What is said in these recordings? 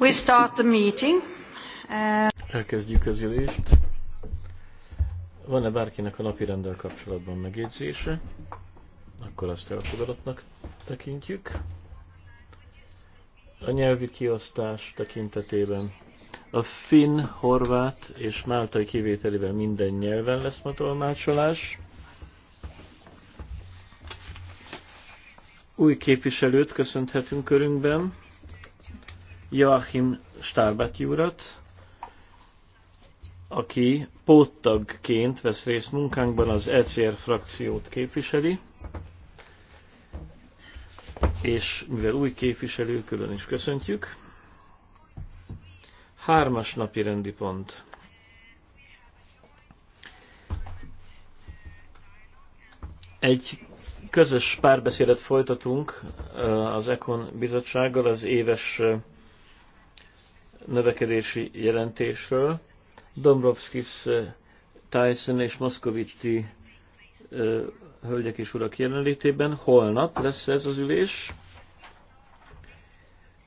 We start the meeting. Uh, Elkezdjük az ülést. Van-e bárkinek a napi rendel kapcsolatban megjegyzése? Akkor azt elfogadottnak tekintjük. A nyelvi kiosztás tekintetében a finn, horvát és máltai kivételével minden nyelven lesz ma tolmácsolás. Új képviselőt köszönthetünk körünkben. Joachim Stárbeki urat, aki póttagként vesz részt munkánkban, az ECR frakciót képviseli, és mivel új képviselő, külön is köszöntjük. Hármas napi rendi pont. Egy közös párbeszédet folytatunk az Ekon bizottsággal az éves növekedési jelentésről. Dombrovskis, eh, Tyson és Moszkovici eh, hölgyek és urak jelenlétében. Holnap lesz ez az ülés.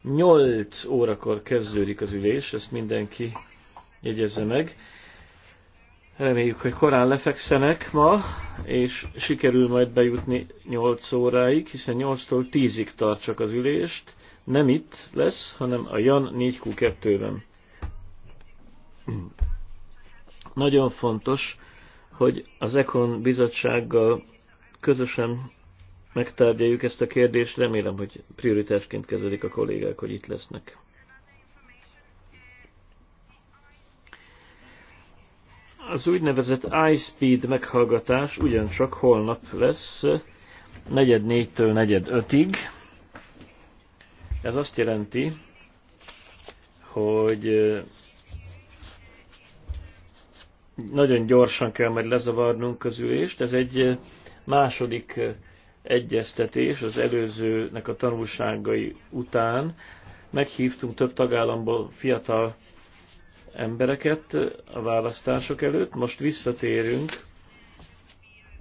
8 órakor kezdődik az ülés, ezt mindenki jegyezze meg. Reméljük, hogy korán lefekszenek ma, és sikerül majd bejutni 8 óráig, hiszen 8-tól 10-ig tart csak az ülést nem itt lesz, hanem a Jan 4Q2-ben. Nagyon fontos, hogy az Ekon bizottsággal közösen megtárgyaljuk ezt a kérdést. Remélem, hogy prioritásként kezelik a kollégák, hogy itt lesznek. Az úgynevezett iSpeed meghallgatás ugyancsak holnap lesz, negyed négytől negyed ötig. Ez azt jelenti, hogy nagyon gyorsan kell majd lezavarnunk közülést. Ez egy második egyeztetés az előzőnek a tanulságai után. Meghívtunk több tagállamból fiatal embereket a választások előtt. Most visszatérünk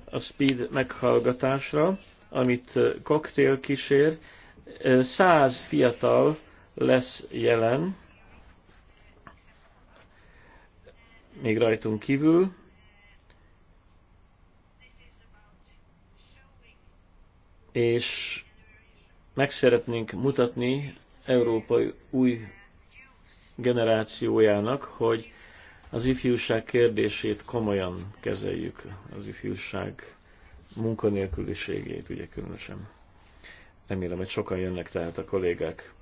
a speed meghallgatásra, amit koktél kísér, száz fiatal lesz jelen, még rajtunk kívül. És meg szeretnénk mutatni európai új generációjának, hogy az ifjúság kérdését komolyan kezeljük, az ifjúság munkanélküliségét ugye különösen. Remélem, hogy sokan jönnek tehát a kollégák.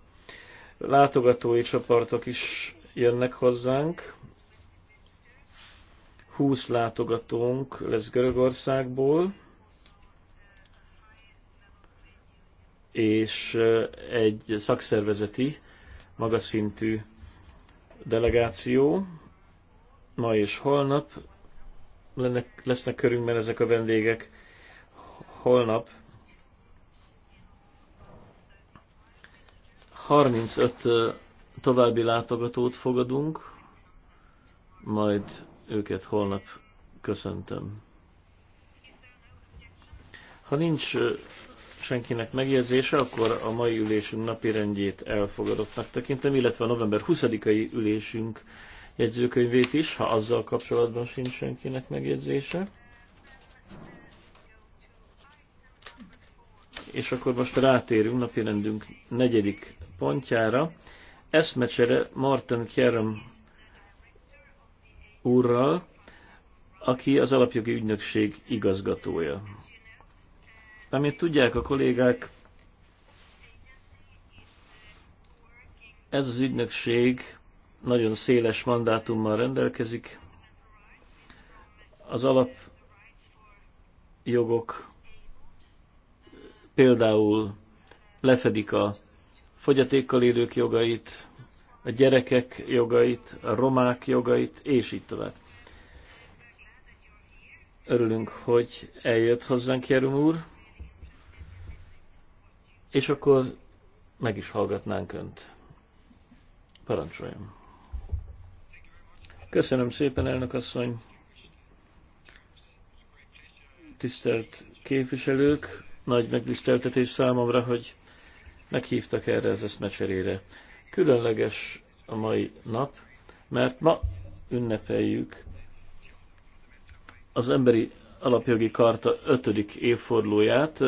Látogatói csoportok is jönnek hozzánk. 20 látogatónk lesz Görögországból, és egy szakszervezeti, magaszintű delegáció ma és holnap lennek, lesznek körünkben ezek a vendégek. Holnap 35 további látogatót fogadunk, majd őket holnap köszöntöm. Ha nincs senkinek megjegyzése, akkor a mai ülésünk napirendjét elfogadottnak tekintem, illetve a november 20-ai ülésünk jegyzőkönyvét is, ha azzal kapcsolatban sincs senkinek megjegyzése. és akkor most rátérünk napirendünk negyedik pontjára. Eszmecsere Martin Kerem úrral, aki az alapjogi ügynökség igazgatója. Amint tudják a kollégák, ez az ügynökség nagyon széles mandátummal rendelkezik. Az alap jogok. Például lefedik a fogyatékkal élők jogait, a gyerekek jogait, a romák jogait, és így tovább. Örülünk, hogy eljött hozzánk Jerum úr, és akkor meg is hallgatnánk Önt. Parancsoljon. Köszönöm szépen, elnök asszony. Tisztelt képviselők, nagy megtiszteltetés számomra, hogy meghívtak erre az eszmecserére. Különleges a mai nap, mert ma ünnepeljük az emberi alapjogi karta ötödik évfordulóját.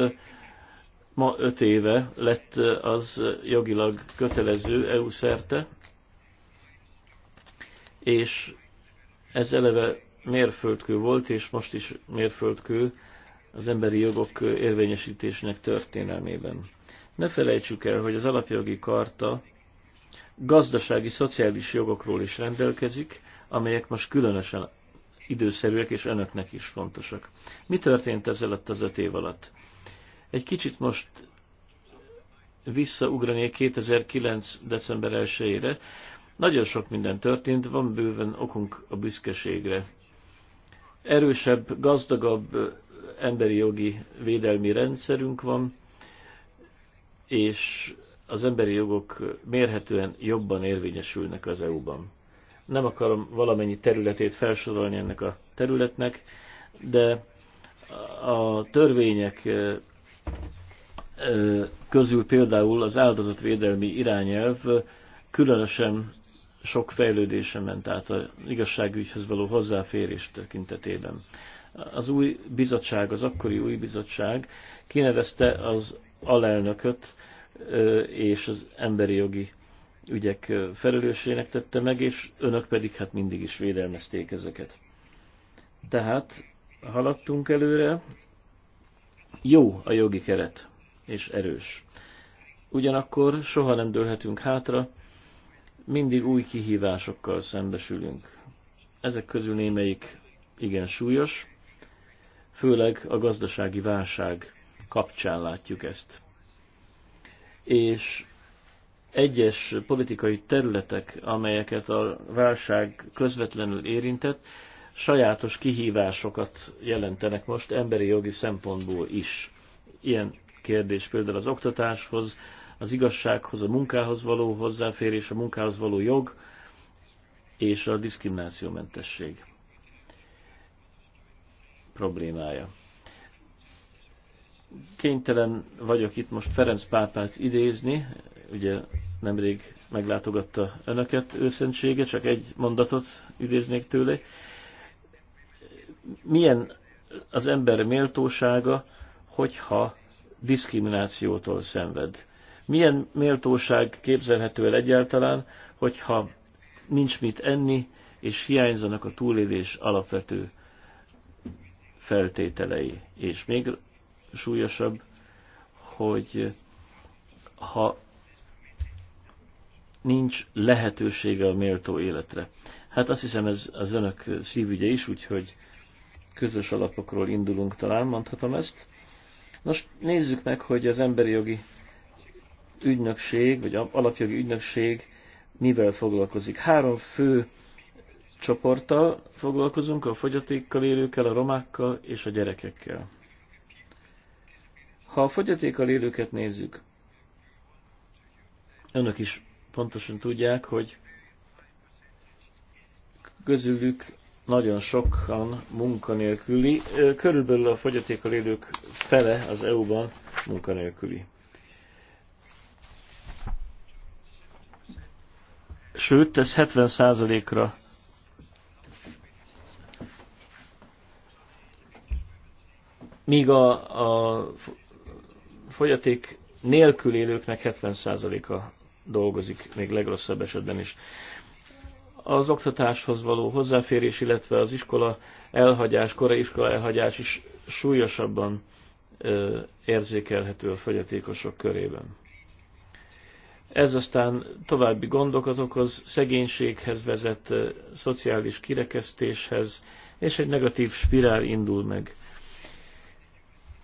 Ma öt éve lett az jogilag kötelező EU szerte, és ez eleve mérföldkő volt, és most is mérföldkő az emberi jogok érvényesítésének történelmében. Ne felejtsük el, hogy az alapjogi karta gazdasági, szociális jogokról is rendelkezik, amelyek most különösen időszerűek és önöknek is fontosak. Mi történt ez alatt az öt év alatt? Egy kicsit most visszaugranék 2009. december 1-ére. Nagyon sok minden történt, van bőven okunk a büszkeségre. Erősebb, gazdagabb, emberi jogi védelmi rendszerünk van, és az emberi jogok mérhetően jobban érvényesülnek az EU-ban. Nem akarom valamennyi területét felsorolni ennek a területnek, de a törvények közül például az áldozatvédelmi irányelv különösen sok fejlődésen ment át az igazságügyhöz való hozzáférés tekintetében az új bizottság, az akkori új bizottság kinevezte az alelnököt és az emberi jogi ügyek felelősének tette meg, és önök pedig hát mindig is védelmezték ezeket. Tehát haladtunk előre, jó a jogi keret, és erős. Ugyanakkor soha nem dőlhetünk hátra, mindig új kihívásokkal szembesülünk. Ezek közül némelyik igen súlyos, főleg a gazdasági válság kapcsán látjuk ezt. És egyes politikai területek, amelyeket a válság közvetlenül érintett, sajátos kihívásokat jelentenek most emberi jogi szempontból is. Ilyen kérdés például az oktatáshoz, az igazsághoz, a munkához való hozzáférés, a munkához való jog és a diszkriminációmentesség problémája. Kénytelen vagyok itt most Ferenc pápát idézni, ugye nemrég meglátogatta önöket őszentsége, csak egy mondatot idéznék tőle. Milyen az ember méltósága, hogyha diszkriminációtól szenved? Milyen méltóság képzelhető el egyáltalán, hogyha nincs mit enni, és hiányzanak a túlélés alapvető feltételei. És még súlyosabb, hogy ha nincs lehetősége a méltó életre. Hát azt hiszem ez az önök szívügye is, úgyhogy közös alapokról indulunk talán, mondhatom ezt. Nos, nézzük meg, hogy az emberi jogi ügynökség, vagy alapjogi ügynökség mivel foglalkozik. Három fő csoporttal foglalkozunk, a fogyatékkal élőkkel, a romákkal és a gyerekekkel. Ha a fogyatékkal élőket nézzük, önök is pontosan tudják, hogy közülük nagyon sokan munkanélküli, körülbelül a fogyatékkal élők fele az EU-ban munkanélküli. Sőt, ez 70%-ra míg a, a fogyaték nélkül élőknek 70%-a dolgozik, még legrosszabb esetben is. Az oktatáshoz való hozzáférés, illetve az iskola elhagyás, korai iskola elhagyás is súlyosabban ö, érzékelhető a fogyatékosok körében. Ez aztán további gondokat okoz, szegénységhez vezet, szociális kirekesztéshez, és egy negatív spirál indul meg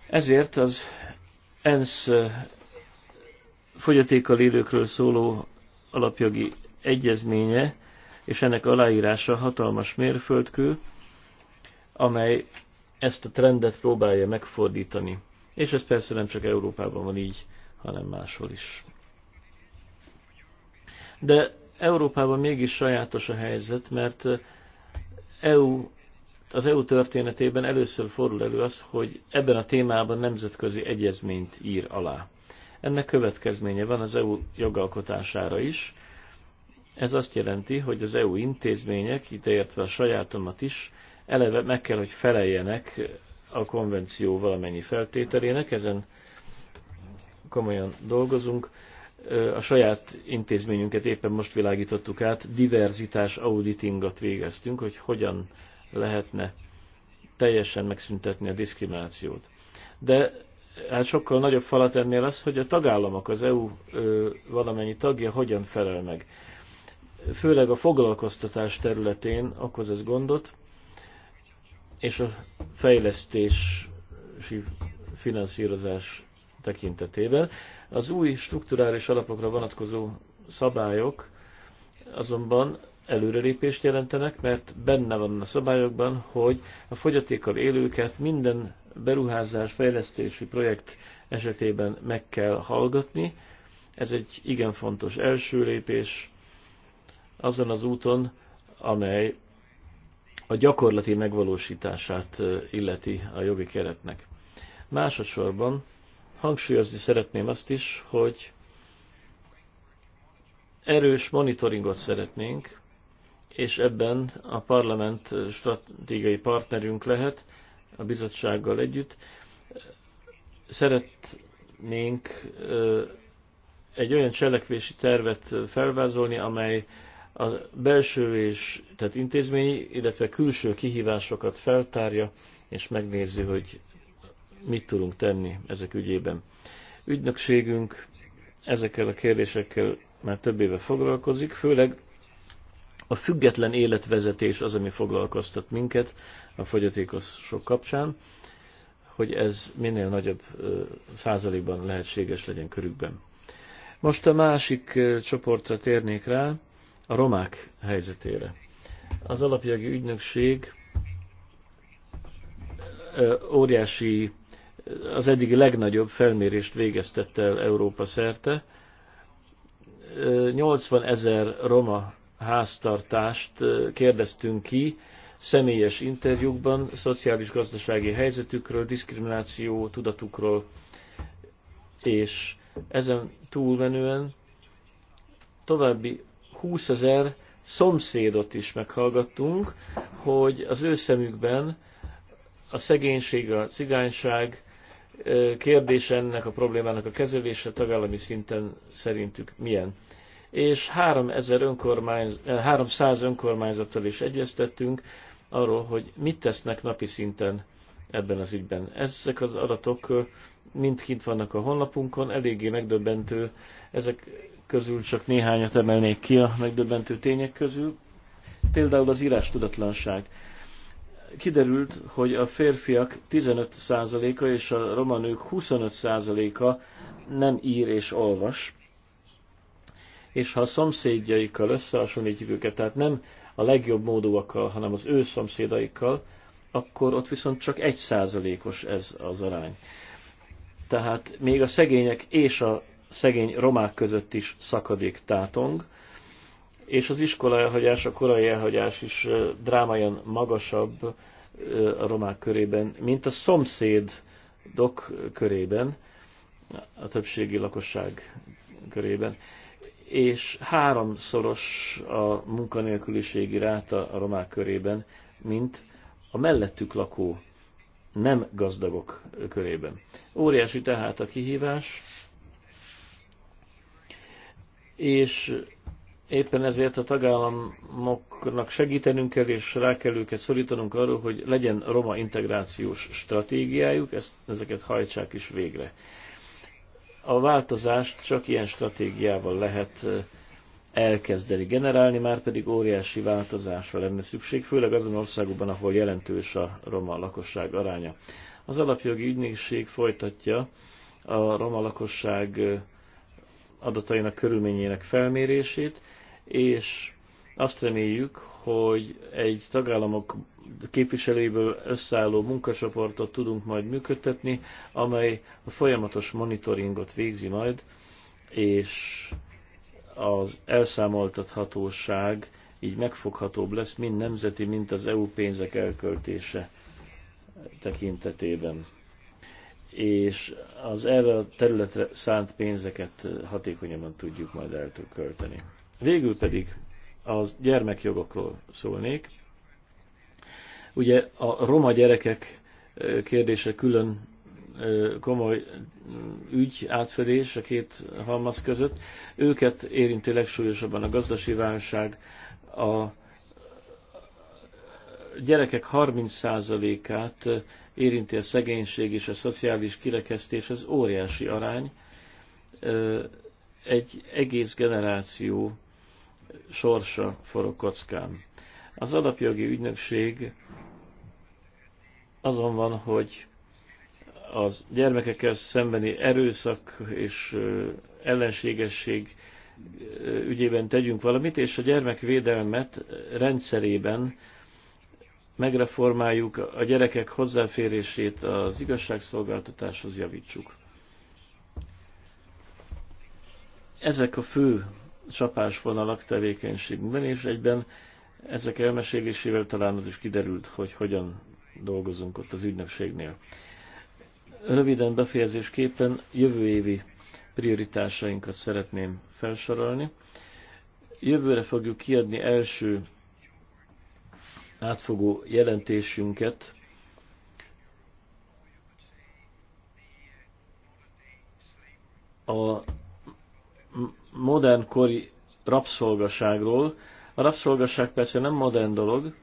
ezért az ENSZ eh, fogyatékkal élőkről szóló alapjogi egyezménye és ennek aláírása hatalmas mérföldkő, amely ezt a trendet próbálja megfordítani. És ez persze nem csak Európában van így, hanem máshol is. De Európában mégis sajátos a helyzet, mert eh, EU az EU történetében először fordul elő az, hogy ebben a témában nemzetközi egyezményt ír alá. Ennek következménye van az EU jogalkotására is. Ez azt jelenti, hogy az EU intézmények, ideértve a sajátomat is, eleve meg kell, hogy feleljenek a konvenció valamennyi feltételének, ezen komolyan dolgozunk. A saját intézményünket éppen most világítottuk át, diverzitás auditingot végeztünk, hogy hogyan lehetne teljesen megszüntetni a diszkriminációt. De hát sokkal nagyobb falat ennél az, hogy a tagállamok, az EU ö, valamennyi tagja hogyan felel meg. Főleg a foglalkoztatás területén okoz ez gondot, és a fejlesztési finanszírozás tekintetében. Az új strukturális alapokra vonatkozó szabályok azonban előrelépést jelentenek, mert benne van a szabályokban, hogy a fogyatékkal élőket minden beruházás, fejlesztési projekt esetében meg kell hallgatni. Ez egy igen fontos első lépés azon az úton, amely a gyakorlati megvalósítását illeti a jogi keretnek. Másodszorban hangsúlyozni szeretném azt is, hogy erős monitoringot szeretnénk, és ebben a parlament stratégiai partnerünk lehet, a bizottsággal együtt. Szeretnénk egy olyan cselekvési tervet felvázolni, amely a belső és tehát intézményi, illetve külső kihívásokat feltárja, és megnézi, hogy mit tudunk tenni ezek ügyében. Ügynökségünk ezekkel a kérdésekkel már több éve foglalkozik, főleg a független életvezetés az, ami foglalkoztat minket a fogyatékosok kapcsán, hogy ez minél nagyobb százalékban lehetséges legyen körükben. Most a másik csoportra térnék rá, a romák helyzetére. Az alapjogi ügynökség óriási, az eddigi legnagyobb felmérést végeztette el Európa szerte. 80 ezer roma háztartást kérdeztünk ki, személyes interjúkban, szociális-gazdasági helyzetükről, diszkrimináció tudatukról, és ezen túlmenően további 20 ezer szomszédot is meghallgattunk, hogy az ő szemükben a szegénység, a cigányság kérdése ennek a problémának a kezelése tagállami szinten szerintük milyen és 3000 önkormányz, 300 önkormányzattal is egyeztettünk arról, hogy mit tesznek napi szinten ebben az ügyben. Ezek az adatok eh, mind kint vannak a honlapunkon, eléggé megdöbbentő, ezek közül csak néhányat emelnék ki a megdöbbentő tények közül. Például az írás tudatlanság. Kiderült, hogy a férfiak 15%-a és a romanők 25%-a nem ír és olvas, és ha a szomszédjaikkal összehasonlítjuk őket, tehát nem a legjobb módúakkal, hanem az ő szomszédaikkal, akkor ott viszont csak egy százalékos ez az arány. Tehát még a szegények és a szegény romák között is szakadék tátong, és az iskola elhagyás, a korai elhagyás is drámaian magasabb a romák körében, mint a szomszéd dok körében, a többségi lakosság körében és háromszoros a munkanélküliségi ráta a romák körében, mint a mellettük lakó nem gazdagok körében. Óriási tehát a kihívás, és éppen ezért a tagállamoknak segítenünk kell, és rá kell őket szorítanunk arról, hogy legyen roma integrációs stratégiájuk, ezt, ezeket hajtsák is végre a változást csak ilyen stratégiával lehet elkezdeni generálni, már pedig óriási változásra lenne szükség, főleg azon országokban, ahol jelentős a roma lakosság aránya. Az alapjogi ügynökség folytatja a roma lakosság adatainak körülményének felmérését, és azt reméljük, hogy egy tagállamok képviselőiből összeálló munkacsoportot tudunk majd működtetni, amely a folyamatos monitoringot végzi majd, és az elszámoltathatóság így megfoghatóbb lesz, mind nemzeti, mint az EU pénzek elköltése tekintetében. És az erre a területre szánt pénzeket hatékonyabban tudjuk majd eltökölteni. Végül pedig az gyermekjogokról szólnék. Ugye a roma gyerekek kérdése külön komoly mm, ügy, átfedés a két halmaz között. Őket érinti legsúlyosabban a gazdasági válság, a gyerekek 30%-át érinti a szegénység és a szociális kirekesztés, ez óriási arány. Egy egész generáció sorsa forog kockán. Az alapjogi ügynökség azon van, hogy az gyermekekkel szembeni erőszak és ellenségesség ügyében tegyünk valamit, és a gyermekvédelmet rendszerében megreformáljuk, a gyerekek hozzáférését az igazságszolgáltatáshoz javítsuk. Ezek a fő csapásvonalak tevékenységünkben, és egyben ezek elmesélésével talán az is kiderült, hogy hogyan dolgozunk ott az ügynökségnél. Röviden befejezésképpen jövő évi prioritásainkat szeretném felsorolni. Jövőre fogjuk kiadni első átfogó jelentésünket a modern kori rabszolgaságról. A rabszolgaság persze nem modern dolog,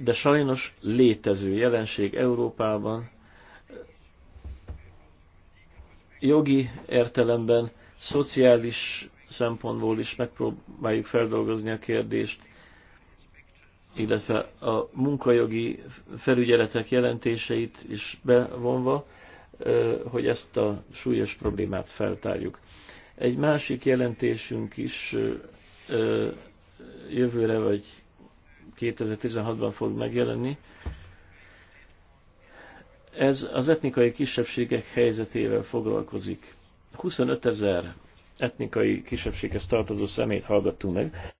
de sajnos létező jelenség Európában, jogi értelemben, szociális szempontból is megpróbáljuk feldolgozni a kérdést, illetve a munkajogi felügyeletek jelentéseit is bevonva, hogy ezt a súlyos problémát feltárjuk. Egy másik jelentésünk is jövőre vagy 2016-ban fog megjelenni. Ez az etnikai kisebbségek helyzetével foglalkozik. 25 ezer etnikai kisebbséghez tartozó szemét hallgattunk meg.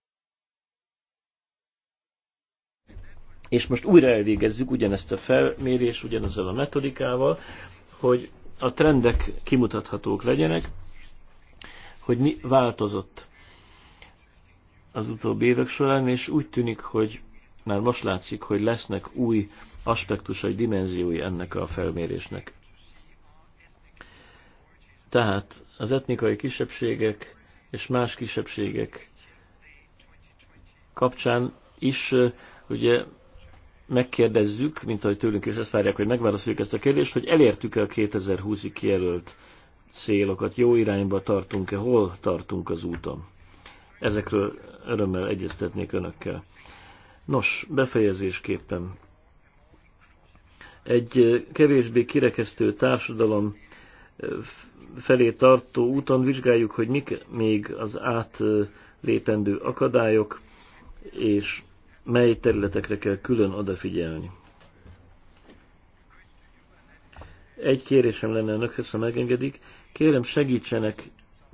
És most újra elvégezzük ugyanezt a felmérés, ugyanezzel a metodikával, hogy a trendek kimutathatók legyenek, hogy mi változott az utóbbi évek során, és úgy tűnik, hogy már most látszik, hogy lesznek új aspektusai, dimenziói ennek a felmérésnek. Tehát az etnikai kisebbségek és más kisebbségek kapcsán is ugye megkérdezzük, mint ahogy tőlünk is ezt várják, hogy megválaszoljuk ezt a kérdést, hogy elértük-e a 2020-ig kijelölt célokat jó irányba tartunk-e, hol tartunk az úton. Ezekről örömmel egyeztetnék önökkel. Nos, befejezésképpen. Egy kevésbé kirekesztő társadalom felé tartó úton vizsgáljuk, hogy mik még az átlépendő akadályok, és mely területekre kell külön odafigyelni. Egy kérésem lenne önökhöz, ha megengedik. Kérem segítsenek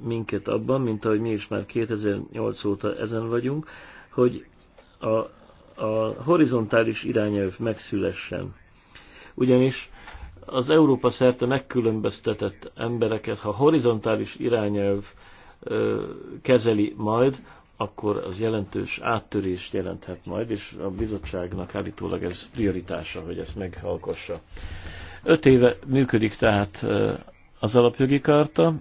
minket abban, mint ahogy mi is már 2008 óta ezen vagyunk, hogy a, a horizontális irányelv megszülessen. Ugyanis az Európa szerte megkülönböztetett embereket, ha horizontális irányelv ö, kezeli majd, akkor az jelentős áttörést jelenthet majd, és a bizottságnak állítólag ez prioritása, hogy ezt meghalkossa. Öt éve működik tehát az alapjogi karta,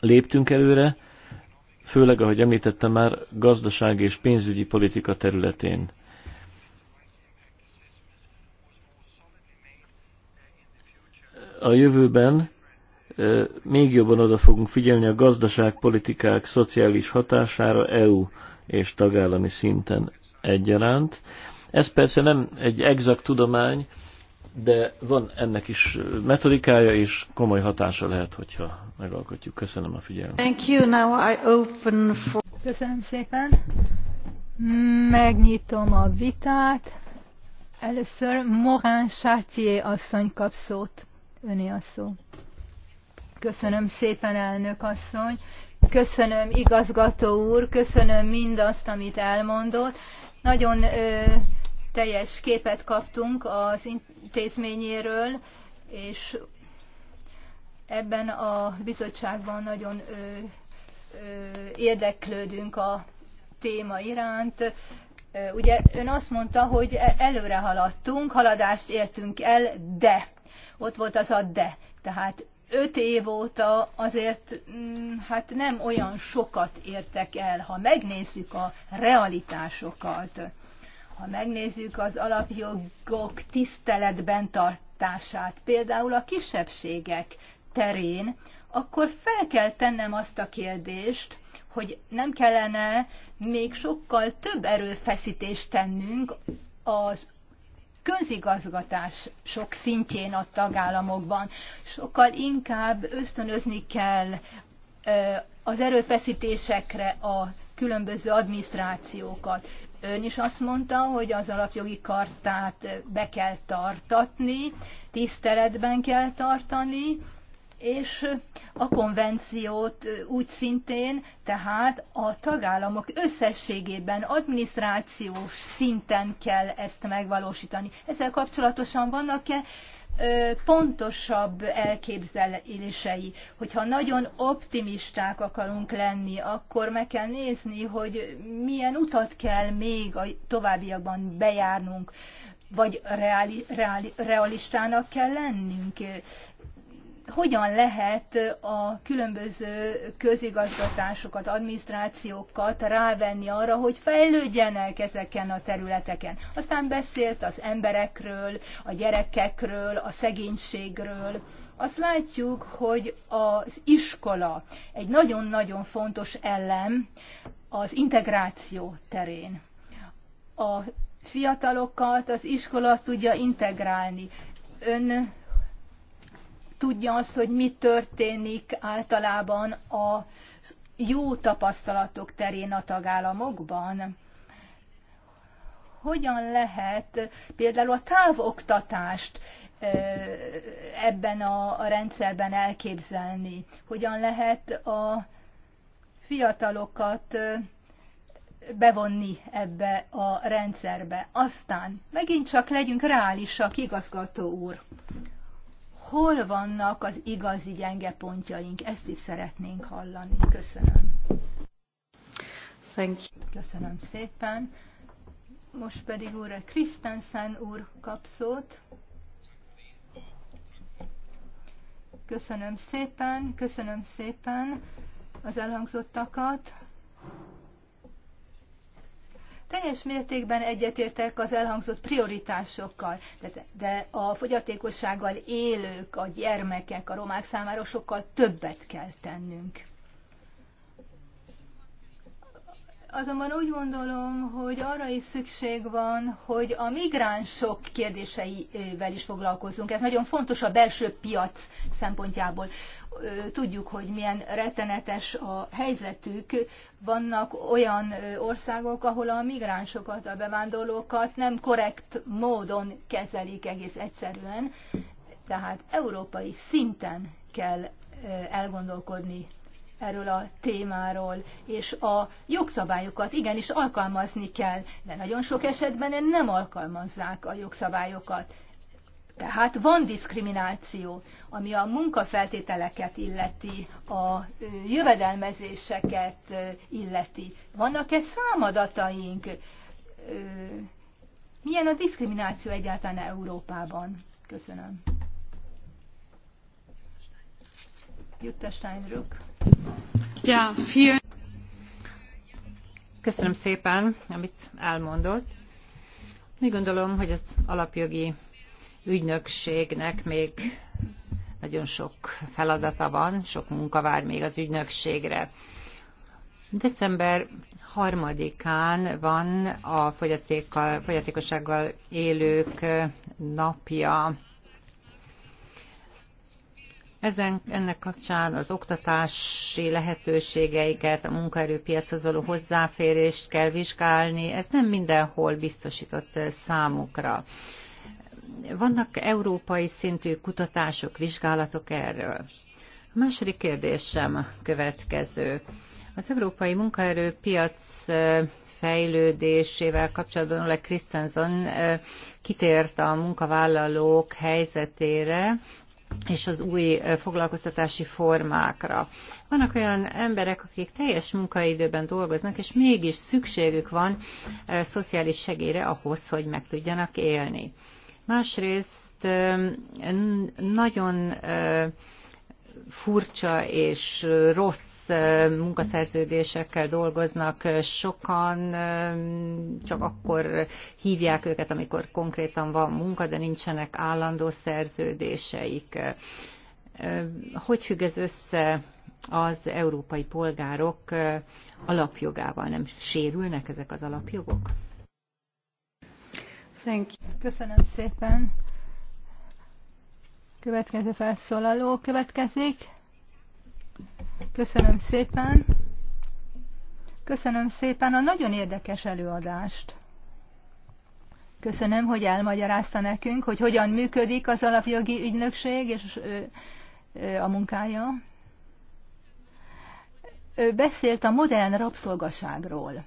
léptünk előre, főleg, ahogy említettem már, gazdaság és pénzügyi politika területén. A jövőben még jobban oda fogunk figyelni a gazdaságpolitikák szociális hatására EU és tagállami szinten egyaránt. Ez persze nem egy exakt tudomány, de van ennek is metodikája, és komoly hatása lehet, hogyha megalkotjuk. Köszönöm a figyelmet. Thank you. Now I open for... Köszönöm szépen. Megnyitom a vitát. Először Morán Chartier asszony kap szót. Öné a szó. Köszönöm szépen, elnök asszony. Köszönöm, igazgató úr, köszönöm mindazt, amit elmondott. Nagyon ö, teljes képet kaptunk az intézményéről, és ebben a bizottságban nagyon ö, ö, érdeklődünk a téma iránt. Ugye ön azt mondta, hogy előre haladtunk, haladást értünk el, de ott volt az a de. Tehát öt év óta azért mm, hát nem olyan sokat értek el, ha megnézzük a realitásokat ha megnézzük az alapjogok tiszteletben tartását, például a kisebbségek terén, akkor fel kell tennem azt a kérdést, hogy nem kellene még sokkal több erőfeszítést tennünk az közigazgatás sok szintjén a tagállamokban. Sokkal inkább ösztönözni kell az erőfeszítésekre a különböző adminisztrációkat ön is azt mondta, hogy az alapjogi kartát be kell tartatni, tiszteletben kell tartani, és a konvenciót úgy szintén, tehát a tagállamok összességében adminisztrációs szinten kell ezt megvalósítani. Ezzel kapcsolatosan vannak-e pontosabb elképzelései. Hogyha nagyon optimisták akarunk lenni, akkor meg kell nézni, hogy milyen utat kell még a továbbiakban bejárnunk, vagy reali, reali, realistának kell lennünk hogyan lehet a különböző közigazgatásokat, adminisztrációkat rávenni arra, hogy fejlődjenek ezeken a területeken. Aztán beszélt az emberekről, a gyerekekről, a szegénységről. Azt látjuk, hogy az iskola egy nagyon-nagyon fontos elem az integráció terén. A fiatalokat az iskola tudja integrálni. Ön tudja azt, hogy mi történik általában a jó tapasztalatok terén a tagállamokban. Hogyan lehet például a távoktatást ebben a rendszerben elképzelni? Hogyan lehet a fiatalokat bevonni ebbe a rendszerbe. Aztán megint csak legyünk reálisak, igazgató úr hol vannak az igazi gyenge pontjaink. Ezt is szeretnénk hallani. Köszönöm. Thank you. Köszönöm szépen. Most pedig úr Krisztensen úr kap szót. Köszönöm szépen, köszönöm szépen az elhangzottakat. Teljes mértékben egyetértek az elhangzott prioritásokkal, de, de a fogyatékossággal élők, a gyermekek, a romák számára sokkal többet kell tennünk. Azonban úgy gondolom, hogy arra is szükség van, hogy a migránsok kérdéseivel is foglalkozzunk. Ez nagyon fontos a belső piac szempontjából. Tudjuk, hogy milyen rettenetes a helyzetük. Vannak olyan országok, ahol a migránsokat, a bevándorlókat nem korrekt módon kezelik egész egyszerűen. Tehát európai szinten kell elgondolkodni erről a témáról, és a jogszabályokat igenis alkalmazni kell, de nagyon sok esetben nem alkalmazzák a jogszabályokat. Tehát van diszkrimináció, ami a munkafeltételeket illeti, a jövedelmezéseket illeti. Vannak-e számadataink? Milyen a diszkrimináció egyáltalán Európában? Köszönöm. Jutta Steinrück. Ja, Köszönöm szépen, amit elmondott. Úgy gondolom, hogy az alapjogi ügynökségnek még nagyon sok feladata van, sok munka vár még az ügynökségre. December harmadikán van a fogyatékossággal élők napja, ezen, ennek kapcsán az oktatási lehetőségeiket, a munkaerőpiachoz való hozzáférést kell vizsgálni. Ez nem mindenhol biztosított eh, számukra. Vannak európai szintű kutatások, vizsgálatok erről. A második kérdésem következő. Az európai munkaerőpiac eh, fejlődésével kapcsolatban Ole Christensen eh, kitért a munkavállalók helyzetére, és az új foglalkoztatási formákra. Vannak olyan emberek, akik teljes munkaidőben dolgoznak, és mégis szükségük van szociális segélyre ahhoz, hogy meg tudjanak élni. Másrészt nagyon furcsa és rossz munkaszerződésekkel dolgoznak sokan, csak akkor hívják őket, amikor konkrétan van munka, de nincsenek állandó szerződéseik. Hogy függ ez össze az európai polgárok alapjogával? Nem sérülnek ezek az alapjogok? Thank you. Köszönöm szépen. Következő felszólaló következik. Köszönöm szépen. Köszönöm szépen a nagyon érdekes előadást. Köszönöm, hogy elmagyarázta nekünk, hogy hogyan működik az alapjogi ügynökség és a munkája. Ő beszélt a modern rabszolgaságról.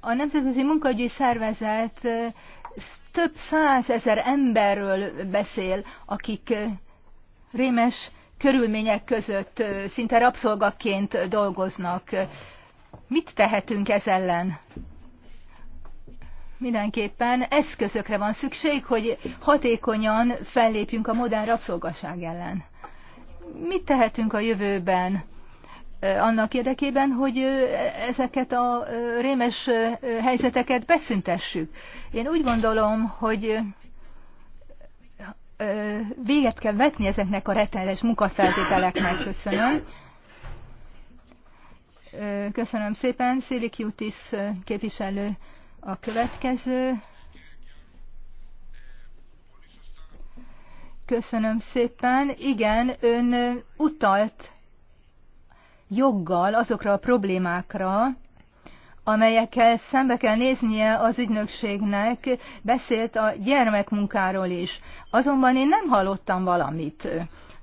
A Nemzetközi Munkaügyi Szervezet több százezer emberről beszél, akik rémes körülmények között szinte rabszolgaként dolgoznak. Mit tehetünk ez ellen? Mindenképpen eszközökre van szükség, hogy hatékonyan fellépjünk a modern rabszolgaság ellen. Mit tehetünk a jövőben? annak érdekében, hogy ezeket a rémes helyzeteket beszüntessük. Én úgy gondolom, hogy véget kell vetni ezeknek a rettenetes munkafeltételeknek. Köszönöm. Köszönöm szépen. Szélik Jutis képviselő a következő. Köszönöm szépen. Igen, ön utalt joggal azokra a problémákra, amelyekkel szembe kell néznie az ügynökségnek, beszélt a gyermekmunkáról is. Azonban én nem hallottam valamit.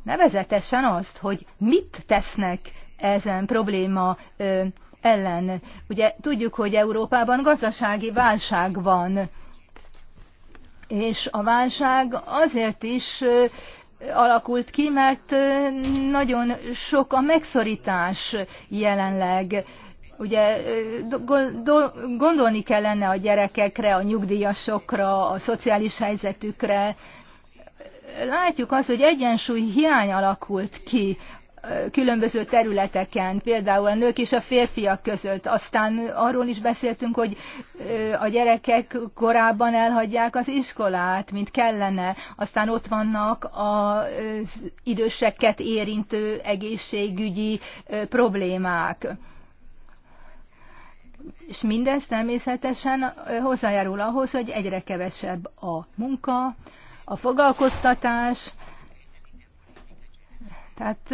Nevezetesen azt, hogy mit tesznek ezen probléma ellen. Ugye tudjuk, hogy Európában gazdasági válság van, és a válság azért is alakult ki, mert nagyon sok a megszorítás jelenleg. Ugye gondolni kellene a gyerekekre, a nyugdíjasokra, a szociális helyzetükre. Látjuk azt, hogy egyensúly hiány alakult ki különböző területeken, például a nők és a férfiak között. Aztán arról is beszéltünk, hogy a gyerekek korábban elhagyják az iskolát, mint kellene. Aztán ott vannak az időseket érintő egészségügyi problémák és mindez természetesen hozzájárul ahhoz, hogy egyre kevesebb a munka, a foglalkoztatás, tehát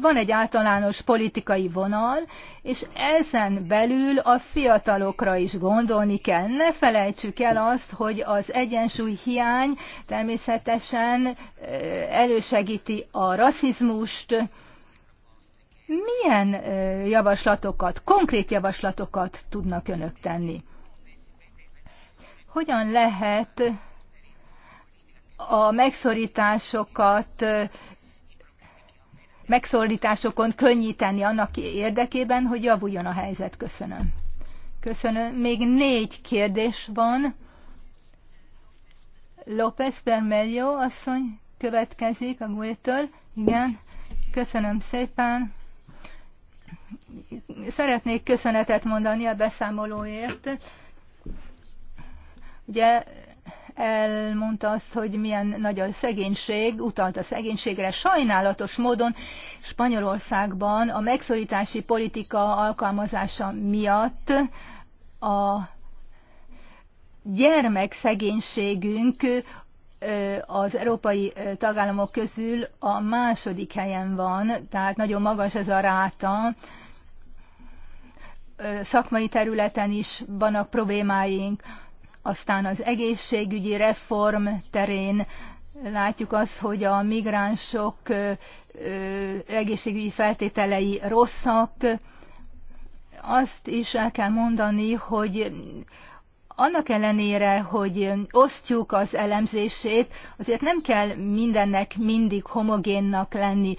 van egy általános politikai vonal, és ezen belül a fiatalokra is gondolni kell. Ne felejtsük el azt, hogy az egyensúly hiány természetesen elősegíti a rasszizmust, milyen javaslatokat, konkrét javaslatokat tudnak önök tenni? Hogyan lehet a megszorításokat megszorításokon könnyíteni annak érdekében, hogy javuljon a helyzet. Köszönöm. Köszönöm. Még négy kérdés van. López Bermelio asszony következik a Guétől. Igen. Köszönöm szépen. Szeretnék köszönetet mondani a beszámolóért. Ugye elmondta azt, hogy milyen nagy a szegénység, utalt a szegénységre. Sajnálatos módon Spanyolországban a megszorítási politika alkalmazása miatt a gyermekszegénységünk az európai tagállamok közül a második helyen van, tehát nagyon magas ez a ráta. Szakmai területen is vannak problémáink, aztán az egészségügyi reform terén látjuk azt, hogy a migránsok egészségügyi feltételei rosszak. Azt is el kell mondani, hogy annak ellenére, hogy osztjuk az elemzését, azért nem kell mindennek mindig homogénnak lenni.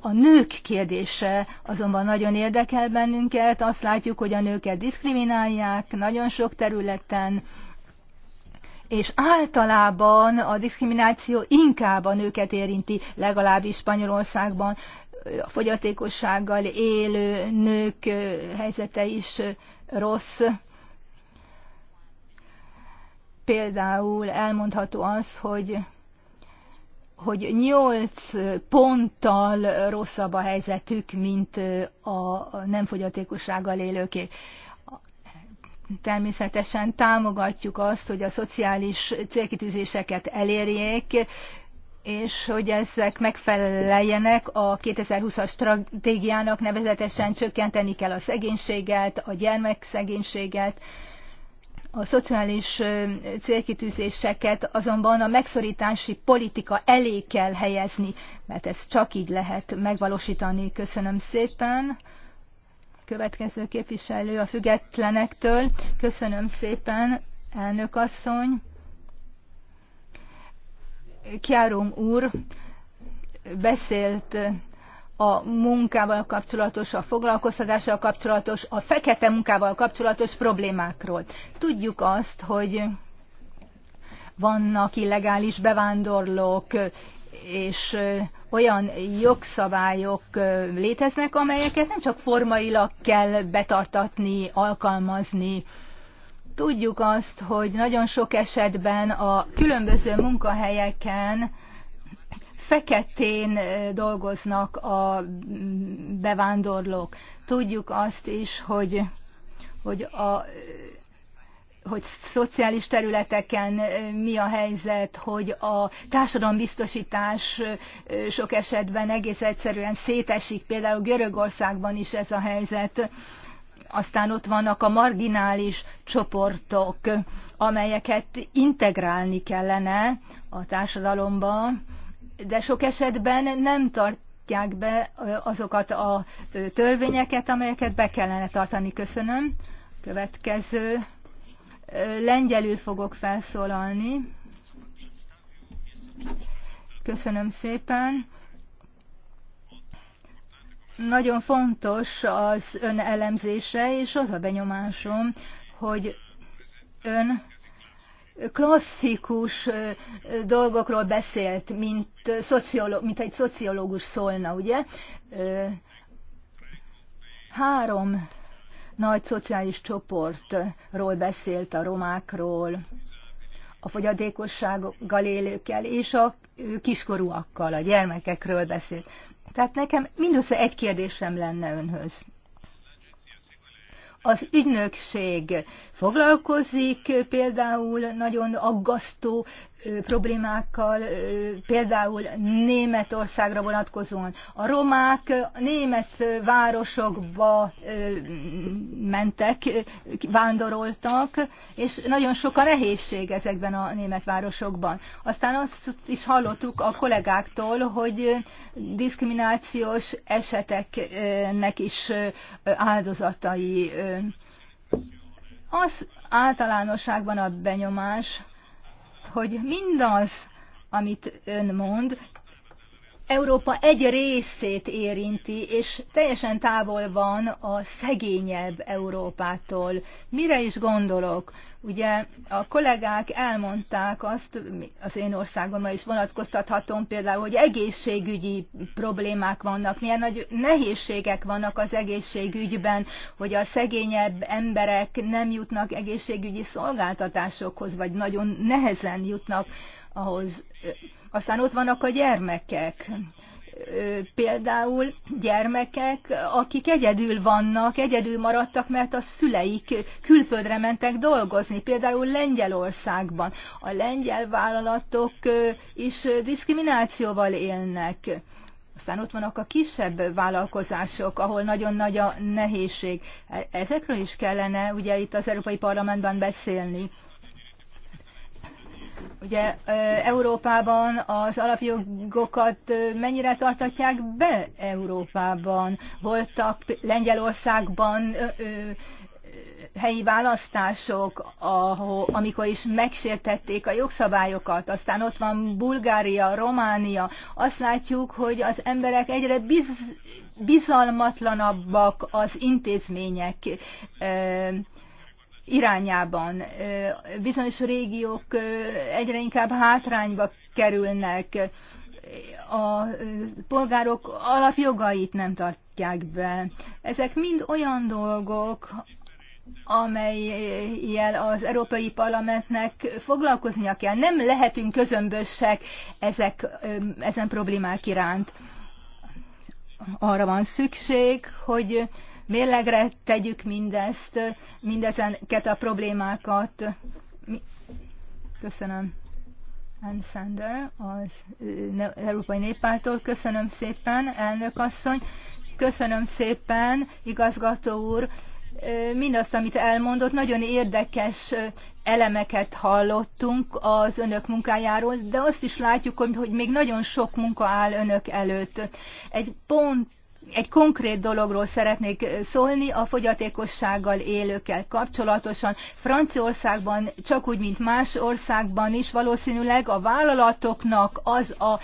A nők kérdése azonban nagyon érdekel bennünket, azt látjuk, hogy a nőket diszkriminálják nagyon sok területen, és általában a diszkrimináció inkább a nőket érinti, legalábbis Spanyolországban a fogyatékossággal élő nők helyzete is rossz például elmondható az, hogy hogy 8 ponttal rosszabb a helyzetük, mint a nem fogyatékossággal élőké. Természetesen támogatjuk azt, hogy a szociális célkitűzéseket elérjék, és hogy ezek megfeleljenek a 2020-as stratégiának, nevezetesen csökkenteni kell a szegénységet, a gyermekszegénységet, a szociális célkitűzéseket azonban a megszorítási politika elé kell helyezni, mert ez csak így lehet megvalósítani. Köszönöm szépen. Következő képviselő a függetlenektől. Köszönöm szépen, elnök asszony. Kiárom úr beszélt a munkával kapcsolatos, a foglalkoztatással kapcsolatos, a fekete munkával kapcsolatos problémákról. Tudjuk azt, hogy vannak illegális bevándorlók, és olyan jogszabályok léteznek, amelyeket nem csak formailag kell betartatni, alkalmazni. Tudjuk azt, hogy nagyon sok esetben a különböző munkahelyeken feketén dolgoznak a mm, bevándorlók. Tudjuk azt is, hogy, hogy a hogy szociális területeken mi a helyzet, hogy a társadalombiztosítás sok esetben egész egyszerűen szétesik, például Görögországban is ez a helyzet. Aztán ott vannak a marginális csoportok, amelyeket integrálni kellene a társadalomba, de sok esetben nem tartják be azokat a törvényeket, amelyeket be kellene tartani. Köszönöm. Következő. Lengyelül fogok felszólalni. Köszönöm szépen. Nagyon fontos az ön elemzése, és az a benyomásom, hogy ön klasszikus dolgokról beszélt, mint, szociológ, mint egy szociológus szólna, ugye? Három nagy szociális csoportról beszélt a romákról, a fogyatékossággal élőkkel és a kiskorúakkal, a gyermekekről beszélt. Tehát nekem mindössze egy kérdésem lenne önhöz. Az ügynökség foglalkozik például nagyon aggasztó problémákkal, például Németországra vonatkozóan. A romák német városokba mentek, vándoroltak, és nagyon sok a nehézség ezekben a német városokban. Aztán azt is hallottuk a kollégáktól, hogy diszkriminációs eseteknek is áldozatai az általánosságban a benyomás, hogy mindaz, amit ön mond, Európa egy részét érinti, és teljesen távol van a szegényebb Európától. Mire is gondolok? Ugye a kollégák elmondták azt, az én országomra is vonatkoztathatom például, hogy egészségügyi problémák vannak, milyen nagy nehézségek vannak az egészségügyben, hogy a szegényebb emberek nem jutnak egészségügyi szolgáltatásokhoz, vagy nagyon nehezen jutnak ahhoz aztán ott vannak a gyermekek. Például gyermekek, akik egyedül vannak, egyedül maradtak, mert a szüleik külföldre mentek dolgozni, például Lengyelországban. A lengyel vállalatok is diszkriminációval élnek. Aztán ott vannak a kisebb vállalkozások, ahol nagyon nagy a nehézség. E- ezekről is kellene ugye itt az Európai Parlamentben beszélni. Ugye Európában az alapjogokat mennyire tartatják be Európában? Voltak Lengyelországban helyi választások, ahol, amikor is megsértették a jogszabályokat, aztán ott van Bulgária, Románia, azt látjuk, hogy az emberek egyre biz, bizalmatlanabbak az intézmények irányában. Bizonyos régiók egyre inkább hátrányba kerülnek, a polgárok alapjogait nem tartják be. Ezek mind olyan dolgok, amelyel az Európai Parlamentnek foglalkoznia kell. Nem lehetünk közömbösek ezek, ezen problémák iránt. Arra van szükség, hogy mérlegre tegyük mindezt, mindezeket a problémákat. Köszönöm. Ann Sander az Európai Néppártól. Köszönöm szépen, elnök asszony. Köszönöm szépen, igazgató úr. Mindazt, amit elmondott, nagyon érdekes elemeket hallottunk az önök munkájáról, de azt is látjuk, hogy még nagyon sok munka áll önök előtt. Egy pont egy konkrét dologról szeretnék szólni a fogyatékossággal élőkkel kapcsolatosan. Franciaországban, csak úgy, mint más országban is valószínűleg a vállalatoknak az a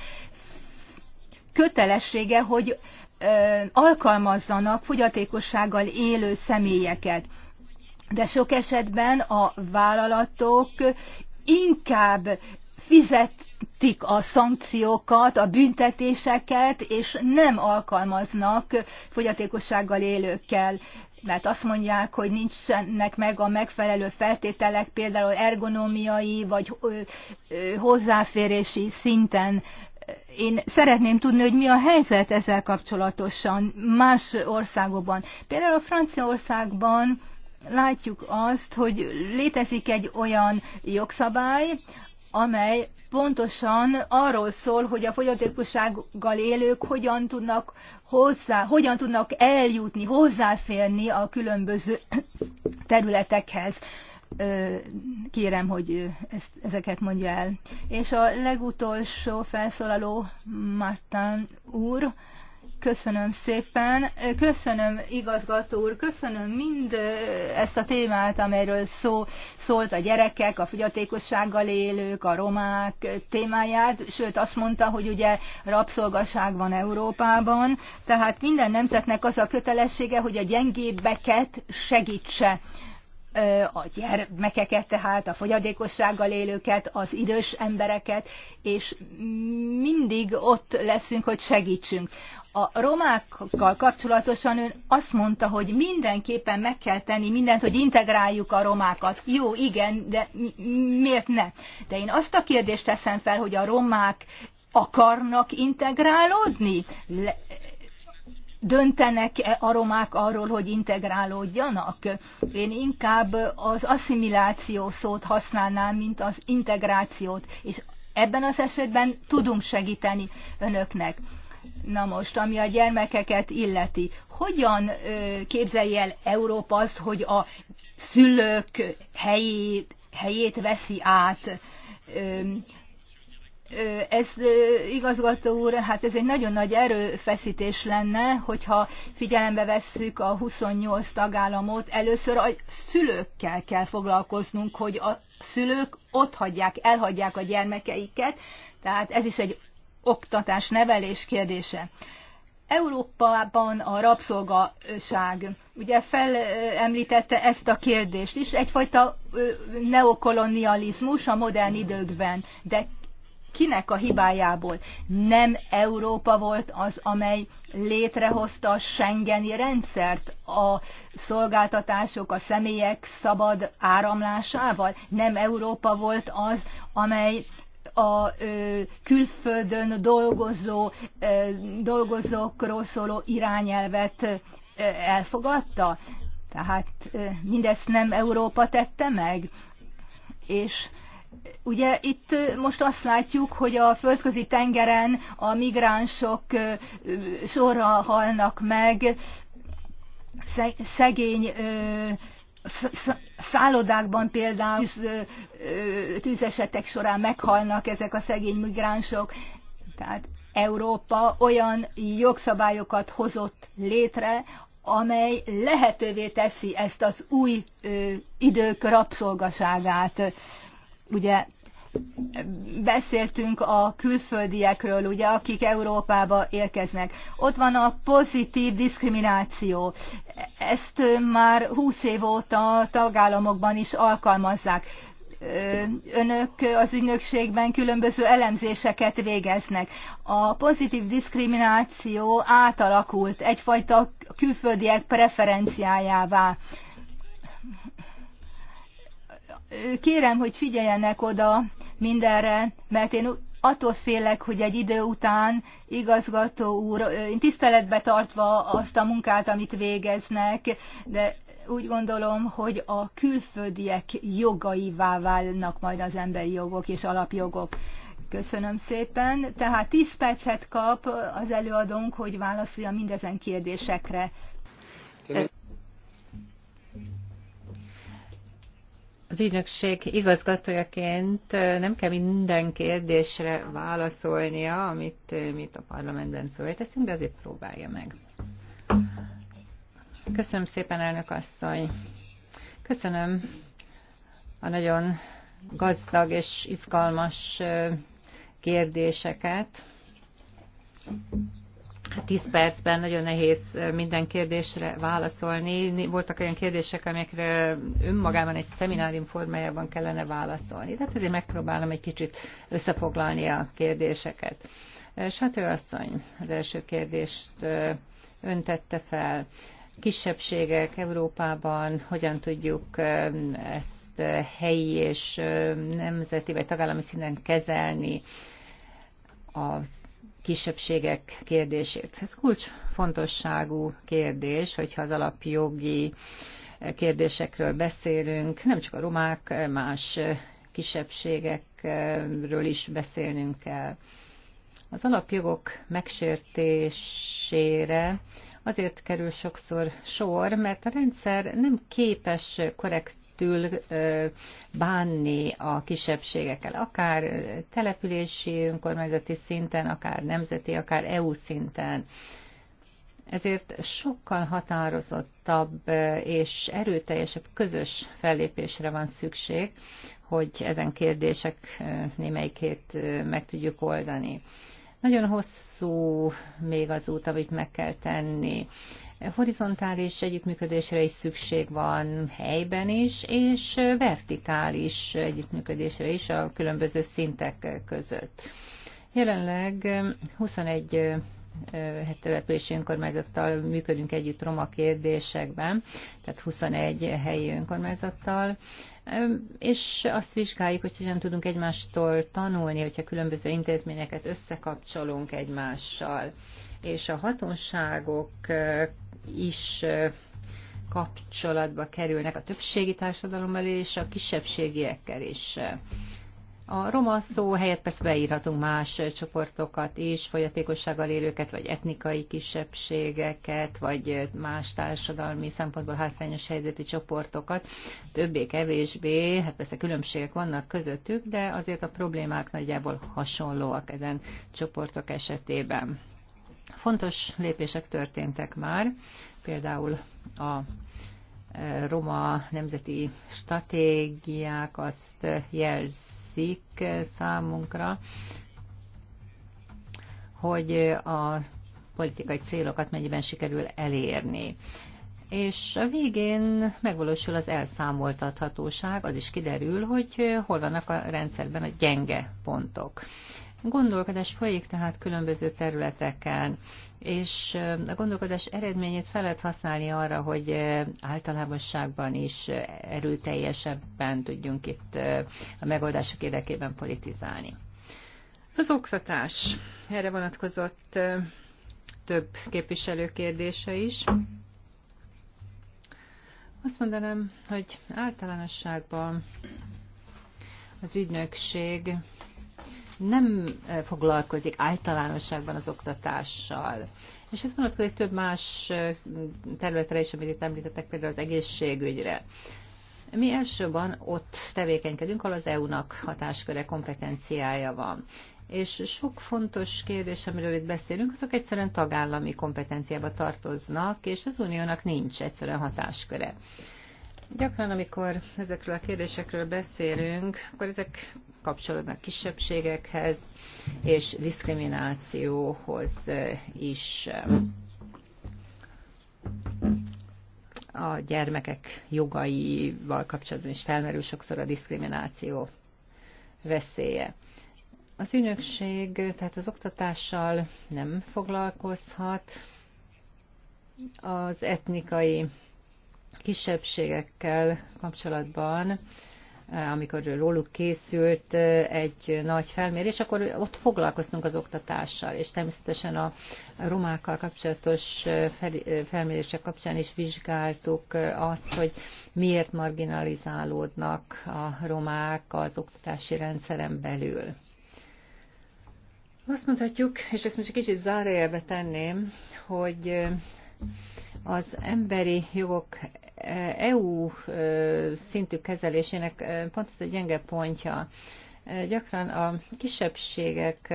kötelessége, hogy ö, alkalmazzanak fogyatékossággal élő személyeket. De sok esetben a vállalatok inkább fizetik a szankciókat, a büntetéseket, és nem alkalmaznak fogyatékossággal élőkkel mert azt mondják, hogy nincsenek meg a megfelelő feltételek, például ergonómiai vagy hozzáférési szinten. Én szeretném tudni, hogy mi a helyzet ezzel kapcsolatosan más országokban. Például a Franciaországban látjuk azt, hogy létezik egy olyan jogszabály, amely pontosan arról szól, hogy a fogyatékossággal élők hogyan tudnak hozzá, hogyan tudnak eljutni, hozzáférni a különböző területekhez. Kérem, hogy ezt, ezeket mondja el. És a legutolsó felszólaló Martin úr, Köszönöm szépen, köszönöm igazgató úr, köszönöm mind ezt a témát, amelyről szó, szólt a gyerekek, a fogyatékossággal élők, a romák témáját, sőt azt mondta, hogy ugye rabszolgaság van Európában, tehát minden nemzetnek az a kötelessége, hogy a gyengébbeket segítse a gyermekeket, tehát a fogyatékossággal élőket, az idős embereket, és mindig ott leszünk, hogy segítsünk. A romákkal kapcsolatosan ön azt mondta, hogy mindenképpen meg kell tenni mindent, hogy integráljuk a romákat. Jó, igen, de miért ne? De én azt a kérdést teszem fel, hogy a romák akarnak integrálódni? Le- döntenek-e a romák arról, hogy integrálódjanak? Én inkább az asszimiláció szót használnám, mint az integrációt, és ebben az esetben tudunk segíteni önöknek. Na most, ami a gyermekeket illeti, hogyan képzelje el Európa azt, hogy a szülők helyét, helyét veszi át? Ez igazgató úr, hát ez egy nagyon nagy erőfeszítés lenne, hogyha figyelembe vesszük a 28 tagállamot. Először a szülőkkel kell foglalkoznunk, hogy a szülők ott hagyják, elhagyják a gyermekeiket, tehát ez is egy oktatás, nevelés kérdése. Európában a rabszolgaság, ugye felemlítette ezt a kérdést is, egyfajta neokolonializmus a modern időkben, de kinek a hibájából? Nem Európa volt az, amely létrehozta a Schengeni rendszert a szolgáltatások, a személyek szabad áramlásával? Nem Európa volt az, amely a külföldön dolgozó, dolgozókról szóló irányelvet elfogadta? Tehát mindezt nem Európa tette meg? És Ugye itt most azt látjuk, hogy a földközi tengeren a migránsok sorra halnak meg, szegény szállodákban például tűz, tűzesetek során meghalnak ezek a szegény migránsok. Tehát Európa olyan jogszabályokat hozott létre, amely lehetővé teszi ezt az új ö, idők rabszolgaságát. Ugye beszéltünk a külföldiekről, ugye, akik Európába érkeznek. Ott van a pozitív diszkrimináció. Ezt már húsz év óta tagállamokban is alkalmazzák. Önök az ügynökségben különböző elemzéseket végeznek. A pozitív diszkrimináció átalakult egyfajta külföldiek preferenciájává kérem, hogy figyeljenek oda mindenre, mert én attól félek, hogy egy idő után igazgató úr, én tiszteletbe tartva azt a munkát, amit végeznek, de úgy gondolom, hogy a külföldiek jogaivá válnak majd az emberi jogok és alapjogok. Köszönöm szépen. Tehát 10 percet kap az előadónk, hogy válaszolja mindezen kérdésekre. az ügynökség igazgatójaként nem kell minden kérdésre válaszolnia, amit mi a parlamentben fölteszünk, de azért próbálja meg. Köszönöm szépen, elnök asszony. Köszönöm a nagyon gazdag és izgalmas kérdéseket. 10 percben nagyon nehéz minden kérdésre válaszolni. Voltak olyan kérdések, amikre önmagában egy szeminárium formájában kellene válaszolni. Tehát ezért megpróbálom egy kicsit összefoglalni a kérdéseket. Sátő asszony, az első kérdést öntette fel. Kisebbségek Európában hogyan tudjuk ezt helyi és nemzeti vagy tagállami szinten kezelni? az kisebbségek kérdését. Ez kulcsfontosságú kérdés, hogyha az alapjogi kérdésekről beszélünk, nem csak a romák, más kisebbségekről is beszélnünk kell. Az alapjogok megsértésére azért kerül sokszor sor, mert a rendszer nem képes korrekt tiszteletül bánni a kisebbségekkel, akár települési, önkormányzati szinten, akár nemzeti, akár EU szinten. Ezért sokkal határozottabb és erőteljesebb közös fellépésre van szükség, hogy ezen kérdések némelyikét meg tudjuk oldani. Nagyon hosszú még az út, amit meg kell tenni. Horizontális együttműködésre is szükség van helyben is, és vertikális együttműködésre is a különböző szintek között. Jelenleg 21 települési önkormányzattal működünk együtt roma kérdésekben, tehát 21 helyi önkormányzattal, és azt vizsgáljuk, hogy hogyan tudunk egymástól tanulni, hogyha különböző intézményeket összekapcsolunk egymással és a hatóságok is kapcsolatba kerülnek a többségi társadalommal és a kisebbségiekkel is. A roma szó helyett persze beírhatunk más csoportokat is, folyatékossággal élőket, vagy etnikai kisebbségeket, vagy más társadalmi szempontból hátrányos helyzetű csoportokat. Többé-kevésbé, hát persze különbségek vannak közöttük, de azért a problémák nagyjából hasonlóak ezen csoportok esetében. Fontos lépések történtek már, például a e, roma nemzeti stratégiák azt jelzik számunkra, hogy a politikai célokat mennyiben sikerül elérni. És a végén megvalósul az elszámoltathatóság, az is kiderül, hogy hol vannak a rendszerben a gyenge pontok. Gondolkodás folyik tehát különböző területeken, és a gondolkodás eredményét fel lehet használni arra, hogy általánosságban is erőteljesebben tudjunk itt a megoldások érdekében politizálni. Az oktatás. Erre vonatkozott több képviselő kérdése is. Azt mondanám, hogy általánosságban az ügynökség nem eh, foglalkozik általánosságban az oktatással. És ez vonatkozik több más eh, területre is, amit itt említettek, például az egészségügyre. Mi elsőban ott tevékenykedünk, ahol az EU-nak hatásköre, kompetenciája van. És sok fontos kérdés, amiről itt beszélünk, azok egyszerűen tagállami kompetenciába tartoznak, és az uniónak nincs egyszerűen hatásköre. Gyakran, amikor ezekről a kérdésekről beszélünk, akkor ezek kapcsolódnak kisebbségekhez és diszkriminációhoz is. A gyermekek jogaival kapcsolatban is felmerül sokszor a diszkrimináció veszélye. Az ügynökség tehát az oktatással nem foglalkozhat, az etnikai kisebbségekkel kapcsolatban, eh, amikor róluk készült eh, egy nagy felmérés, akkor ott foglalkoztunk az oktatással, és természetesen a romákkal kapcsolatos eh, felmérések kapcsán is vizsgáltuk azt, hogy miért marginalizálódnak a romák az oktatási rendszeren belül. Azt mondhatjuk, és ezt most egy kicsit zárójelbe tenném, hogy az emberi jogok EU e e, szintű kezelésének e, pont ez a gyenge pontja. Gyakran a kisebbségek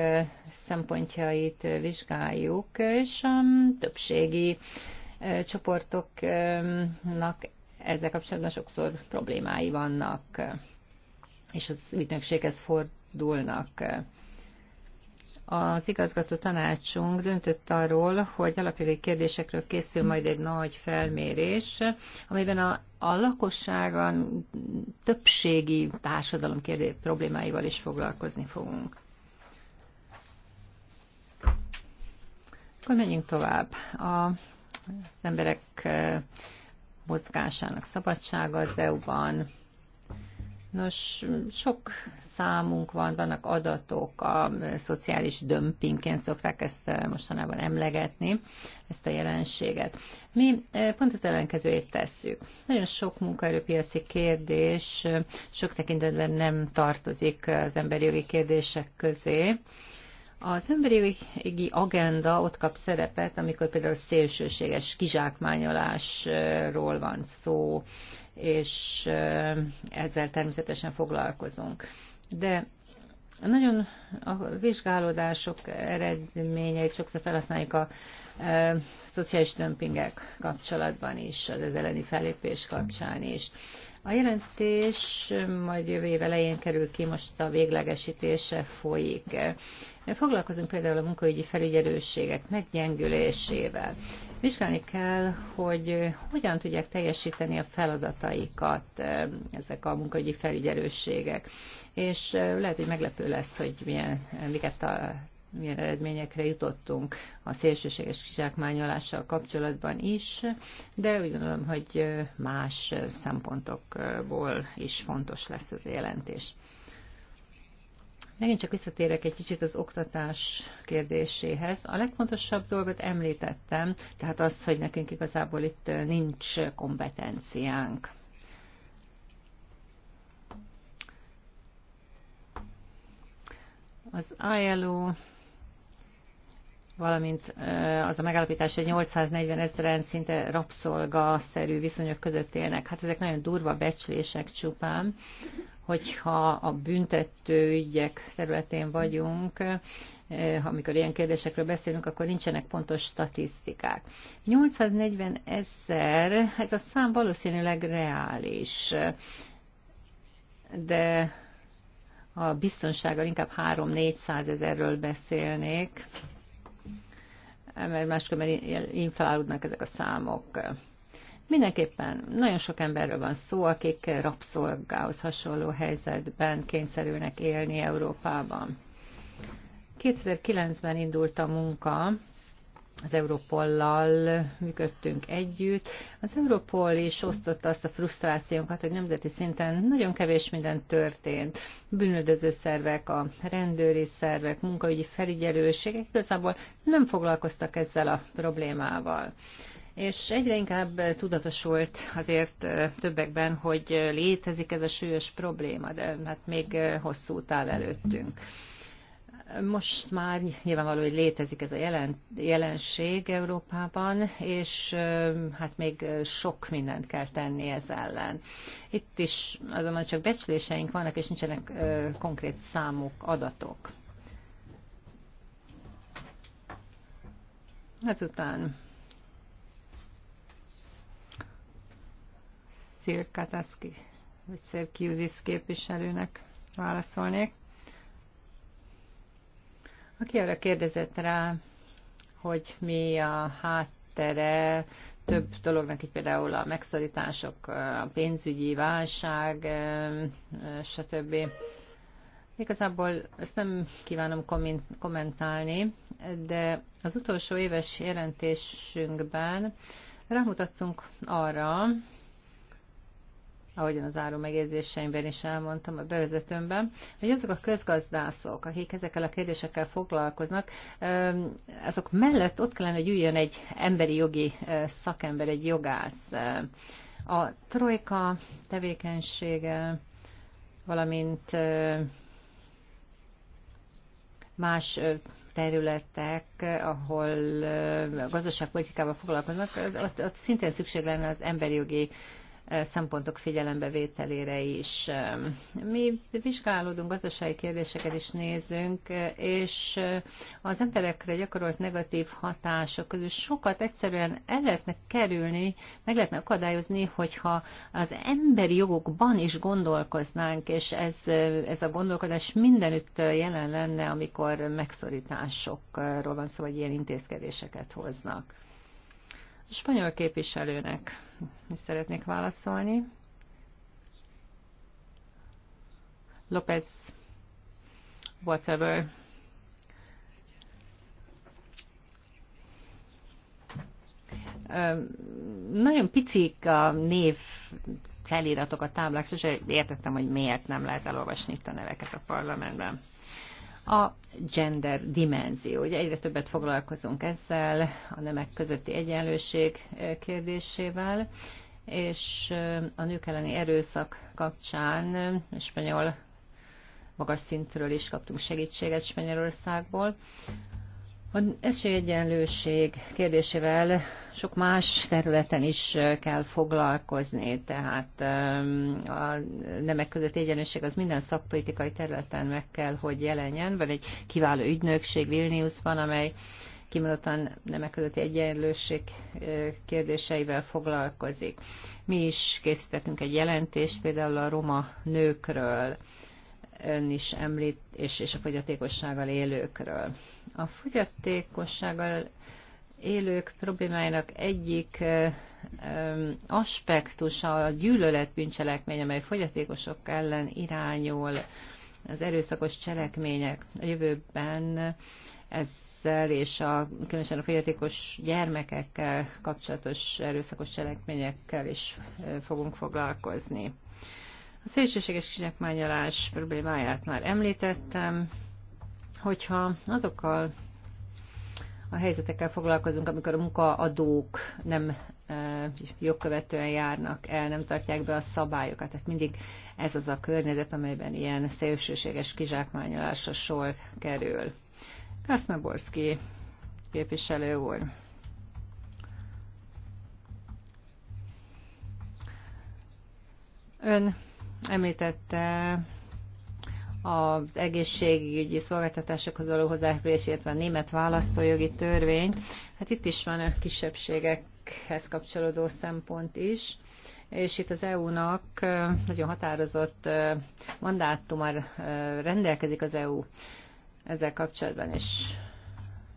szempontjait vizsgáljuk, és a többségi csoportoknak ezzel kapcsolatban sokszor problémái vannak, és az ügynökséghez fordulnak. Az igazgató tanácsunk döntött arról, hogy alapjogi kérdésekről készül majd egy nagy felmérés, amiben a, a lakosságon többségi társadalom kérdé, problémáival is foglalkozni fogunk. Akkor menjünk tovább. A, az emberek eh, mozgásának szabadsága az EU-ban, Nos, sok számunk van, vannak adatok, a szociális dömpingként szokták ezt eh, mostanában emlegetni, ezt a jelenséget. Mi eh, pont az ellenkezőjét tesszük. Nagyon sok munkaerőpiaci kérdés eh, sok tekintetben nem tartozik az emberi jogi kérdések közé, az emberi jogi agenda ott kap szerepet, amikor például szélsőséges kizsákmányolásról van szó, és ezzel természetesen foglalkozunk. De nagyon a vizsgálódások eredményei sokszor felhasználjuk a e, szociális dömpingek kapcsolatban is, az ez elleni fellépés kapcsán is. A jelentés majd jövő év elején kerül ki, most a véglegesítése folyik. Foglalkozunk például a munkaügyi felügyelőségek meggyengülésével. Vizsgálni kell, hogy hogyan tudják teljesíteni a feladataikat ezek a munkaügyi felügyelőségek. És lehet, hogy meglepő lesz, hogy milyen, miket milyen eredményekre jutottunk a szélsőséges kizsákmányolással kapcsolatban is, de úgy gondolom, hogy más szempontokból is fontos lesz az jelentés. Megint csak visszatérek egy kicsit az oktatás kérdéséhez. A legfontosabb dolgot említettem, tehát az, hogy nekünk igazából itt nincs kompetenciánk. Az ILO valamint az a megállapítás, hogy 840 ezeren szinte rabszolga-szerű viszonyok között élnek. Hát ezek nagyon durva becslések csupán, hogyha a büntető ügyek területén vagyunk, amikor ilyen kérdésekről beszélünk, akkor nincsenek pontos statisztikák. 840 ezer, ez a szám valószínűleg reális, de a biztonsággal inkább 3-400 ezerről beszélnék mert máskülönben infláludnak ezek a számok. Mindenképpen nagyon sok emberről van szó, akik rabszolgához hasonló helyzetben kényszerülnek élni Európában. 2009-ben indult a munka az Európollal működtünk együtt. Az Európol is osztotta azt a frusztrációnkat, hogy nemzeti szinten nagyon kevés minden történt. Bűnöldöző szervek, a rendőri szervek, munkaügyi felügyelőségek igazából nem foglalkoztak ezzel a problémával. És egyre inkább tudatosult azért többekben, hogy létezik ez a súlyos probléma, de hát még hosszú tál előttünk. Most már nyilvánvaló, hogy létezik ez a jelen, jelenség Európában, és hát még sok mindent kell tenni ez ellen. Itt is azonban csak becsléseink vannak, és nincsenek konkrét számok, adatok. Ezután Szirkataszki, vagy Szirkiuzis képviselőnek válaszolnék aki arra kérdezett rá, hogy mi a háttere több dolognak, így például a megszorítások, a pénzügyi válság, stb. Igazából ezt nem kívánom kommentálni, de az utolsó éves jelentésünkben rámutattunk arra, ahogyan az áru megjegyzéseimben is elmondtam a bevezetőmben, hogy azok a közgazdászok, akik ezekkel a kérdésekkel foglalkoznak, azok mellett ott kellene, hogy üljön egy emberi jogi szakember, egy jogász. A trojka tevékenysége, valamint más területek, ahol gazdaságpolitikával foglalkoznak, ott, ott szintén szükség lenne az emberi jogi szempontok figyelembevételére is. Mi vizsgálódunk, gazdasági kérdéseket is nézünk, és az emberekre gyakorolt negatív hatások közül sokat egyszerűen el lehetne kerülni, meg lehetne akadályozni, hogyha az emberi jogokban is gondolkoznánk, és ez, ez a gondolkodás mindenütt jelen lenne, amikor megszorításokról van szó, vagy ilyen intézkedéseket hoznak. A spanyol képviselőnek is szeretnék válaszolni. López whatever. Nagyon picik a név feliratok a táblák, sose értettem, hogy miért nem lehet elolvasni itt a neveket a parlamentben a gender dimenzió. Ugye egyre többet foglalkozunk ezzel, a nemek közötti egyenlőség eh, kérdésével, és eh, a nők elleni erőszak kapcsán eh, spanyol magas szintről is kaptunk segítséget Spanyolországból. Az esélyegyenlőség kérdésével sok más területen is kell foglalkozni, tehát a nemek közötti egyenlőség az minden szakpolitikai területen meg kell, hogy jelenjen. Van egy kiváló ügynökség Vilniusban, amely kimondottan nemek közötti egyenlőség kérdéseivel foglalkozik. Mi is készítettünk egy jelentést például a roma nőkről, ön is említ, és, és a fogyatékossággal élőkről. A fogyatékossággal élők problémáinak egyik aspektusa a gyűlöletbűncselekmény, amely fogyatékosok ellen irányul az erőszakos cselekmények a jövőben ezzel és a, különösen a fogyatékos gyermekekkel kapcsolatos erőszakos cselekményekkel is fogunk foglalkozni. A szélsőséges kizsákmányolás problémáját már említettem, hogyha azokkal a helyzetekkel foglalkozunk, amikor a munkaadók nem jogkövetően járnak el, nem tartják be a szabályokat. Tehát mindig ez az a környezet, amelyben ilyen szélsőséges kizsákmányolásra sor kerül. Kaszmaborszki képviselő úr. Ön említette az egészségügyi szolgáltatásokhoz való hozzáférés, illetve a német választójogi törvény. Hát itt is van a kisebbségekhez kapcsolódó szempont is és itt az EU-nak nagyon határozott mandátummal rendelkezik az EU ezzel kapcsolatban, és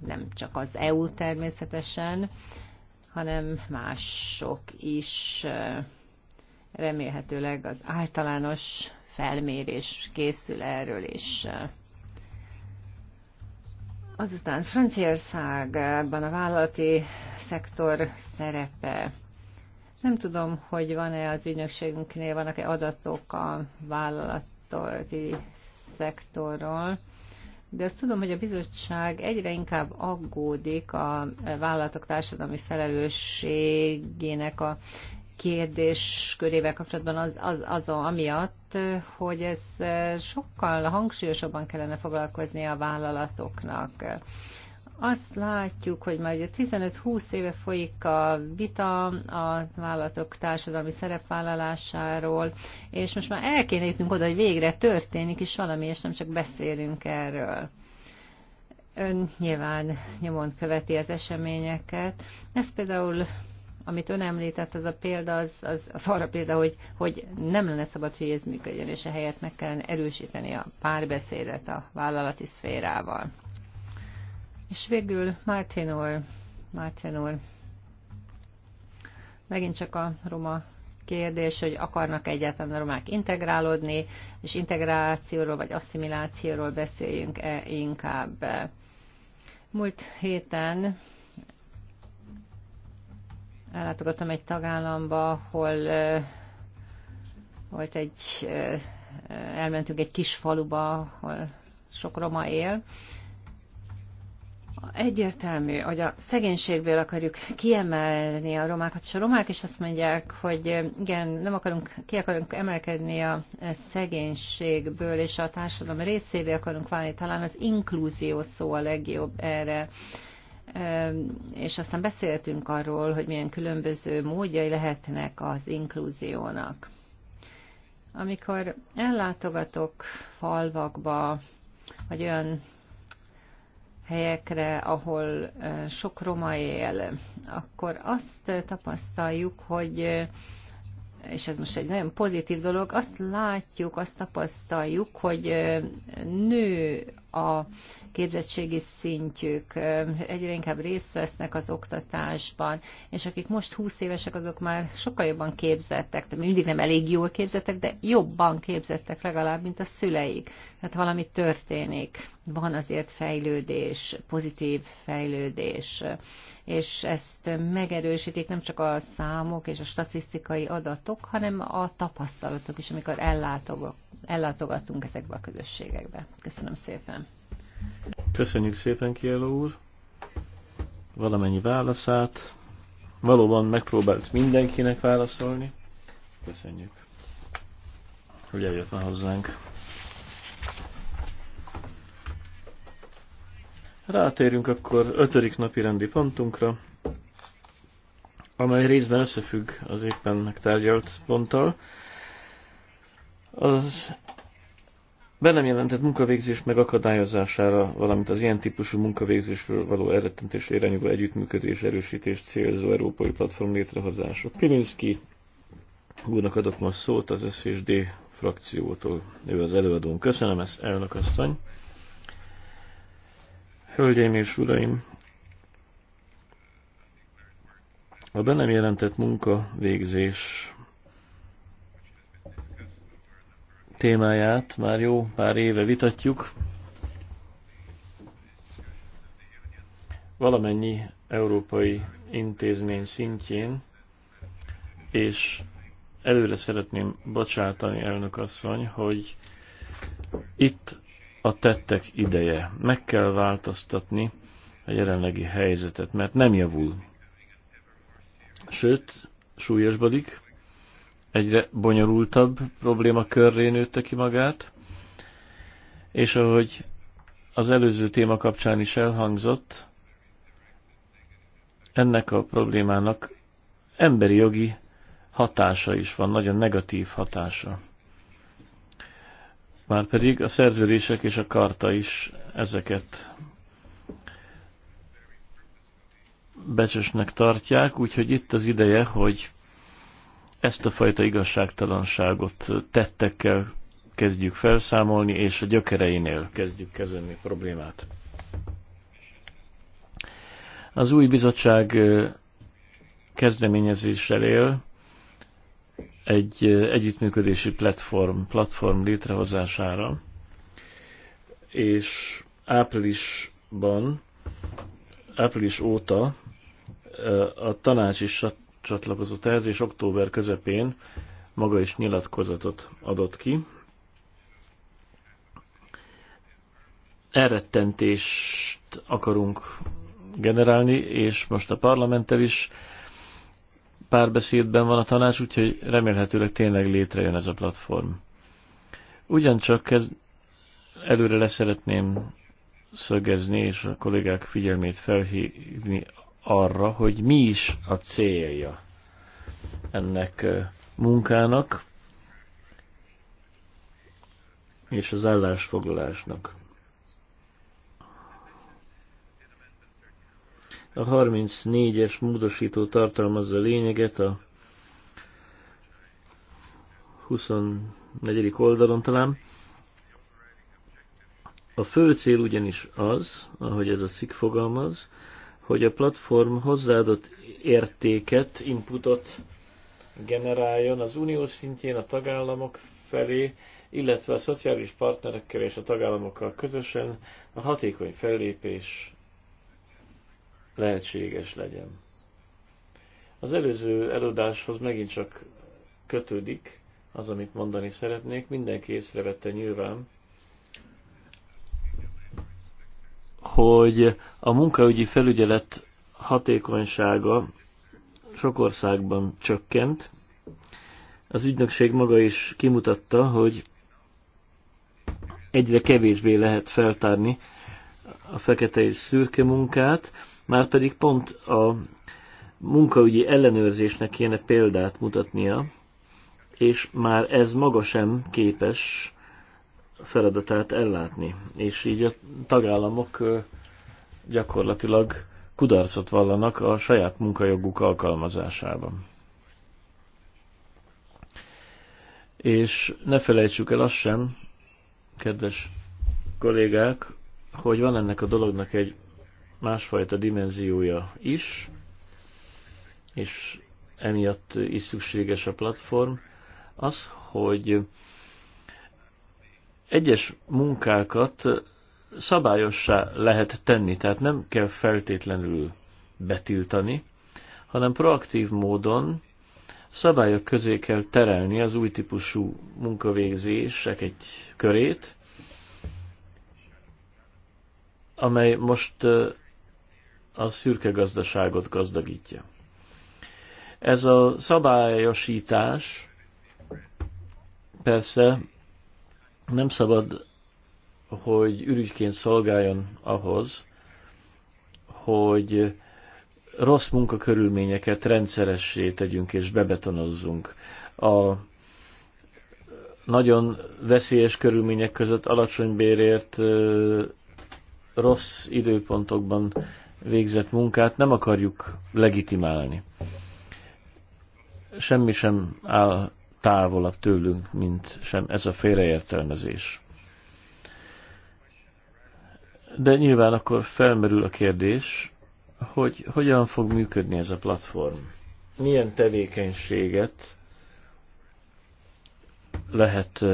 nem csak az EU természetesen, hanem mások is remélhetőleg az általános felmérés készül erről is. Azután Franciaországban a vállalati szektor szerepe. Nem tudom, hogy van-e az ügynökségünknél, vannak-e adatok a vállalati szektorról, de azt tudom, hogy a bizottság egyre inkább aggódik a vállalatok társadalmi felelősségének a kérdés körével kapcsolatban az, az, az a amiatt, hogy ez eh, sokkal hangsúlyosabban kellene foglalkozni a vállalatoknak. Azt látjuk, hogy már 15-20 éve folyik a vita a vállalatok társadalmi szerepvállalásáról, és most már el kéne jutnunk oda, hogy végre történik is valami, és nem csak beszélünk erről. Ön nyilván nyomon követi az eseményeket. Ez például amit ön említett, ez a példa, az, az, az arra példa, hogy, hogy nem lenne szabad, hogy ez működjön, és ehelyett meg kellene erősíteni a párbeszédet a vállalati szférával. És végül Martin úr, Martin úr, megint csak a roma kérdés, hogy akarnak egyáltalán a romák integrálódni, és integrációról vagy asszimilációról beszéljünk -e inkább. Múlt héten ellátogattam egy tagállamba, hol volt egy, elmentünk egy kis faluba, ahol sok roma él, Egyértelmű, hogy a szegénységből akarjuk kiemelni a romákat, és a romák is azt mondják, hogy igen, nem akarunk, ki akarunk emelkedni a szegénységből, és a társadalom részévé akarunk válni. Talán az inkluzió szó a legjobb erre és aztán beszéltünk arról, hogy milyen különböző módjai lehetnek az inkluziónak. Amikor ellátogatok falvakba, vagy olyan helyekre, ahol eh, sok roma él, akkor azt eh, tapasztaljuk, hogy eh, és ez most egy nagyon pozitív dolog, azt látjuk, azt tapasztaljuk, hogy nő a képzettségi szintjük, egyre inkább részt vesznek az oktatásban, és akik most 20 évesek, azok már sokkal jobban képzettek, de mindig nem elég jól képzettek, de jobban képzettek legalább, mint a szüleik. Tehát valami történik, van azért fejlődés, pozitív fejlődés, és ezt megerősítik nem csak a számok és a statisztikai adatok, hanem a tapasztalatok is, amikor ellátogatunk ezekbe a közösségekbe. Köszönöm szépen! Köszönjük szépen, Kielo úr, valamennyi válaszát. Valóban megpróbált mindenkinek válaszolni. Köszönjük, hogy eljött ma hozzánk. Rátérünk akkor ötödik napi rendi pontunkra, amely részben összefügg az éppen megtárgyalt ponttal. Az be nem jelentett munkavégzés megakadályozására, valamint az ilyen típusú munkavégzésről való elrettentés irányuló együttműködés erősítés célzó európai platform létrehozása. Pilinszki úrnak adok most szót az SZSD frakciótól. Ő az előadón. Köszönöm ezt, elnök asszony. Hölgyeim és uraim, a be nem jelentett munkavégzés témáját már jó pár éve vitatjuk. Valamennyi európai intézmény szintjén, és előre szeretném bocsátani, elnök asszony, hogy itt a tettek ideje. Meg kell változtatni a jelenlegi helyzetet, mert nem javul. Sőt, súlyosbodik, egyre bonyolultabb problémakörré nőtte ki magát, és ahogy az előző téma kapcsán is elhangzott, ennek a problémának emberi jogi hatása is van, nagyon negatív hatása. Márpedig a szerződések és a karta is ezeket becsesnek tartják, úgyhogy itt az ideje, hogy ezt a fajta igazságtalanságot tettekkel kezdjük felszámolni, és a gyökereinél kezdjük kezelni a problémát. Az új bizottság kezdeményezéssel él egy együttműködési platform, platform létrehozására, és áprilisban, április óta a tanács is a csatlakozott ehhez, és október közepén maga is nyilatkozatot adott ki. Elrettentést akarunk generálni, és most a parlamenttel is párbeszédben van a tanács, úgyhogy remélhetőleg tényleg létrejön ez a platform. Ugyancsak ez előre leszeretném szögezni, és a kollégák figyelmét felhívni arra, hogy mi is a célja ennek munkának és az állásfoglalásnak. A 34-es módosító tartalmazza lényeget a 24. oldalon talán. A fő cél ugyanis az, ahogy ez a cikk fogalmaz, hogy a platform hozzáadott értéket, inputot generáljon az uniós szintjén a tagállamok felé, illetve a szociális partnerekkel és a tagállamokkal közösen a hatékony fellépés lehetséges legyen. Az előző előadáshoz megint csak kötődik az, amit mondani szeretnék. Mindenki észrevette nyilván, hogy a munkaügyi felügyelet hatékonysága sok országban csökkent. Az ügynökség maga is kimutatta, hogy egyre kevésbé lehet feltárni a fekete és szürke munkát, már pedig pont a munkaügyi ellenőrzésnek kéne példát mutatnia, és már ez maga sem képes feladatát ellátni. És így a tagállamok gyakorlatilag kudarcot vallanak a saját munkajoguk alkalmazásában. És ne felejtsük el azt sem, kedves kollégák, hogy van ennek a dolognak egy másfajta dimenziója is, és emiatt is szükséges a platform, az, hogy egyes munkákat szabályossá lehet tenni, tehát nem kell feltétlenül betiltani, hanem proaktív módon szabályok közé kell terelni az új típusú munkavégzések egy körét, amely most a szürke gazdaságot gazdagítja. Ez a szabályosítás persze nem szabad, hogy ürügyként szolgáljon ahhoz, hogy rossz munkakörülményeket rendszeressé tegyünk és bebetonozzunk. A nagyon veszélyes körülmények között alacsony bérért rossz időpontokban végzett munkát nem akarjuk legitimálni. Semmi sem áll távolabb tőlünk, mint sem ez a félreértelmezés. De nyilván akkor felmerül a kérdés, hogy hogyan fog működni ez a platform. Milyen tevékenységet lehet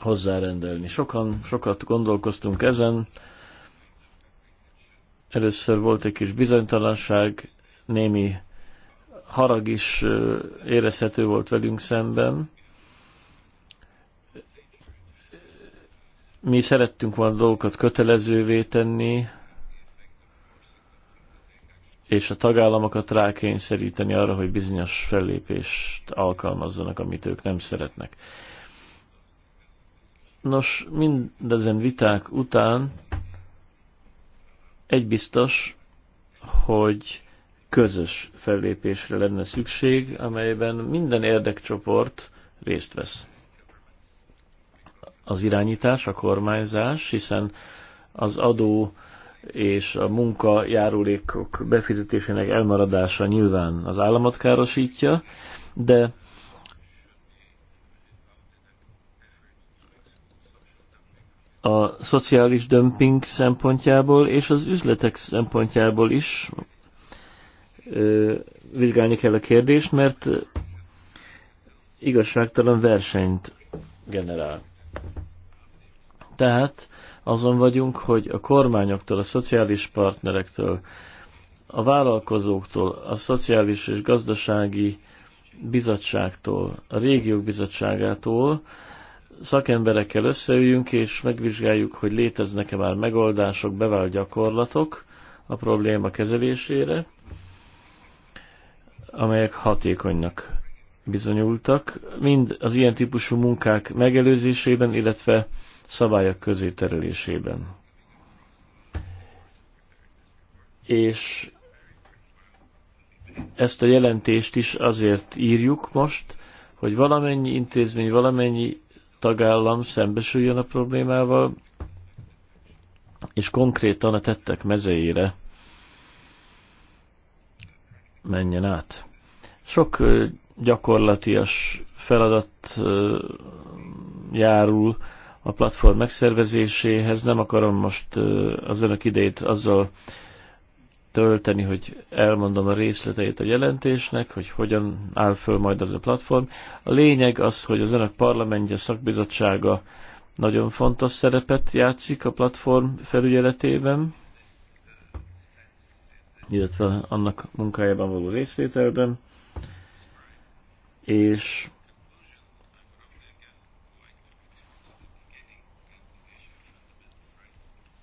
hozzárendelni. Sokan, sokat gondolkoztunk ezen. Először volt egy kis bizonytalanság, némi harag is érezhető volt velünk szemben. Mi szerettünk volna dolgokat kötelezővé tenni, és a tagállamokat rákényszeríteni arra, hogy bizonyos fellépést alkalmazzanak, amit ők nem szeretnek. Nos, mindezen viták után egy biztos, hogy közös fellépésre lenne szükség, amelyben minden érdekcsoport részt vesz. Az irányítás, a kormányzás, hiszen az adó és a munka járulékok befizetésének elmaradása nyilván az államot károsítja, de a szociális dömping szempontjából és az üzletek szempontjából is vizsgálni kell a kérdést, mert igazságtalan versenyt generál. Tehát azon vagyunk, hogy a kormányoktól, a szociális partnerektől, a vállalkozóktól, a szociális és gazdasági bizottságtól, a régiók bizottságától szakemberekkel összeüljünk, és megvizsgáljuk, hogy léteznek-e már megoldások, bevált gyakorlatok a probléma kezelésére, amelyek hatékonynak bizonyultak, mind az ilyen típusú munkák megelőzésében, illetve szabályok közé terelésében. És ezt a jelentést is azért írjuk most, hogy valamennyi intézmény, valamennyi tagállam szembesüljön a problémával, és konkrétan a tettek mezeire menjen át. Sok gyakorlatias feladat járul a platform megszervezéséhez. Nem akarom most az önök idejét azzal tölteni, hogy elmondom a részleteit a jelentésnek, hogy hogyan áll föl majd az a platform. A lényeg az, hogy az önök parlamentje, szakbizottsága nagyon fontos szerepet játszik a platform felügyeletében, illetve annak munkájában való részvételben, és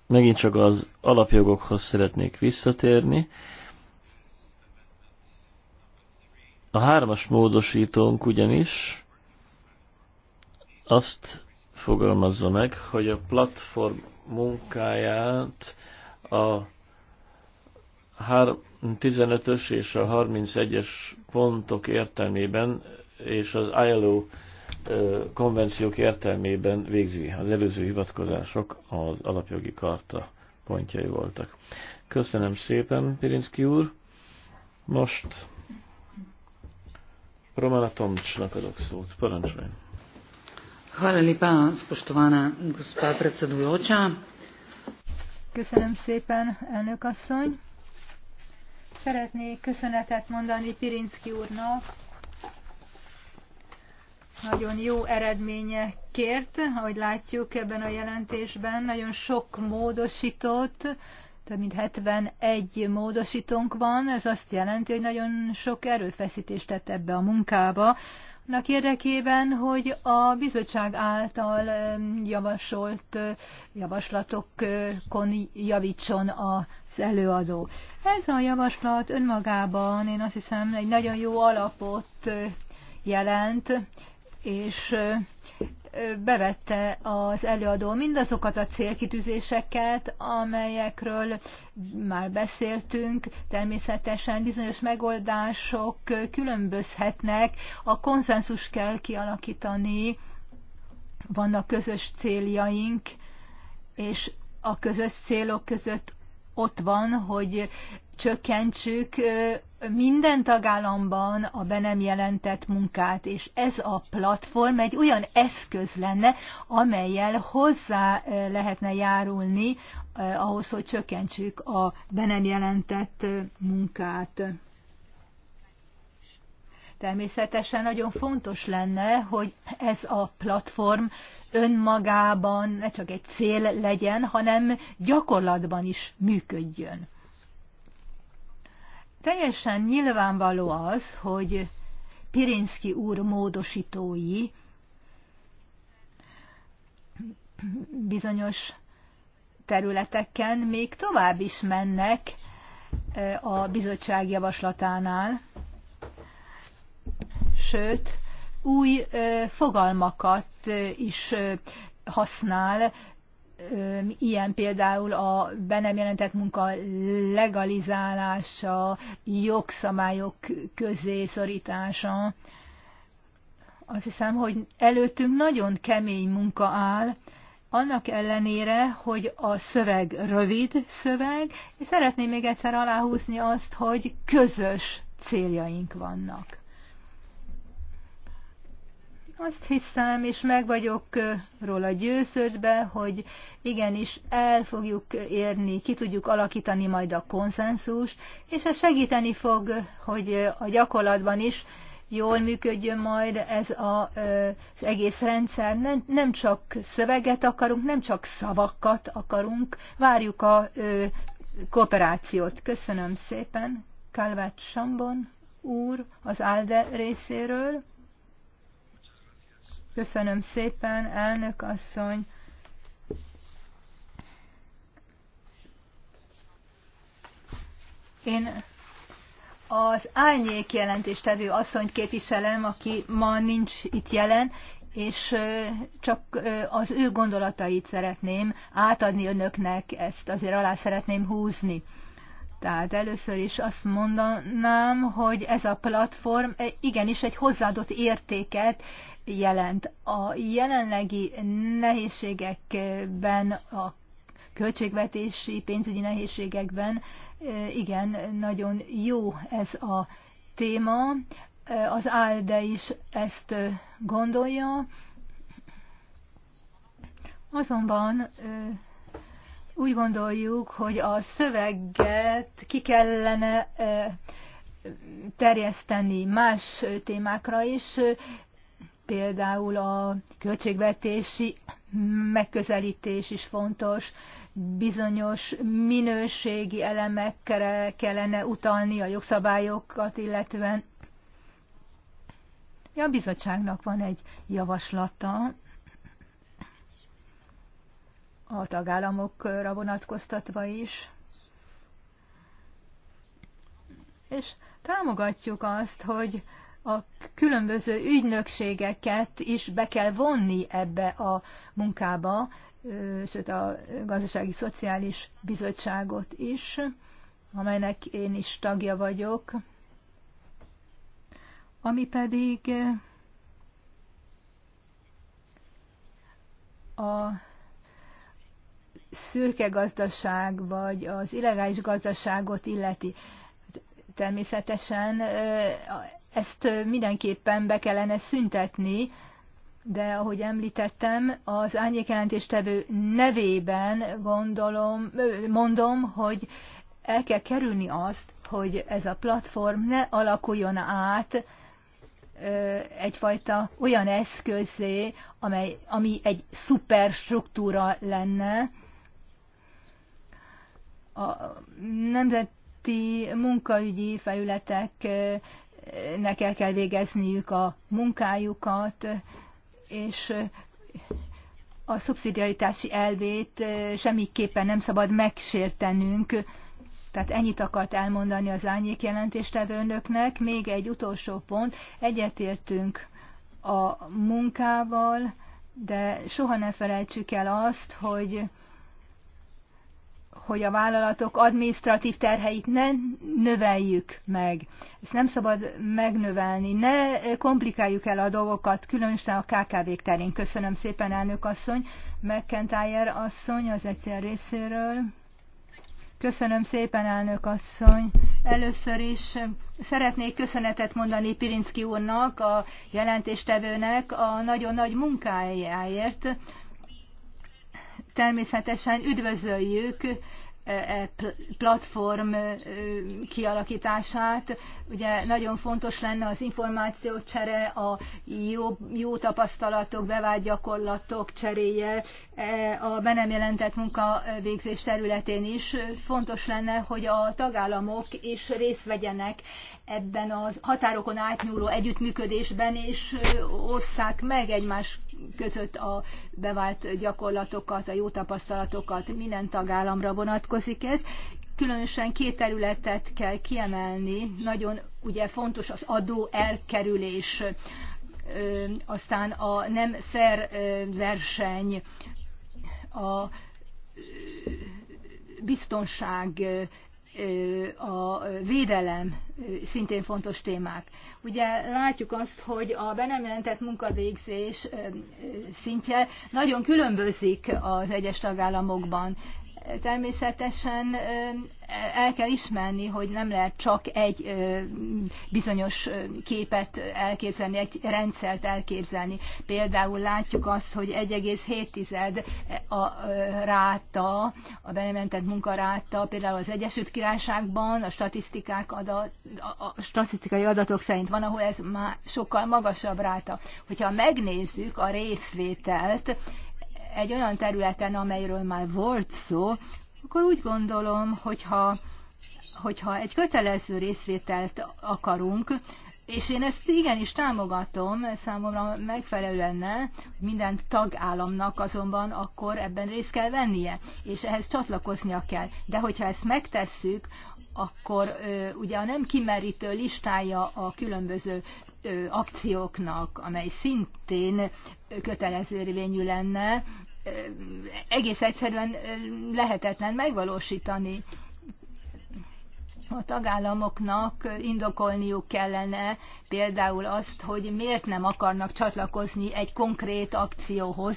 megint csak az alapjogokhoz szeretnék visszatérni. A hármas módosítónk ugyanis azt fogalmazza meg, hogy a platform munkáját a 15-ös és a 31-es pontok értelmében és az ILO konvenciók értelmében végzi. Az előző hivatkozások az alapjogi karta pontjai voltak. Köszönöm szépen, Pirinszki úr. Most Romana Tomcsnak adok szót. Parancsoljon. Hvala lepa, spoštovana gospa predsedujoča. Köszönöm szépen, elnök asszony. Szeretnék köszönetet mondani Pirinszki úrnak. Nagyon jó eredménye kért, ahogy látjuk ebben a jelentésben, nagyon sok módosított, több mint 71 módosítónk van, ez azt jelenti, hogy nagyon sok erőfeszítést tett ebbe a munkába, annak érdekében, hogy a bizottság által javasolt javaslatokon javítson az előadó. Ez a javaslat önmagában én azt hiszem egy nagyon jó alapot jelent, és bevette az előadó mindazokat a célkitűzéseket, amelyekről már beszéltünk. Természetesen bizonyos megoldások különbözhetnek, a konszenzus kell kialakítani, vannak közös céljaink, és a közös célok között ott van, hogy csökkentsük minden tagállamban a be nem jelentett munkát, és ez a platform egy olyan eszköz lenne, amelyel hozzá lehetne járulni ahhoz, hogy csökkentsük a be nem jelentett munkát. Természetesen nagyon fontos lenne, hogy ez a platform önmagában ne csak egy cél legyen, hanem gyakorlatban is működjön. Teljesen nyilvánvaló az, hogy Pirinszki úr módosítói bizonyos területeken még tovább is mennek eh, a bizottság javaslatánál, sőt, új fogalmakat is használ, ilyen például a be nem jelentett munka legalizálása, jogszabályok közé szorítása. Azt hiszem, hogy előttünk nagyon kemény munka áll, annak ellenére, hogy a szöveg rövid szöveg, és szeretném még egyszer aláhúzni azt, hogy közös céljaink vannak. Azt hiszem, és meg vagyok róla győződve, hogy igenis el fogjuk érni, ki tudjuk alakítani majd a konszenzus, és ez segíteni fog, hogy a gyakorlatban is jól működjön majd ez a, az egész rendszer. Nem, nem csak szöveget akarunk, nem csak szavakat akarunk, várjuk a kooperációt. Köszönöm szépen, Kálvát Sambon úr az ALDE részéről. Köszönöm szépen, elnök asszony. Én az árnyék jelentéstevő asszonyt képviselem, aki ma nincs itt jelen, és csak az ő gondolatait szeretném átadni önöknek, ezt azért alá szeretném húzni. Tehát először is azt mondanám, hogy ez a platform igenis egy hozzáadott értéket jelent. A jelenlegi nehézségekben, a költségvetési, pénzügyi nehézségekben igen, nagyon jó ez a téma. Az ALDE is ezt gondolja. Azonban úgy gondoljuk, hogy a szöveget ki kellene terjeszteni más témákra is, például a költségvetési megközelítés is fontos, bizonyos minőségi elemekre kellene utalni a jogszabályokat illetően. A bizottságnak van egy javaslata a tagállamokra vonatkoztatva is. És támogatjuk azt, hogy a különböző ügynökségeket is be kell vonni ebbe a munkába, sőt a Gazdasági Szociális Bizottságot is, amelynek én is tagja vagyok. Ami pedig a szürke gazdaság vagy az illegális gazdaságot illeti. Természetesen ezt mindenképpen be kellene szüntetni, de ahogy említettem, az árnyékjelentéstevő nevében gondolom, mondom, hogy el kell kerülni azt, hogy ez a platform ne alakuljon át egyfajta olyan eszközé, amely, ami egy szuperstruktúra lenne, a nemzeti munkaügyi felületeknek el kell végezniük a munkájukat, és a szubszidiaritási elvét semmiképpen nem szabad megsértenünk. Tehát ennyit akart elmondani az ányék jelentéstevő önöknek. Még egy utolsó pont, egyetértünk a munkával, de soha ne felejtsük el azt, hogy hogy a vállalatok adminisztratív terheit ne növeljük meg. Ezt nem szabad megnövelni. Ne komplikáljuk el a dolgokat, különösen a KKV-k terén. Köszönöm szépen, elnök asszony, McIntyre asszony az egyszer részéről. Köszönöm szépen, elnök asszony. Először is szeretnék köszönetet mondani Pirinszki úrnak, a jelentéstevőnek a nagyon nagy munkájáért, természetesen üdvözöljük E, platform e, kialakítását. Ugye nagyon fontos lenne az információcsere, a jó, jó tapasztalatok, bevált gyakorlatok cseréje e, a be nem jelentett munkavégzés területén is. Fontos lenne, hogy a tagállamok is részt vegyenek ebben a határokon átnyúló együttműködésben, és osszák meg egymás között a bevált gyakorlatokat, a jó tapasztalatokat minden tagállamra vonatkozóan vonatkozik ez. Különösen két területet kell kiemelni, nagyon ugye fontos az adó elkerülés, aztán a nem fair verseny, a biztonság, a védelem szintén fontos témák. Ugye látjuk azt, hogy a be nem jelentett munkavégzés szintje nagyon különbözik az egyes tagállamokban. Természetesen el kell ismerni, hogy nem lehet csak egy bizonyos képet elképzelni, egy rendszert elképzelni. Például látjuk azt, hogy 1,7 a ráta, a belementett munkaráta, például az Egyesült Királyságban a, statisztikák adat, a statisztikai adatok szerint van, ahol ez már sokkal magasabb ráta. Hogyha megnézzük a részvételt, egy olyan területen, amelyről már volt szó, akkor úgy gondolom, hogyha, hogyha egy kötelező részvételt akarunk, és én ezt igenis támogatom, számomra megfelelő lenne, minden tagállamnak azonban akkor ebben részt kell vennie, és ehhez csatlakoznia kell. De hogyha ezt megtesszük, akkor ö, ugye a nem kimerítő listája a különböző ö, akcióknak, amely szintén kötelező érvényű lenne, egész egyszerűen lehetetlen megvalósítani. A tagállamoknak indokolniuk kellene például azt, hogy miért nem akarnak csatlakozni egy konkrét akcióhoz.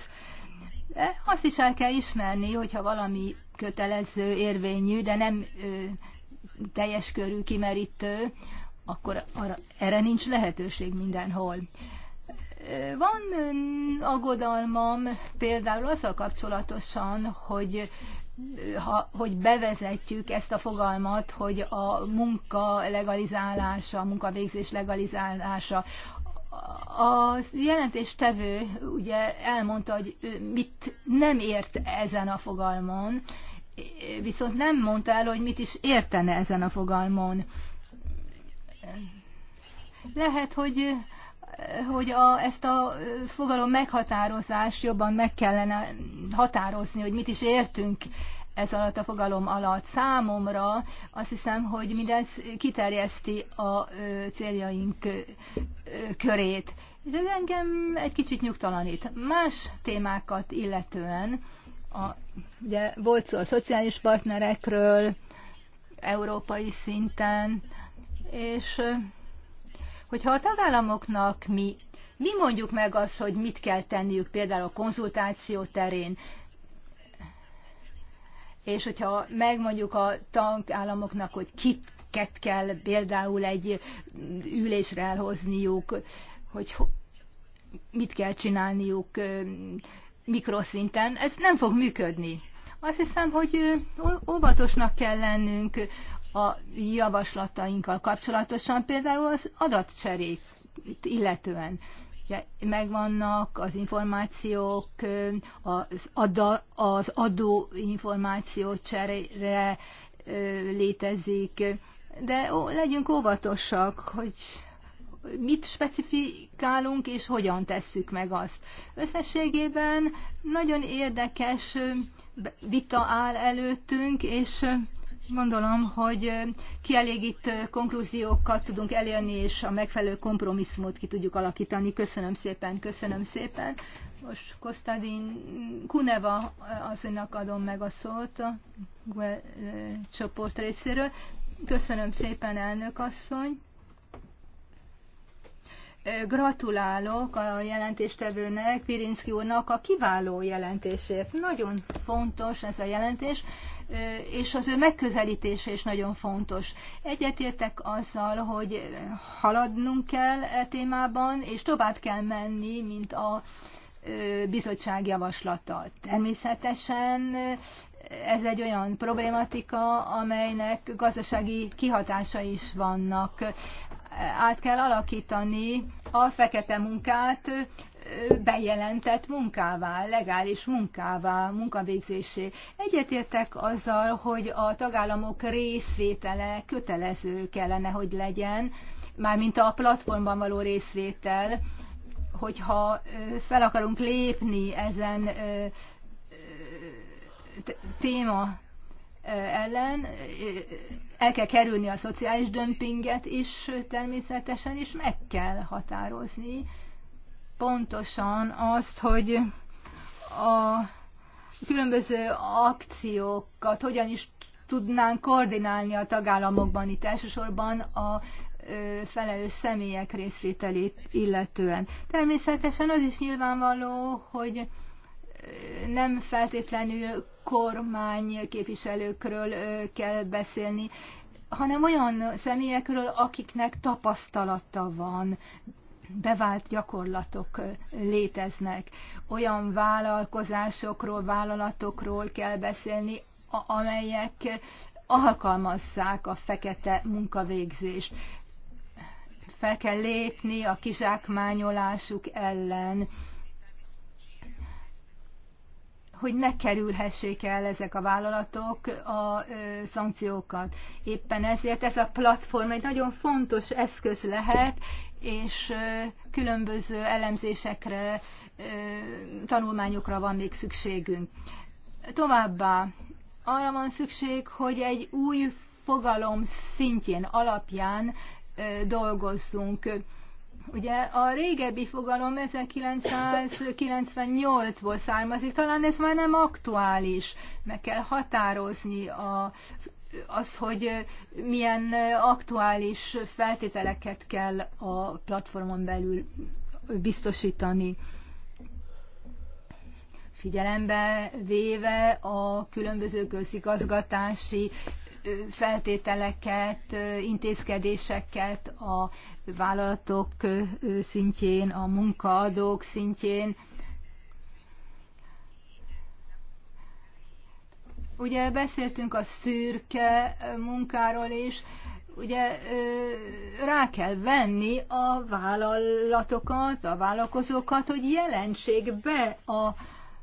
De azt is el kell ismerni, hogyha valami kötelező, érvényű, de nem ö, teljes körű, kimerítő, akkor arra, erre nincs lehetőség mindenhol. Van hm, aggodalmam például azzal kapcsolatosan, hogy hm, ha, hogy bevezetjük ezt a fogalmat, hogy a munka legalizálása, a munkavégzés legalizálása. A jelentéstevő ugye elmondta, hogy mit nem ért ezen a fogalmon, viszont nem mondta el, hogy mit is értene ezen a fogalmon. Lehet, hogy hogy a, ezt a fogalom meghatározás jobban meg kellene határozni, hogy mit is értünk ez alatt a fogalom alatt. Számomra azt hiszem, hogy mindez kiterjeszti a céljaink körét. És ez engem egy kicsit nyugtalanít. Más témákat illetően, a, ugye volt szó a szociális partnerekről, európai szinten, és hogyha a tagállamoknak mi, mi mondjuk meg azt, hogy mit kell tenniük például a konzultáció terén, és hogyha megmondjuk a tagállamoknak, hogy kiket kell például egy ülésre elhozniuk, hogy mit kell csinálniuk mikroszinten, ez nem fog működni. Azt hiszem, hogy óvatosnak kell lennünk a javaslatainkkal kapcsolatosan, például az adatcserék illetően. megvannak az információk, az, ada, az adó információ cserére létezik, de ó, legyünk óvatosak, hogy mit specifikálunk és hogyan tesszük meg azt. Összességében nagyon érdekes vita áll előttünk, és Gondolom, hogy kielégítő konklúziókat tudunk elérni, és a megfelelő kompromisszumot ki tudjuk alakítani. Köszönöm szépen, köszönöm szépen. Most Kostadin Kuneva az önnek adom meg a szót a csoport részéről. Köszönöm szépen, elnök asszony. Gratulálok a jelentéstevőnek, Pirinszki úrnak a kiváló jelentésért. Nagyon fontos ez a jelentés, és az ő megközelítése is nagyon fontos. Egyetértek azzal, hogy haladnunk kell e témában, és tovább kell menni, mint a bizottság javaslata. Természetesen ez egy olyan problématika, amelynek gazdasági kihatása is vannak. Át kell alakítani a fekete munkát bejelentett munkává, legális munkává, munkavégzésé. Egyetértek azzal, hogy a tagállamok részvétele kötelező kellene, hogy legyen, mármint a platformban való részvétel, hogyha fel akarunk lépni ezen téma ellen, el kell kerülni a szociális dömpinget is természetesen, és meg kell határozni pontosan azt, hogy a különböző akciókat hogyan is tudnánk koordinálni a tagállamokban, itt elsősorban a felelős személyek részvételét illetően. Természetesen az is nyilvánvaló, hogy nem feltétlenül kormány képviselőkről kell beszélni, hanem olyan személyekről, akiknek tapasztalata van, bevált gyakorlatok léteznek. Olyan vállalkozásokról, vállalatokról kell beszélni, amelyek alkalmazzák a fekete munkavégzést. Fel kell lépni a kizsákmányolásuk ellen, hogy ne kerülhessék el ezek a vállalatok a ö, szankciókat. Éppen ezért ez a platform egy nagyon fontos eszköz lehet, és különböző elemzésekre, tanulmányokra van még szükségünk. Továbbá arra van szükség, hogy egy új fogalom szintjén, alapján dolgozzunk. Ugye a régebbi fogalom 1998-ból származik, talán ez már nem aktuális. Meg kell határozni a az, hogy milyen aktuális feltételeket kell a platformon belül biztosítani. Figyelembe véve a különböző közigazgatási feltételeket, intézkedéseket a vállalatok szintjén, a munkaadók szintjén, Ugye beszéltünk a szürke munkáról is, ugye rá kell venni a vállalatokat, a vállalkozókat, hogy jelentsék be a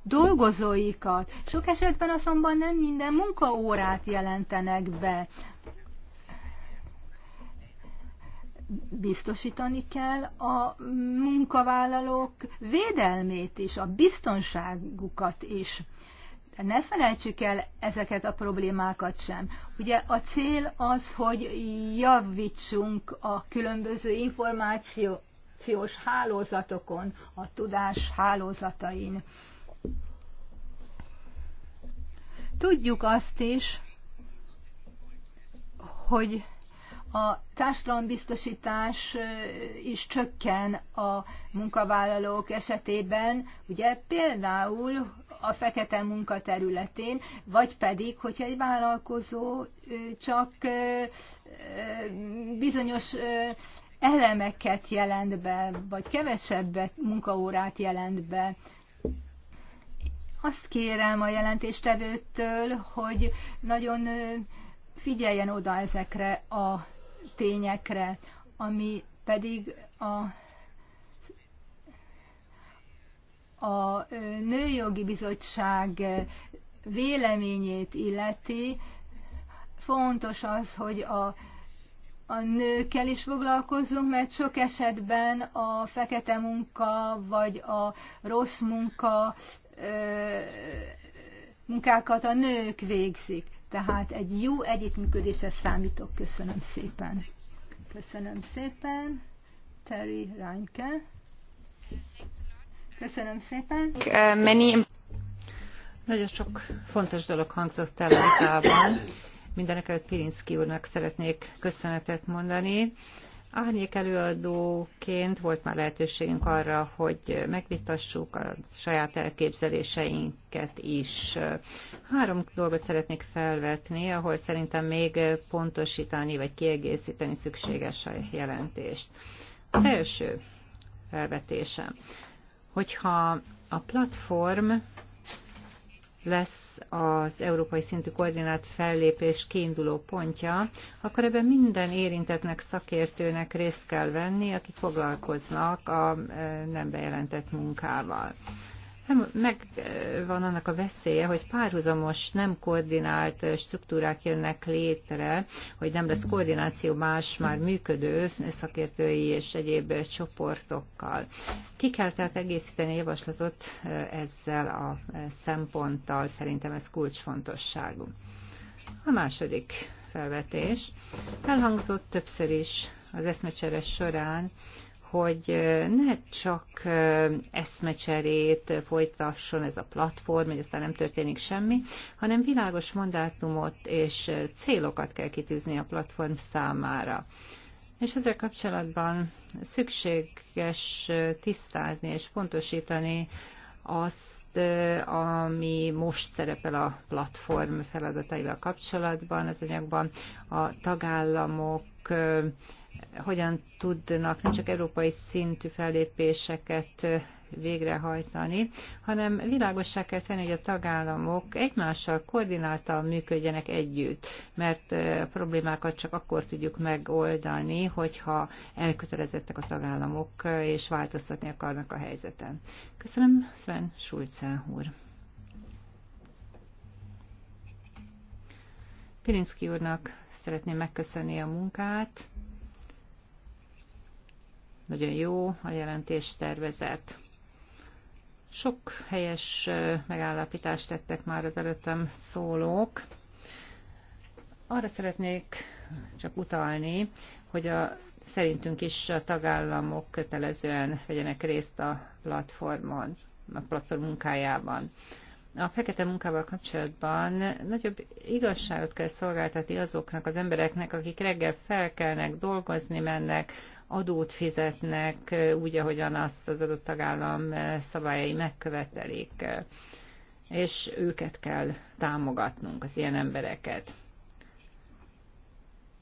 dolgozóikat. Sok esetben azonban nem minden munkaórát jelentenek be. Biztosítani kell a munkavállalók védelmét is, a biztonságukat is. Ne felejtsük el ezeket a problémákat sem. Ugye a cél az, hogy javítsunk a különböző információs hálózatokon, a tudás hálózatain. Tudjuk azt is, hogy a társadalombiztosítás is csökken a munkavállalók esetében, ugye például a fekete munka területén, vagy pedig, hogyha egy vállalkozó csak bizonyos elemeket jelent be, vagy kevesebbet munkaórát jelent be. Azt kérem a jelentéstevőtől, hogy nagyon figyeljen oda ezekre a tényekre, ami pedig a a Nőjogi Bizottság véleményét illeti, fontos az, hogy a, a nőkkel is foglalkozzunk, mert sok esetben a fekete munka vagy a rossz munka munkákat a nők végzik. Tehát egy jó együttműködésre számítok. Köszönöm szépen. Köszönöm szépen. Terry Reinke. Köszönöm szépen. Uh, many... Nagyon sok fontos dolog hangzott el a vitában. Mindenek előtt Pirinszki úrnak szeretnék köszönetet mondani Árnyék előadóként volt már lehetőségünk arra, hogy megvitassuk a saját elképzeléseinket is. Három dolgot szeretnék felvetni, ahol szerintem még pontosítani vagy kiegészíteni szükséges a jelentést. Az első felvetésem, hogyha a platform lesz az európai szintű koordinált fellépés kiinduló pontja, akkor ebben minden érintetnek, szakértőnek részt kell venni, akik foglalkoznak a eh, nem bejelentett munkával nem, van annak a veszélye, hogy párhuzamos, nem koordinált struktúrák jönnek létre, hogy nem lesz koordináció más már működő szakértői és egyéb csoportokkal. Ki kell tehát egészíteni a javaslatot ezzel a szemponttal, szerintem ez kulcsfontosságú. A második felvetés. Elhangzott többször is az eszmecseres során, hogy ne csak eszmecserét folytasson ez a platform, hogy aztán nem történik semmi, hanem világos mandátumot és célokat kell kitűzni a platform számára. És ezzel kapcsolatban szükséges tisztázni és pontosítani azt, ami most szerepel a platform feladataival kapcsolatban az anyagban. A tagállamok hogyan tudnak nem csak európai szintű fellépéseket végrehajtani, hanem világossá kell tenni, hogy a tagállamok egymással koordináltan működjenek együtt, mert a problémákat csak akkor tudjuk megoldani, hogyha elkötelezettek a tagállamok, és változtatni akarnak a helyzeten. Köszönöm, Sven Schulze úr. Pirinszki úrnak szeretném megköszönni a munkát. Nagyon jó a jelentés tervezet. Sok helyes megállapítást tettek már az előttem szólók. Arra szeretnék csak utalni, hogy a, szerintünk is a tagállamok kötelezően vegyenek részt a platformon, a platform munkájában. A fekete munkával kapcsolatban nagyobb igazságot kell szolgáltatni azoknak az embereknek, akik reggel felkelnek, dolgozni mennek, adót fizetnek úgy, ahogyan azt az adott tagállam szabályai megkövetelik, és őket kell támogatnunk, az ilyen embereket.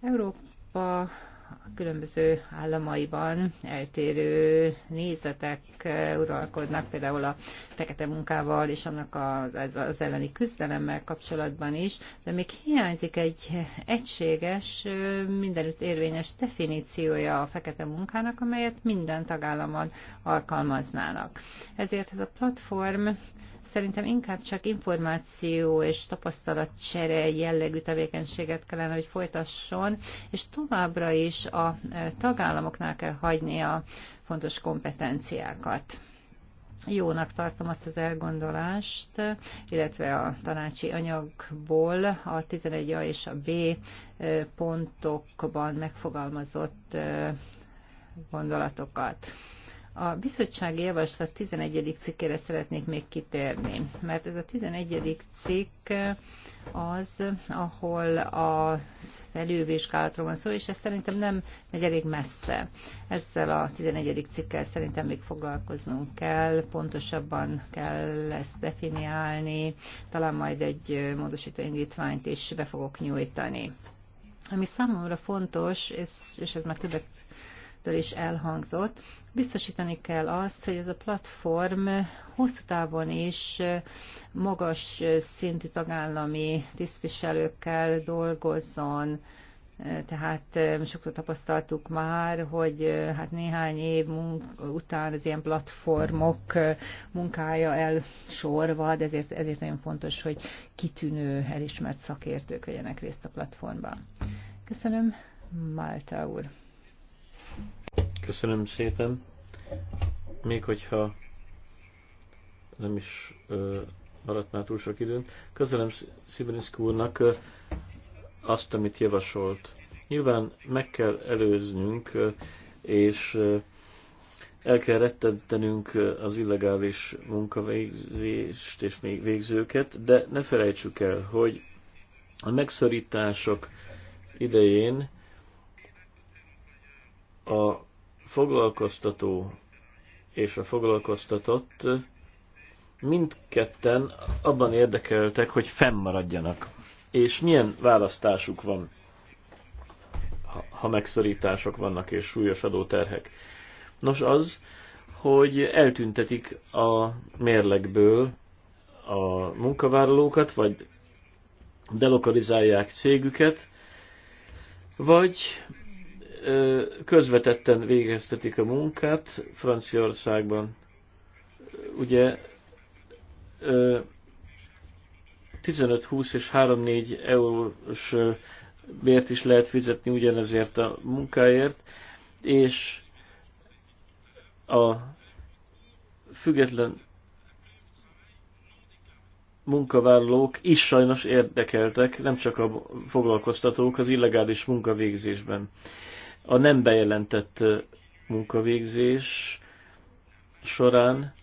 Európa a különböző államaiban eltérő nézetek uralkodnak, például a fekete munkával és annak az, az elleni küzdelemmel kapcsolatban is, de még hiányzik egy egységes, mindenütt érvényes definíciója a fekete munkának, amelyet minden tagállamon alkalmaznának. Ezért ez a platform szerintem inkább csak információ és tapasztalatcsere jellegű tevékenységet kellene, hogy folytasson, és továbbra is a e, tagállamoknál kell hagyni a fontos kompetenciákat. Jónak tartom azt az elgondolást, illetve a tanácsi anyagból a 11A és a B e, pontokban megfogalmazott e, gondolatokat. A bizottsági javaslat 11. cikkére szeretnék még kitérni, mert ez a 11. cikk az, ahol a felülvizsgálatról van szó, és ez szerintem nem megy elég messze. Ezzel a 11. cikkel szerintem még foglalkoznunk kell, pontosabban kell ezt definiálni, talán majd egy módosító indítványt is be fogok nyújtani. Ami számomra fontos, és ez már többet részéről is elhangzott. Biztosítani kell azt, hogy ez a platform hosszú távon is magas szintű tagállami tisztviselőkkel dolgozzon, tehát sokszor tapasztaltuk már, hogy hát néhány év munk- után az ilyen platformok munkája elsorvad, ezért, ezért nagyon fontos, hogy kitűnő, elismert szakértők vegyenek részt a platformban. Köszönöm, Málta úr. Köszönöm szépen. Még hogyha nem is ö, maradt már túl sok időn. Köszönöm Szibriszk úrnak ö, azt, amit javasolt. Nyilván meg kell előznünk, ö, és ö, el kell rettentenünk az illegális munkavégzést és még végzőket, de ne felejtsük el, hogy a megszorítások idején a foglalkoztató és a foglalkoztatott mindketten abban érdekeltek, hogy fennmaradjanak. És milyen választásuk van, ha megszorítások vannak és súlyos adóterhek. Nos az, hogy eltüntetik a mérlegből a munkavállalókat, vagy delokalizálják cégüket, vagy közvetetten végeztetik a munkát Franciaországban. Ugye 15-20 és 3-4 eurós bért is lehet fizetni ugyanezért a munkáért, és a független munkavállalók is sajnos érdekeltek, nem csak a foglalkoztatók az illegális munkavégzésben a nem bejelentett munkavégzés során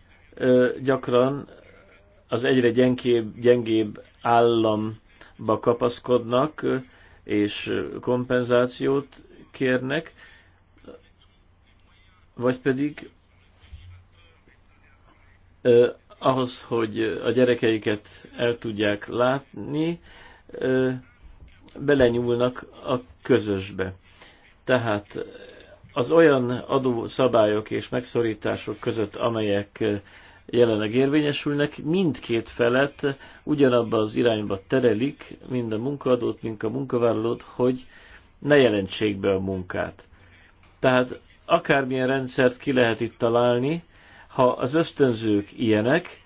gyakran az egyre gyengébb, gyengébb államba kapaszkodnak, és kompenzációt kérnek, vagy pedig eh, ahhoz, hogy a gyerekeiket el tudják látni, eh, belenyúlnak a közösbe. Tehát az olyan adószabályok és megszorítások között, amelyek jelenleg érvényesülnek, mindkét felet ugyanabba az irányba terelik, mind a munkaadót, mind a munkavállalót, hogy ne jelentsék be a munkát. Tehát akármilyen rendszert ki lehet itt találni, ha az ösztönzők ilyenek,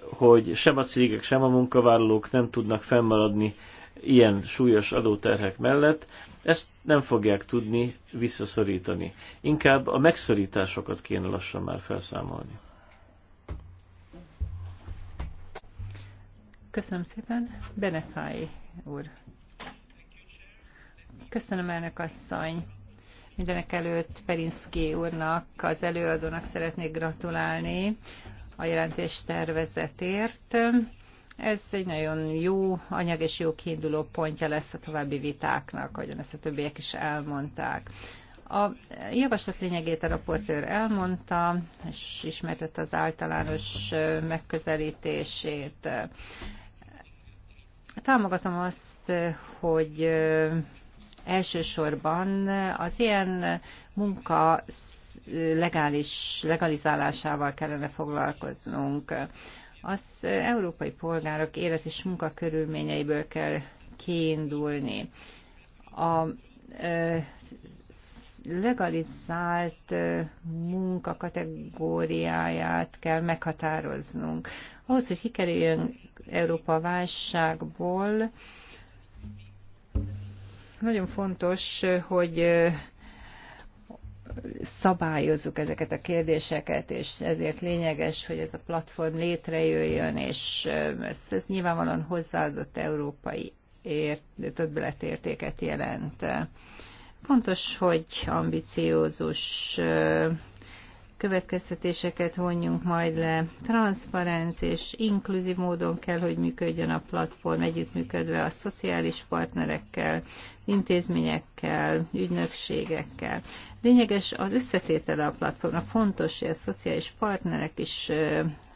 hogy sem a cégek, sem a munkavállalók nem tudnak fennmaradni ilyen súlyos adóterhek mellett, ezt nem fogják tudni visszaszorítani. Inkább a megszorításokat kéne lassan már felszámolni. Köszönöm szépen. Benefáj úr. Köszönöm, elnök asszony. Mindenek előtt Perinszki úrnak, az előadónak szeretnék gratulálni a jelentés tervezetért. Ez egy nagyon jó anyag és jó kiinduló pontja lesz a további vitáknak, ahogyan ezt a többiek is elmondták. A javaslat lényegét a raportőr elmondta, és ismertette az általános megközelítését. Támogatom azt, hogy elsősorban az ilyen munka legális, legalizálásával kellene foglalkoznunk. Az európai polgárok élet és munkakörülményeiből kell kiindulni. A legalizált munka kategóriáját kell meghatároznunk. Ahhoz, hogy kikerüljön Európa válságból, nagyon fontos, hogy szabályozzuk ezeket a kérdéseket, és ezért lényeges, hogy ez a platform létrejöjjön, és ez, ez nyilvánvalóan hozzáadott európai ért, többletértéket jelent. Fontos, hogy ambiciózus következtetéseket vonjunk majd le. Transzparens és inkluzív módon kell, hogy működjön a platform, együttműködve a szociális partnerekkel, intézményekkel, ügynökségekkel. Lényeges az összetétele a platformnak, fontos, hogy a szociális partnerek is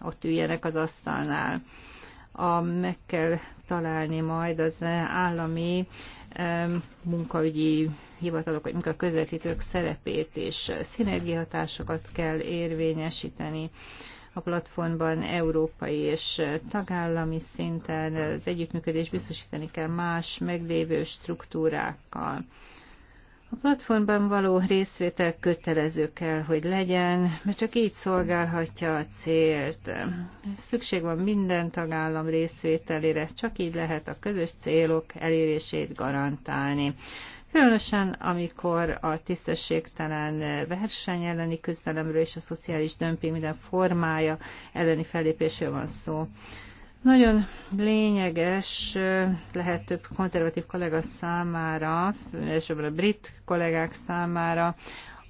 ott üljenek az asztalnál. A, meg kell találni majd az állami munkaügyi hivatalok vagy munkaközvetítők szerepét és szinergiahatásokat kell érvényesíteni a platformban európai és tagállami szinten az együttműködés biztosítani kell más meglévő struktúrákkal. A platformban való részvétel kötelező kell, hogy legyen, mert csak így szolgálhatja a célt. Szükség van minden tagállam részvételére, csak így lehet a közös célok elérését garantálni. Különösen, amikor a tisztességtelen verseny elleni küzdelemről és a szociális dömping minden formája elleni fellépésről van szó. Nagyon lényeges lehet több konzervatív kollega számára, elsősorban a brit kollégák számára,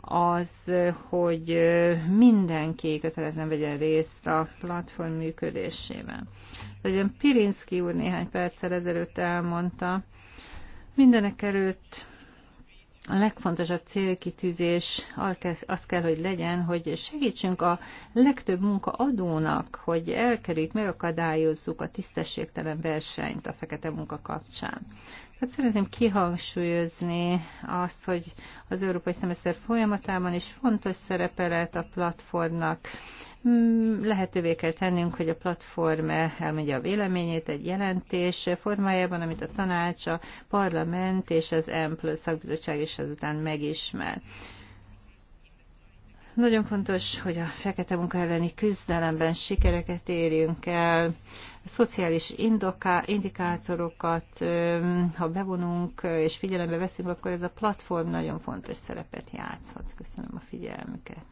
az, hogy mindenki kötelezen vegyen részt a platform működésében. Ugyan Pirinszki úr néhány perccel ezelőtt elmondta, mindenek előtt a legfontosabb célkitűzés az kell, hogy legyen, hogy segítsünk a legtöbb munka adónak, hogy elkerüljük, megakadályozzuk a tisztességtelen versenyt a fekete munka kapcsán. Hát szeretném kihangsúlyozni azt, hogy az európai szemeszter folyamatában is fontos szerepe lehet a platformnak. Mm, lehetővé kell tennünk, hogy a platform elmondja a véleményét egy jelentés formájában, amit a tanács, a parlament és az EMPL szakbizottság is azután megismer. Nagyon fontos, hogy a fekete munka elleni küzdelemben sikereket érjünk el szociális indoká, indikátorokat, ha bevonunk és figyelembe veszünk, akkor ez a platform nagyon fontos szerepet játszhat. Köszönöm a figyelmüket.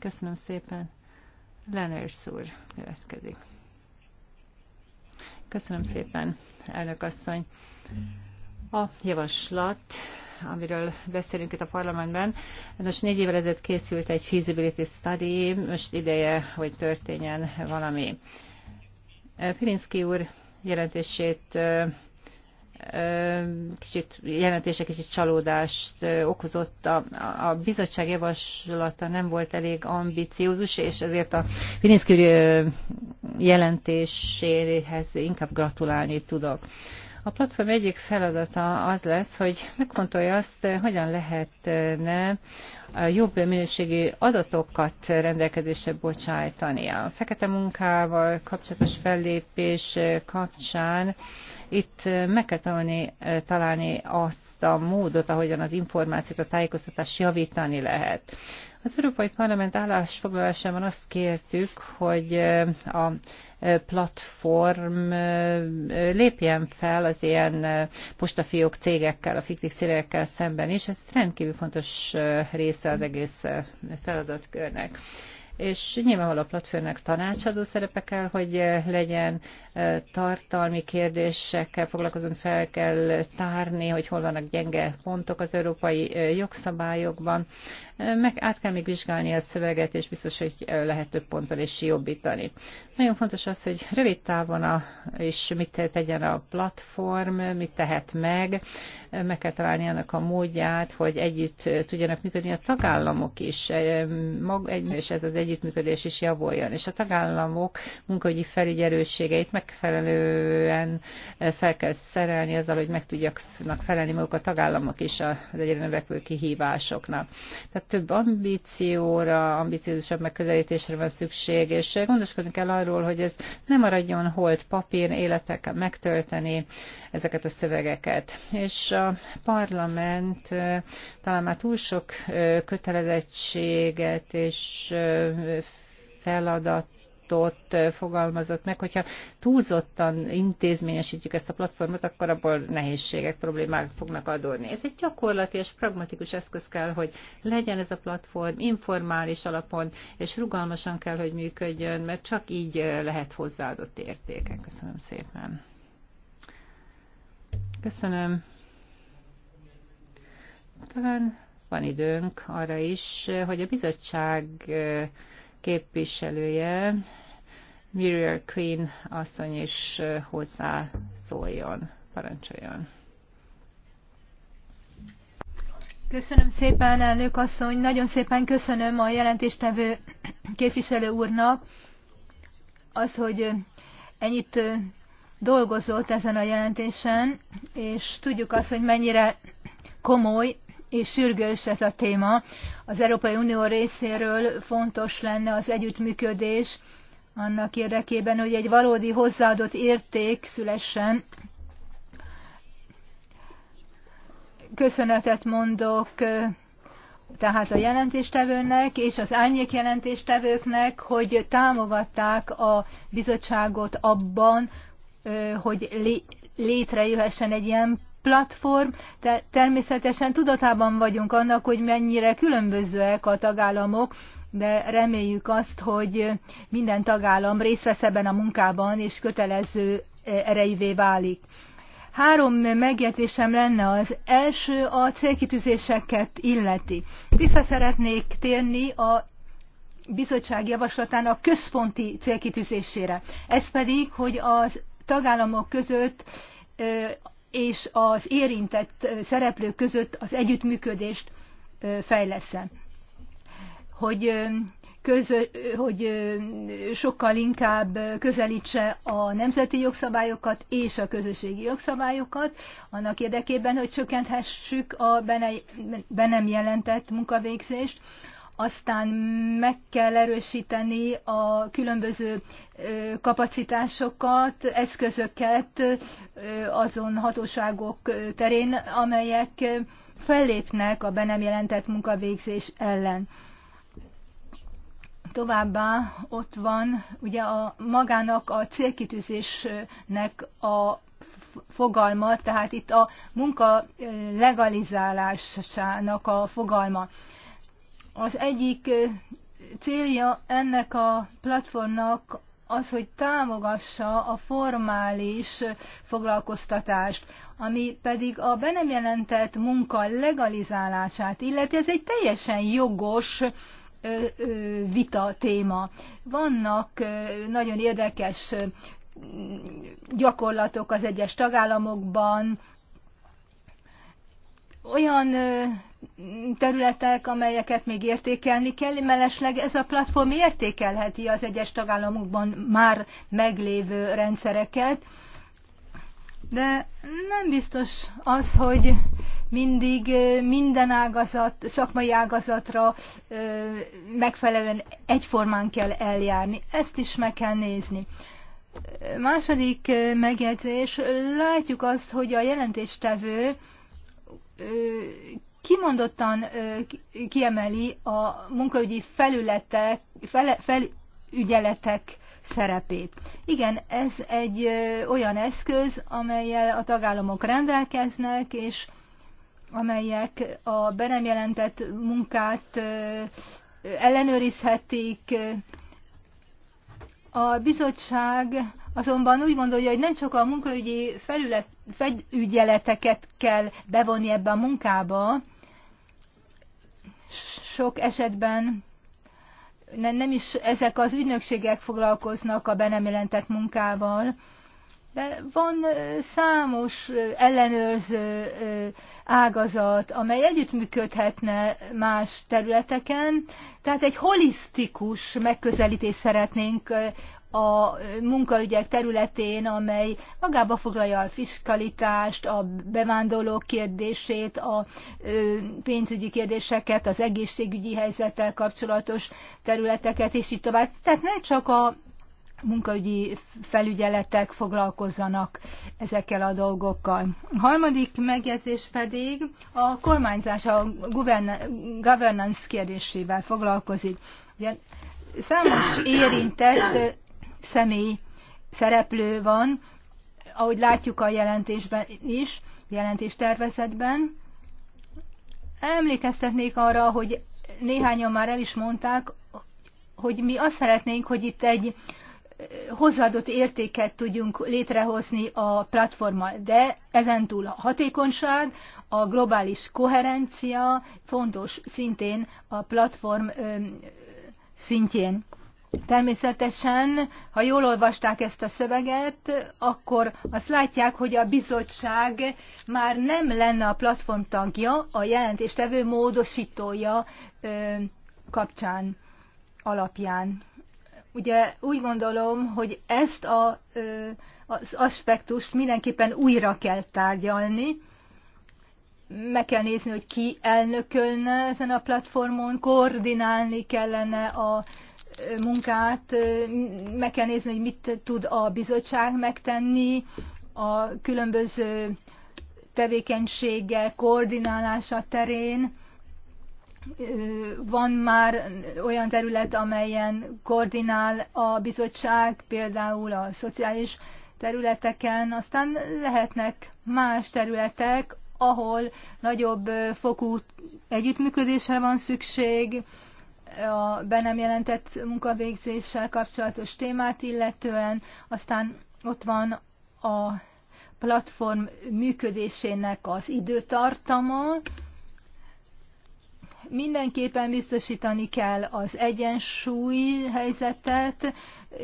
Köszönöm szépen. Lenners úr következik. Köszönöm szépen, elnök asszony. A javaslat amiről beszélünk itt a parlamentben. Most négy évvel ezelőtt készült egy feasibility study, most ideje, hogy történjen valami. Pirinszki úr jelentését kicsit jelentése kicsit csalódást okozott. A, a bizottság javaslata nem volt elég ambiciózus, és ezért a Pirinszki jelentéséhez inkább gratulálni tudok. A platform egyik feladata az lesz, hogy megfontolja azt, hogyan lehetne jobb minőségi adatokat rendelkezésre bocsájtani. A fekete munkával kapcsolatos fellépés kapcsán itt meg kell tanulni, találni azt a módot, ahogyan az információt, a tájékoztatást javítani lehet. Az Európai Parlament állásfoglalásában azt kértük, hogy a platform lépjen fel az ilyen postafiók cégekkel, a fiktív cégekkel szemben is. Ez rendkívül fontos része az egész feladatkörnek és nyilvánvaló a platformnak tanácsadó szerepe kell, hogy legyen tartalmi kérdésekkel foglalkozunk, fel kell tárni, hogy hol vannak gyenge pontok az európai jogszabályokban meg át kell még vizsgálni a szöveget, és biztos, hogy lehet több ponttal is jobbítani. Nagyon fontos az, hogy rövid távon a, és mit tegyen a platform, mit tehet meg, meg kell találni annak a módját, hogy együtt tudjanak működni a tagállamok is, és ez az együttműködés is javuljon, és a tagállamok munkahogyi felügyelőségeit megfelelően fel kell szerelni azzal, hogy meg tudjanak felelni maguk a tagállamok is az egyre növekvő kihívásoknak. Tehát több ambícióra, ambiciózusabb megközelítésre van szükség, és gondoskodni kell arról, hogy ez nem maradjon holt papír életek megtölteni ezeket a szövegeket. És a parlament talán már túl sok kötelezettséget és feladat javaslatot fogalmazott meg, hogyha túlzottan intézményesítjük ezt a platformot, akkor abból nehézségek, problémák fognak adódni. Ez egy gyakorlati és pragmatikus eszköz kell, hogy legyen ez a platform informális alapon, és rugalmasan kell, hogy működjön, mert csak így lehet hozzáadott értéke. Köszönöm szépen. Köszönöm. Talán van időnk arra is, hogy a bizottság képviselője, Muriel Queen asszony is hozzá szóljon, parancsoljon. Köszönöm szépen, elnök asszony. Nagyon szépen köszönöm a jelentéstevő képviselő úrnak az, hogy ennyit dolgozott ezen a jelentésen, és tudjuk azt, hogy mennyire komoly és sürgős ez a téma. Az Európai Unió részéről fontos lenne az együttműködés annak érdekében, hogy egy valódi hozzáadott érték szülessen. Köszönetet mondok tehát a jelentéstevőnek és az árnyék jelentéstevőknek, hogy támogatták a bizottságot abban, hogy létrejöhessen egy ilyen platform, de természetesen tudatában vagyunk annak, hogy mennyire különbözőek a tagállamok, de reméljük azt, hogy minden tagállam részt vesz ebben a munkában, és kötelező e, erejűvé válik. Három megjegyzésem lenne az első a célkitűzéseket illeti. Vissza szeretnék térni a bizottság javaslatának központi célkitűzésére. Ez pedig, hogy az tagállamok között e, és az érintett szereplők között az együttműködést fejleszem. Hogy, közö, hogy sokkal inkább közelítse a nemzeti jogszabályokat és a közösségi jogszabályokat, annak érdekében, hogy csökkenthessük a be nem jelentett munkavégzést, aztán meg kell erősíteni a különböző kapacitásokat, eszközöket azon hatóságok terén, amelyek fellépnek a be nem jelentett munkavégzés ellen. Továbbá ott van ugye a magának a célkitűzésnek a fogalma, tehát itt a munka legalizálásának a fogalma. Az egyik célja ennek a platformnak az, hogy támogassa a formális foglalkoztatást, ami pedig a be nem jelentett munka legalizálását illeti, ez egy teljesen jogos vita téma. Vannak nagyon érdekes gyakorlatok az egyes tagállamokban, olyan területek, amelyeket még értékelni kell, mellesleg ez a platform értékelheti az egyes tagállamokban már meglévő rendszereket, de nem biztos az, hogy mindig minden ágazat, szakmai ágazatra megfelelően egyformán kell eljárni. Ezt is meg kell nézni. Második megjegyzés, látjuk azt, hogy a jelentéstevő kimondottan kiemeli a munkaügyi felületek, fel, felügyeletek szerepét. Igen, ez egy olyan eszköz, amelyel a tagállamok rendelkeznek, és amelyek a be nem jelentett munkát ellenőrizhetik. A bizottság azonban úgy gondolja, hogy nem csak a munkaügyi felület, fegyügyeleteket kell bevonni ebbe a munkába. Sok esetben nem is ezek az ügynökségek foglalkoznak a be nem jelentett munkával. De van számos ellenőrző ágazat, amely együttműködhetne más területeken, tehát egy holisztikus megközelítés szeretnénk a munkaügyek területén, amely magába foglalja a fiskalitást, a bevándorlók kérdését, a pénzügyi kérdéseket, az egészségügyi helyzettel kapcsolatos területeket, és így tovább. Tehát nem csak a munkaügyi felügyeletek foglalkozzanak ezekkel a dolgokkal. A harmadik megjegyzés pedig a kormányzás, a governance kérdésével foglalkozik. Ugye, számos érintett személy szereplő van, ahogy látjuk a jelentésben is, jelentéstervezetben. Emlékeztetnék arra, hogy néhányan már el is mondták, hogy mi azt szeretnénk, hogy itt egy hozzáadott értéket tudjunk létrehozni a platformmal, de ezentúl a hatékonyság, a globális koherencia fontos szintén a platform szintjén. Természetesen, ha jól olvasták ezt a szöveget, akkor azt látják, hogy a bizottság már nem lenne a platform tagja a jelentéstevő módosítója kapcsán, alapján ugye úgy gondolom, hogy ezt a, az aspektust mindenképpen újra kell tárgyalni, meg kell nézni, hogy ki elnökölne ezen a platformon, koordinálni kellene a munkát, meg kell nézni, hogy mit tud a bizottság megtenni, a különböző tevékenysége koordinálása terén van már olyan terület, amelyen koordinál a bizottság, például a szociális területeken, aztán lehetnek más területek, ahol nagyobb fokú együttműködésre van szükség, a be nem jelentett munkavégzéssel kapcsolatos témát illetően, aztán ott van a platform működésének az időtartama, Mindenképpen biztosítani kell az egyensúly helyzetet,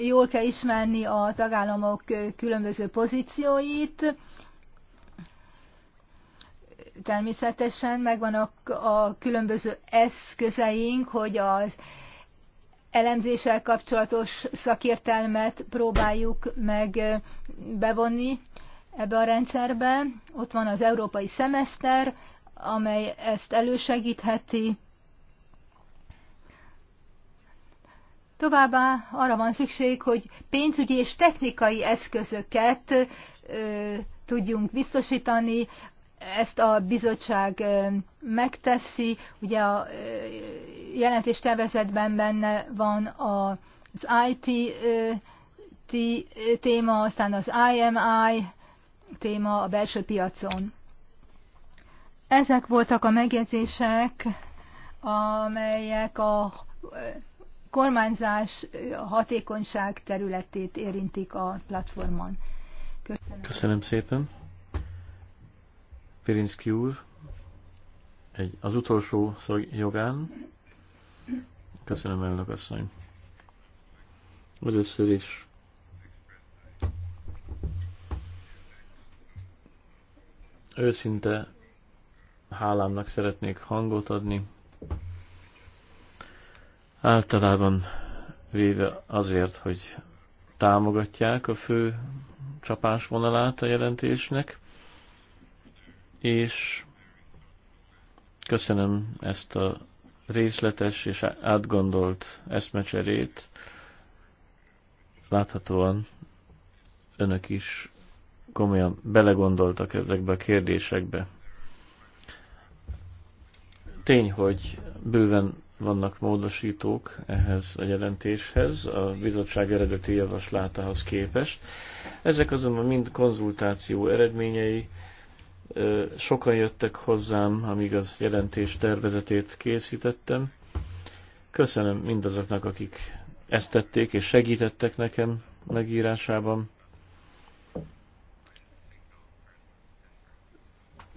jól kell ismerni a tagállamok különböző pozícióit, természetesen megvannak a különböző eszközeink, hogy az elemzéssel kapcsolatos szakértelmet próbáljuk meg bevonni ebbe a rendszerbe. Ott van az európai szemeszter, amely ezt elősegítheti. Továbbá arra van szükség, hogy pénzügyi és technikai eszközöket ö, tudjunk biztosítani, ezt a bizottság megteszi, ugye a jelentéstervezetben benne van az IT téma, aztán az IMI téma a belső piacon. Ezek voltak a megjegyzések, amelyek a eh, kormányzás hatékonyság területét érintik a platformon. Köszönöm, Köszönöm szépen. Pirinszki úr, egy, az utolsó szó jogán. Köszönöm, elnök asszony. Először is őszinte hálámnak szeretnék hangot adni. Általában véve azért, hogy támogatják a fő csapásvonalát a jelentésnek, és köszönöm ezt a részletes és átgondolt eszmecserét. Láthatóan önök is komolyan belegondoltak ezekbe a kérdésekbe. Tény, hogy bőven vannak módosítók ehhez a jelentéshez, a bizottság eredeti javaslatához képest. Ezek azonban mind konzultáció eredményei, sokan jöttek hozzám, amíg az jelentés tervezetét készítettem. Köszönöm mindazoknak, akik ezt tették és segítettek nekem megírásában.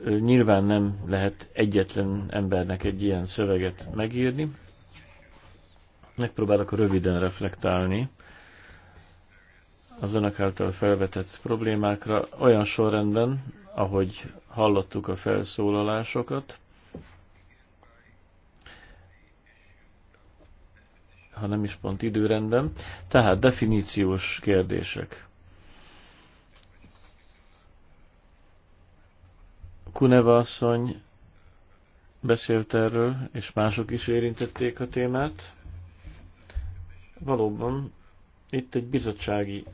Nyilván nem lehet egyetlen embernek egy ilyen szöveget megírni. Megpróbálok röviden reflektálni az önök által felvetett problémákra olyan sorrendben, ahogy hallottuk a felszólalásokat, ha nem is pont időrendben. Tehát definíciós kérdések. Kuneva asszony beszélt erről, és mások is érintették a témát. Valóban itt egy bizottsági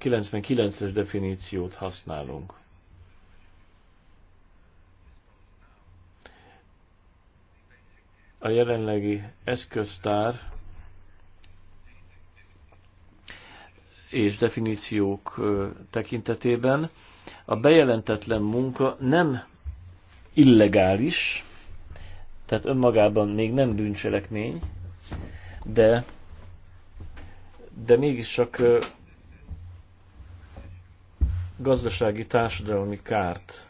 99-es definíciót használunk. A jelenlegi eszköztár és definíciók tekintetében a bejelentetlen munka nem illegális, tehát önmagában még nem bűncselekmény, de, de mégiscsak gazdasági társadalmi kárt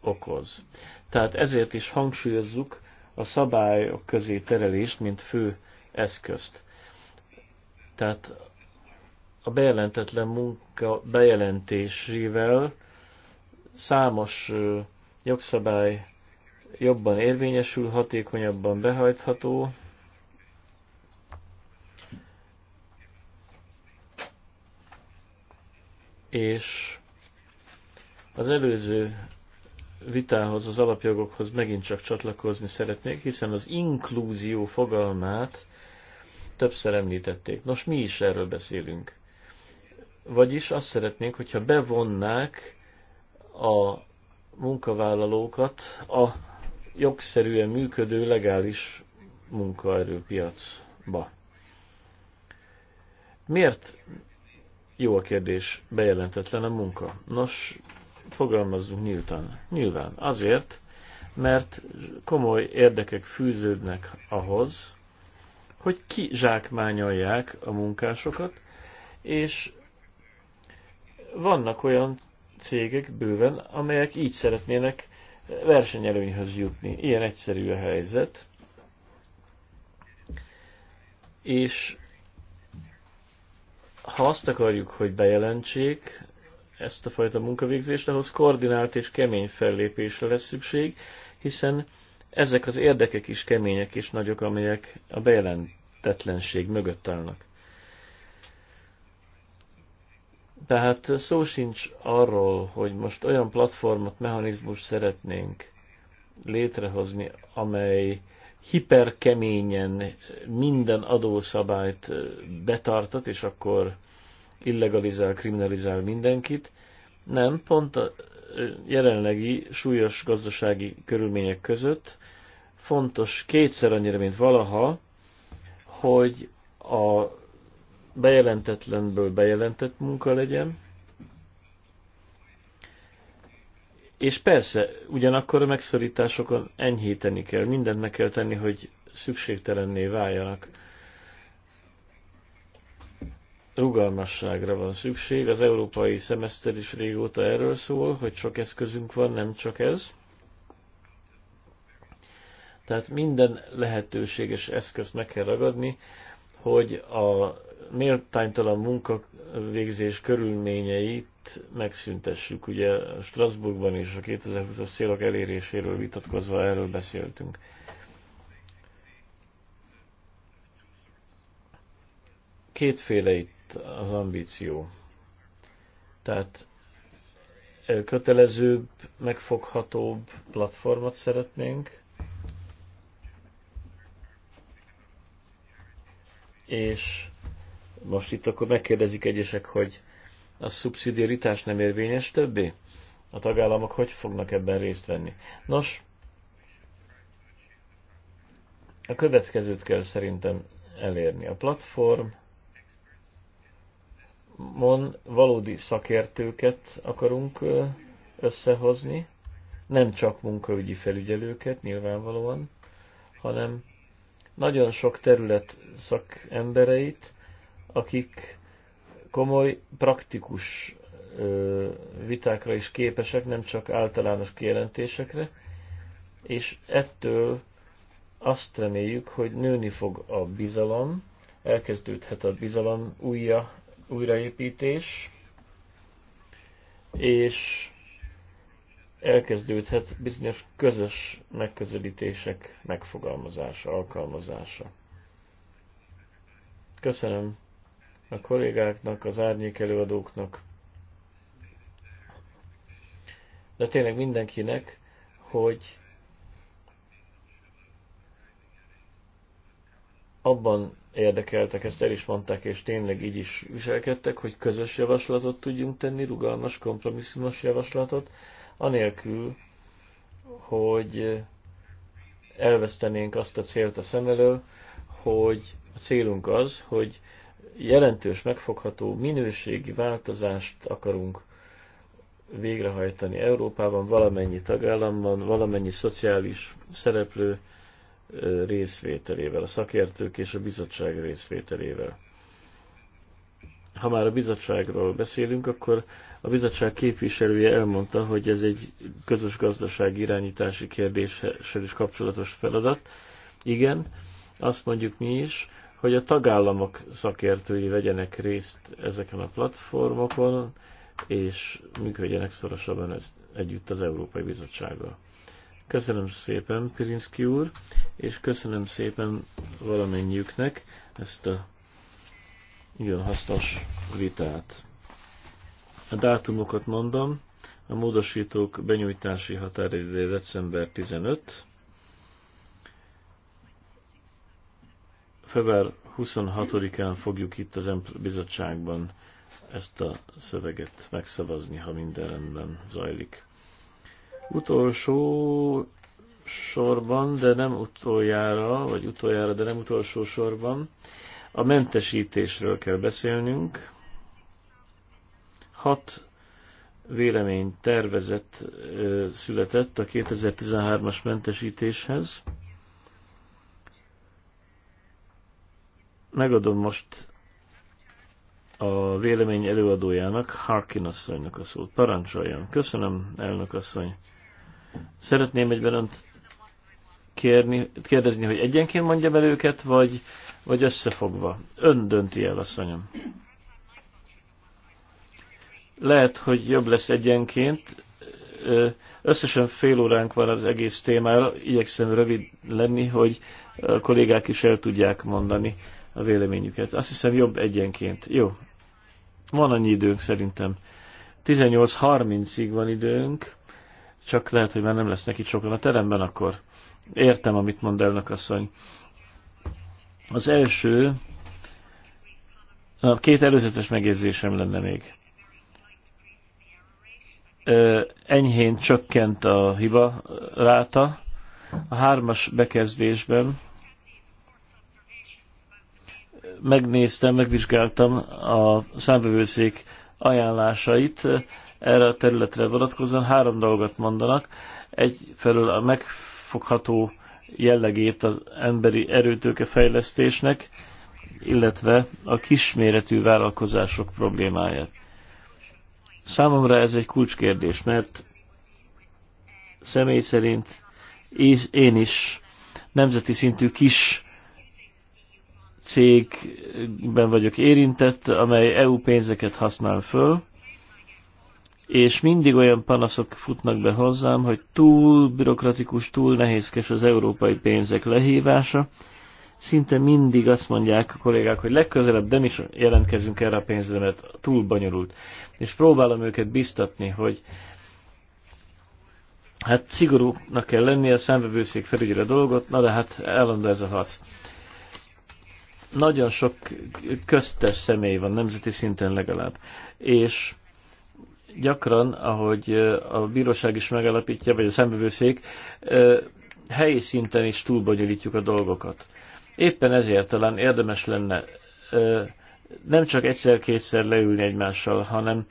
okoz. Tehát ezért is hangsúlyozzuk a szabályok közé terelést, mint fő eszközt. Tehát a bejelentetlen munka bejelentésével számos jogszabály jobban érvényesül, hatékonyabban behajtható, és az előző vitához, az alapjogokhoz megint csak csatlakozni szeretnék, hiszen az inklúzió fogalmát többször említették. Nos, mi is erről beszélünk. Vagyis azt szeretnénk, hogyha bevonnák a munkavállalókat a jogszerűen működő legális munkaerőpiacba. Miért jó a kérdés, bejelentetlen a munka? Nos, fogalmazzunk nyíltan. Nyilván azért, mert komoly érdekek fűződnek ahhoz, hogy zsákmányolják a munkásokat, és vannak olyan cégek bőven, amelyek így szeretnének versenyelőnyhöz jutni. Ilyen egyszerű a helyzet. És ha azt akarjuk, hogy bejelentsék ezt a fajta munkavégzést, ahhoz koordinált és kemény fellépésre lesz szükség, hiszen ezek az érdekek is kemények és nagyok, amelyek a bejelentetlenség mögött állnak. Tehát szó sincs arról, hogy most olyan platformot, mechanizmus szeretnénk létrehozni, amely hiperkeményen minden adószabályt betartat, és akkor illegalizál, kriminalizál mindenkit. Nem, pont a jelenlegi súlyos gazdasági körülmények között fontos kétszer annyira, mint valaha, hogy a bejelentetlenből bejelentett munka legyen, és persze, ugyanakkor a megszorításokon enyhíteni kell, mindent meg kell tenni, hogy szükségtelenné váljanak. Rugalmasságra van szükség, az európai szemeszter is régóta erről szól, hogy sok eszközünk van, nem csak ez. Tehát minden lehetőséges eszközt meg kell ragadni, hogy a méltánytalan munkavégzés körülményeit megszüntessük. Ugye Strasbourgban is a 2020-as célok eléréséről vitatkozva erről beszéltünk. Kétféle itt az ambíció. Tehát kötelezőbb, megfoghatóbb platformot szeretnénk, és most itt akkor megkérdezik egyesek, hogy a szubszidiaritás nem érvényes többé? A tagállamok hogy fognak ebben részt venni? Nos, a következőt kell szerintem elérni. A platform mon valódi szakértőket akarunk összehozni, nem csak munkaügyi felügyelőket nyilvánvalóan, hanem nagyon sok terület szakembereit, akik komoly, praktikus ö, vitákra is képesek, nem csak általános kijelentésekre, és ettől azt reméljük, hogy nőni fog a bizalom, elkezdődhet a bizalom újja, újraépítés, és elkezdődhet bizonyos közös megközelítések megfogalmazása, alkalmazása. Köszönöm a kollégáknak, az árnyék előadóknak, de tényleg mindenkinek, hogy abban érdekeltek, ezt el is mondták, és tényleg így is viselkedtek, hogy közös javaslatot tudjunk tenni, rugalmas, kompromisszumos javaslatot, anélkül, hogy elvesztenénk azt a célt a szem elől, hogy a célunk az, hogy jelentős, megfogható minőségi változást akarunk végrehajtani Európában, valamennyi tagállamban, valamennyi szociális szereplő részvételével, a szakértők és a bizottság részvételével. Ha már a bizottságról beszélünk, akkor a bizottság képviselője elmondta, hogy ez egy közös gazdasági irányítási kérdéssel is kapcsolatos feladat. Igen, azt mondjuk mi is, hogy a tagállamok szakértői vegyenek részt ezeken a platformokon, és működjenek szorosabban együtt az Európai Bizottsággal. Köszönöm szépen, Pirinszki úr, és köszönöm szépen valamennyiüknek ezt a igen hasznos vitát. A dátumokat mondom, a módosítók benyújtási határidő december 15, február 26-án fogjuk itt az EMP bizottságban ezt a szöveget megszavazni, ha minden rendben zajlik. Utolsó sorban, de nem utoljára, vagy utoljára, de nem utolsó sorban, a mentesítésről kell beszélnünk. Hat vélemény tervezett született a 2013-as mentesítéshez. megadom most a vélemény előadójának, Harkin asszonynak a szót. Parancsoljon. Köszönöm, elnök asszony. Szeretném egyben önt kérni, kérdezni, hogy egyenként mondja el őket, vagy, vagy összefogva. Ön dönti el, asszonyom. Lehet, hogy jobb lesz egyenként. Összesen fél óránk van az egész témára. Igyekszem rövid lenni, hogy a kollégák is el tudják mondani a véleményüket. Azt hiszem jobb egyenként. Jó. Van annyi időnk szerintem. 18.30-ig van időnk, csak lehet, hogy már nem lesznek itt sokan a teremben akkor. Értem, amit mond elnök asszony. Az első, a két előzetes megjegyzésem lenne még. Ö, enyhén csökkent a hiba ráta. A hármas bekezdésben megnéztem, megvizsgáltam a számbevőszék ajánlásait erre a területre vonatkozóan. Három dolgot mondanak. Egyfelől a megfogható jellegét az emberi erőtőke fejlesztésnek, illetve a kisméretű vállalkozások problémáját. Számomra ez egy kulcskérdés, mert személy szerint én is nemzeti szintű kis cégben vagyok érintett, amely EU pénzeket használ föl, és mindig olyan panaszok futnak be hozzám, hogy túl bürokratikus, túl nehézkes az európai pénzek lehívása. Szinte mindig azt mondják a kollégák, hogy legközelebb nem is jelentkezünk erre a pénzre, mert túl bonyolult. És próbálom őket biztatni, hogy hát szigorúnak kell lenni, a számvevőszék felügyel a dolgot, na de hát állandó ez a harc nagyon sok köztes személy van, nemzeti szinten legalább. És gyakran, ahogy a bíróság is megalapítja, vagy a szembevőszék, helyi szinten is túlbonyolítjuk a dolgokat. Éppen ezért talán érdemes lenne nem csak egyszer-kétszer leülni egymással, hanem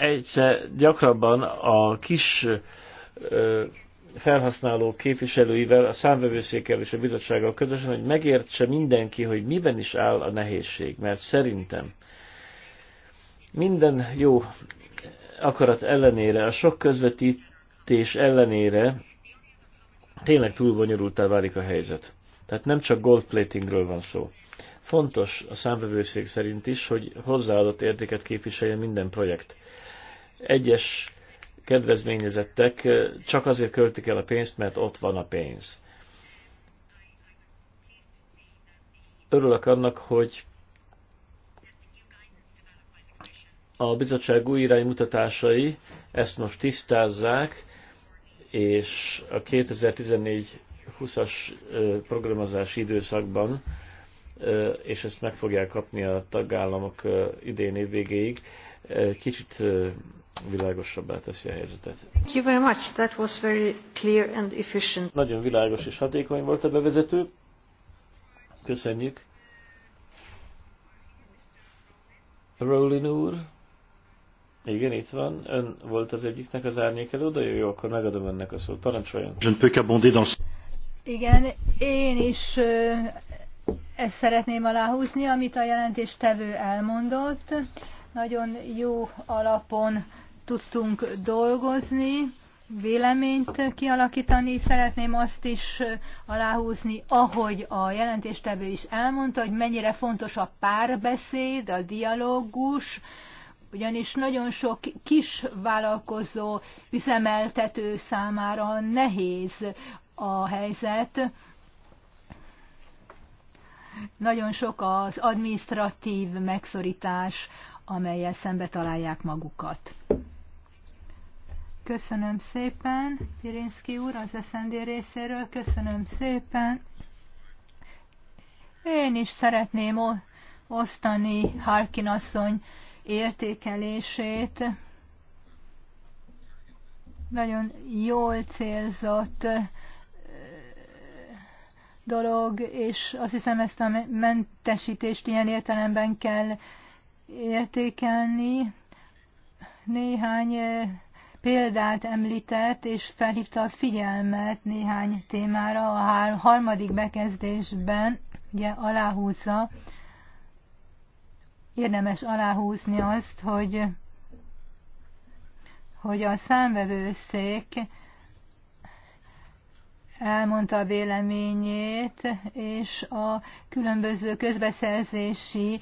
egyszer gyakrabban a kis felhasználó képviselőivel, a számvevőszékkel és a bizottsággal közösen, hogy megértse mindenki, hogy miben is áll a nehézség, mert szerintem minden jó akarat ellenére, a sok közvetítés ellenére tényleg túl bonyolultá válik a helyzet. Tehát nem csak gold platingről van szó. Fontos a számvevőszék szerint is, hogy hozzáadott értéket képviseljen minden projekt. Egyes kedvezményezettek csak azért költik el a pénzt, mert ott van a pénz. Örülök annak, hogy a bizottság új iránymutatásai ezt most tisztázzák, és a 2014-20-as programozási időszakban, és ezt meg fogják kapni a tagállamok idén év végéig, kicsit világosabbá teszi a helyzetet. Thank you very much. That was very clear and efficient. Nagyon világos és hatékony volt a bevezető. Köszönjük. Rowling úr. Igen, itt van. Ön volt az egyiknek az árnyék de Jó, jó, akkor megadom önnek a szót. Parancsoljon. Je ne peux qu'abonder dans... Igen, én is ezt szeretném aláhúzni, amit a jelentéstevő elmondott. Nagyon jó alapon tudtunk dolgozni, véleményt kialakítani. Szeretném azt is aláhúzni, ahogy a jelentéstevő is elmondta, hogy mennyire fontos a párbeszéd, a dialógus, ugyanis nagyon sok kis vállalkozó üzemeltető számára nehéz a helyzet. Nagyon sok az administratív megszorítás, amelyel szembe találják magukat. Köszönöm szépen, Pirinszki úr, az SZND részéről. Köszönöm szépen. Én is szeretném osztani Harkin asszony értékelését. Nagyon jól célzott dolog, és azt hiszem ezt a mentesítést ilyen értelemben kell értékelni. Néhány eh, példát említett, és felhívta a figyelmet néhány témára a harmadik bekezdésben, ugye aláhúzza, érdemes aláhúzni azt, hogy, hogy a számvevőszék elmondta a véleményét, és a különböző közbeszerzési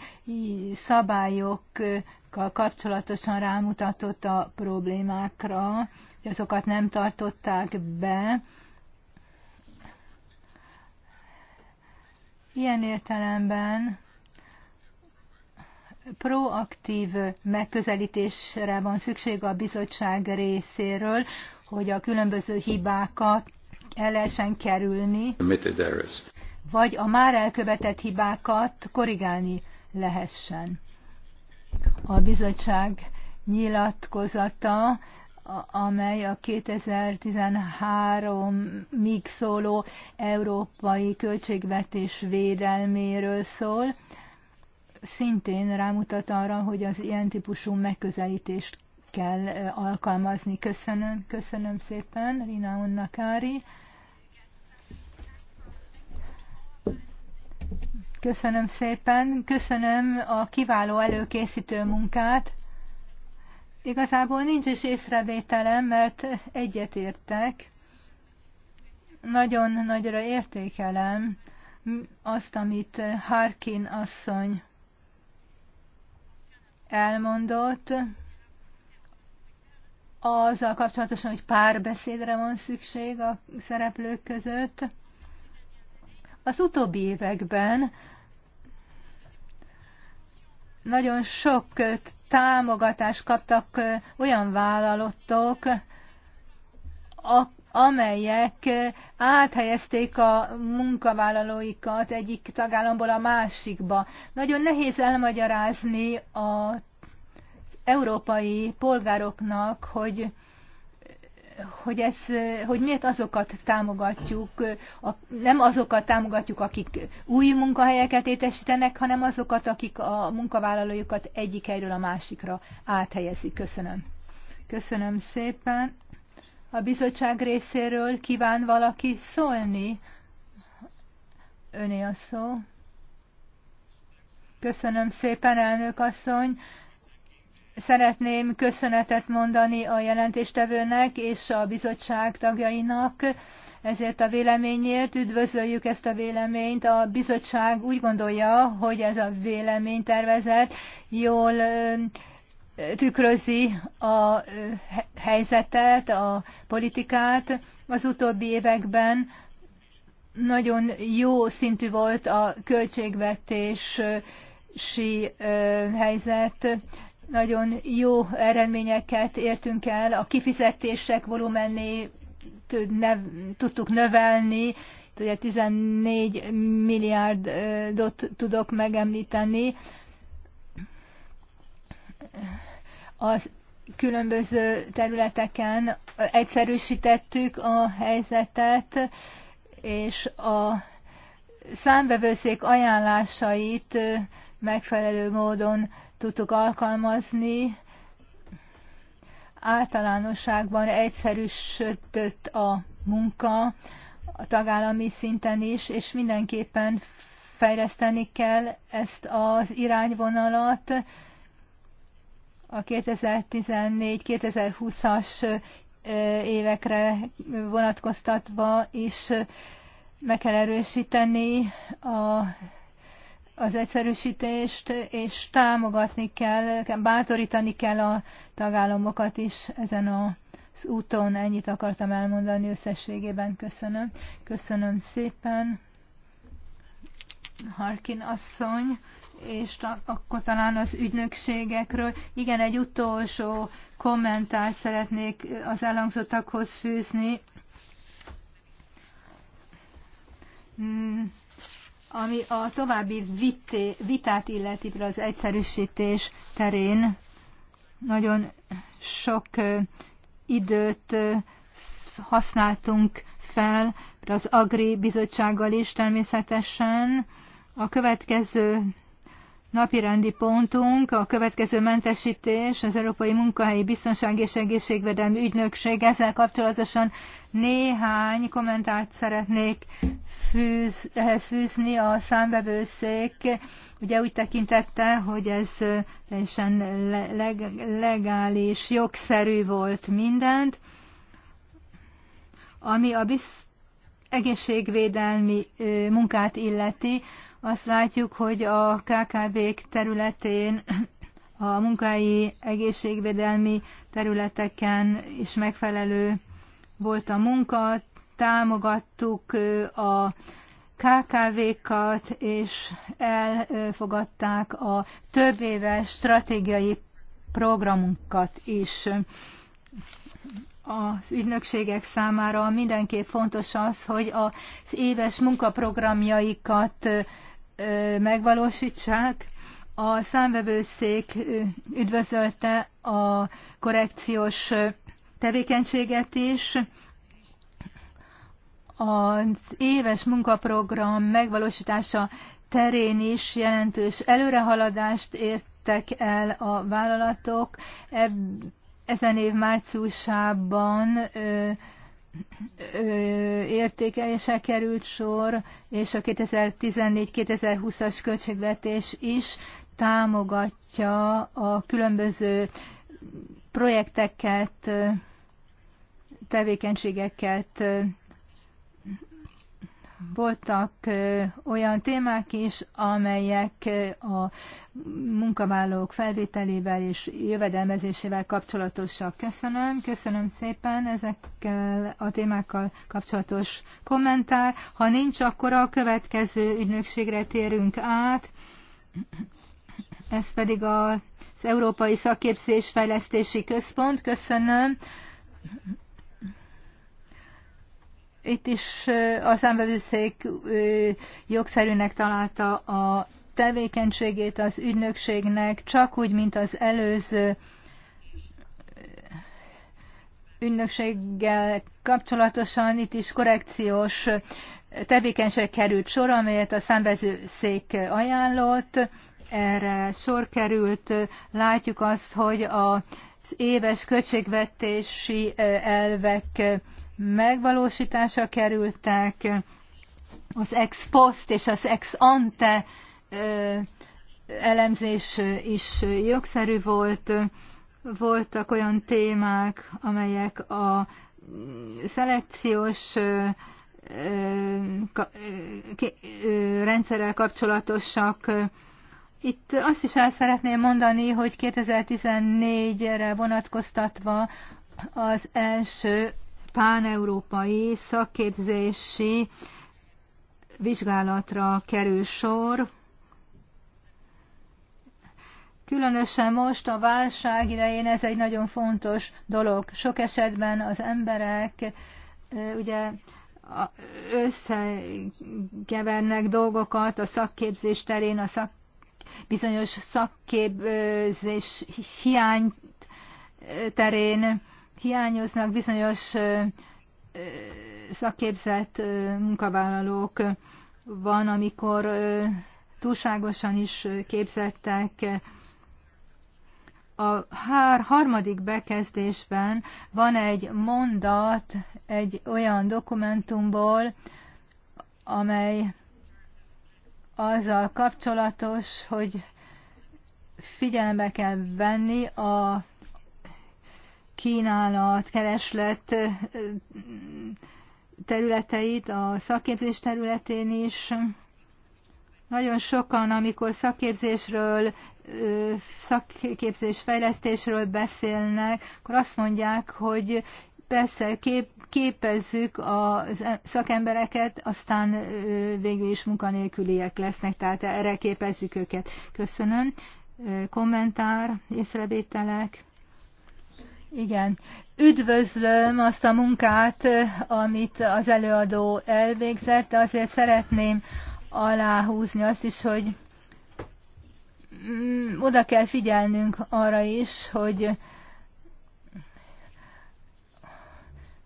szabályokkal kapcsolatosan rámutatott a problémákra, hogy azokat nem tartották be. Ilyen értelemben proaktív megközelítésre van szükség a bizottság részéről, hogy a különböző hibákat el lehessen kerülni, vagy a már elkövetett hibákat korrigálni lehessen. A bizottság nyilatkozata amely a 2013-ig szóló európai költségvetés védelméről szól, szintén rámutat arra, hogy az ilyen típusú megközelítést kell alkalmazni. Köszönöm, köszönöm szépen, Rina Unnakári. Köszönöm szépen, köszönöm a kiváló előkészítő munkát. Igazából nincs is észrevételem, mert egyetértek. Nagyon nagyra értékelem azt, amit Harkin asszony elmondott azzal kapcsolatosan, hogy párbeszédre van szükség a szereplők között. Az utóbbi években nagyon sok támogatást kaptak olyan vállalatok, amelyek áthelyezték a munkavállalóikat egyik tagállamból a másikba. Nagyon nehéz elmagyarázni a európai polgároknak, hogy hogy, ez, hogy miért azokat támogatjuk, a, nem azokat támogatjuk, akik új munkahelyeket étesítenek, hanem azokat, akik a munkavállalójukat egyik helyről a másikra áthelyezik. Köszönöm. Köszönöm szépen. A bizottság részéről kíván valaki szólni? Öné a szó. Köszönöm szépen, elnök asszony. Szeretném köszönetet mondani a jelentéstevőnek és a bizottság tagjainak ezért a véleményért. Üdvözöljük ezt a véleményt. A bizottság úgy gondolja, hogy ez a véleménytervezet jól tükrözi a helyzetet, a politikát. Az utóbbi években nagyon jó szintű volt a költségvetési helyzet nagyon jó eredményeket értünk el, a kifizetések volumenét tudtuk növelni, ugye 14 milliárdot tudok megemlíteni. A különböző területeken egyszerűsítettük a helyzetet, és a számbevőszék ajánlásait megfelelő módon tudtuk alkalmazni. Általánosságban egyszerűsödött a munka a tagállami szinten is, és mindenképpen fejleszteni kell ezt az irányvonalat a 2014-2020-as évekre vonatkoztatva is meg kell erősíteni a az egyszerűsítést, és támogatni kell, bátorítani kell a tagállamokat is ezen az úton. Ennyit akartam elmondani összességében. Köszönöm. Köszönöm szépen. Harkin asszony, és akkor talán az ügynökségekről. Igen, egy utolsó kommentárt szeretnék az elhangzottakhoz fűzni. Hmm. Ami a további vité, vitát illeti az egyszerűsítés terén, nagyon sok időt használtunk fel az Agri Bizottsággal is természetesen. A következő napirendi pontunk a következő mentesítés, az Európai Munkahelyi Biztonság és Egészségvédelmi Ügynökség. Ezzel kapcsolatosan néhány kommentárt szeretnék fűz, ehhez fűzni a számbevőszék. Ugye úgy tekintette, hogy ez teljesen leg, legális, jogszerű volt mindent, ami a biztonság egészségvédelmi munkát illeti, azt látjuk, hogy a kkv területén a munkai egészségvédelmi területeken is megfelelő volt a munka, támogattuk a KKV-kat, és elfogadták a több éves stratégiai programunkat is az ügynökségek számára mindenképp fontos az, hogy az éves munkaprogramjaikat megvalósítsák. A számvevőszék üdvözölte a korrekciós tevékenységet is. Az éves munkaprogram megvalósítása terén is jelentős előrehaladást ért értek el a vállalatok ezen év márciusában ö, ö, értékelése került sor, és a 2014-2020-as költségvetés is támogatja a különböző projekteket, tevékenységeket voltak olyan témák is, amelyek a munkavállalók felvételével és jövedelmezésével kapcsolatosak. Köszönöm, köszönöm szépen ezekkel a témákkal kapcsolatos kommentár. Ha nincs, akkor a következő ügynökségre térünk át. Ez pedig az Európai Szakképzés Fejlesztési Központ. Köszönöm. Itt is a számbevőszék jogszerűnek találta a tevékenységét az ügynökségnek, csak úgy, mint az előző ügynökséggel kapcsolatosan itt is korrekciós tevékenység került sor, amelyet a számbevőszék ajánlott. Erre sor került. Látjuk azt, hogy az éves költségvetési elvek megvalósítása kerültek, az ex post és az ex ante elemzés is jogszerű volt, voltak olyan témák, amelyek a szelekciós rendszerrel kapcsolatosak. Itt azt is el szeretném mondani, hogy 2014-re vonatkoztatva az első páneurópai szakképzési vizsgálatra kerül sor. Különösen most a válság idején ez egy nagyon fontos dolog. Sok esetben az emberek ugye összegevernek dolgokat a szakképzés terén, a szak, bizonyos szakképzés hiány terén hiányoznak bizonyos szakképzett munkavállalók, van, amikor túlságosan is képzettek. A hár, harmadik bekezdésben van egy mondat egy olyan dokumentumból, amely azzal kapcsolatos, hogy figyelembe kell venni a kínálat, kereslet területeit, a szakképzés területén is. Nagyon sokan, amikor szakképzésről, szakképzés fejlesztésről beszélnek, akkor azt mondják, hogy persze kép, képezzük a szakembereket, aztán végül is munkanélküliek lesznek, tehát erre képezzük őket. Köszönöm. Kommentár, észrevételek. Igen. Üdvözlöm azt a munkát, amit az előadó elvégzett, de azért szeretném aláhúzni azt is, hogy mm, oda kell figyelnünk arra is, hogy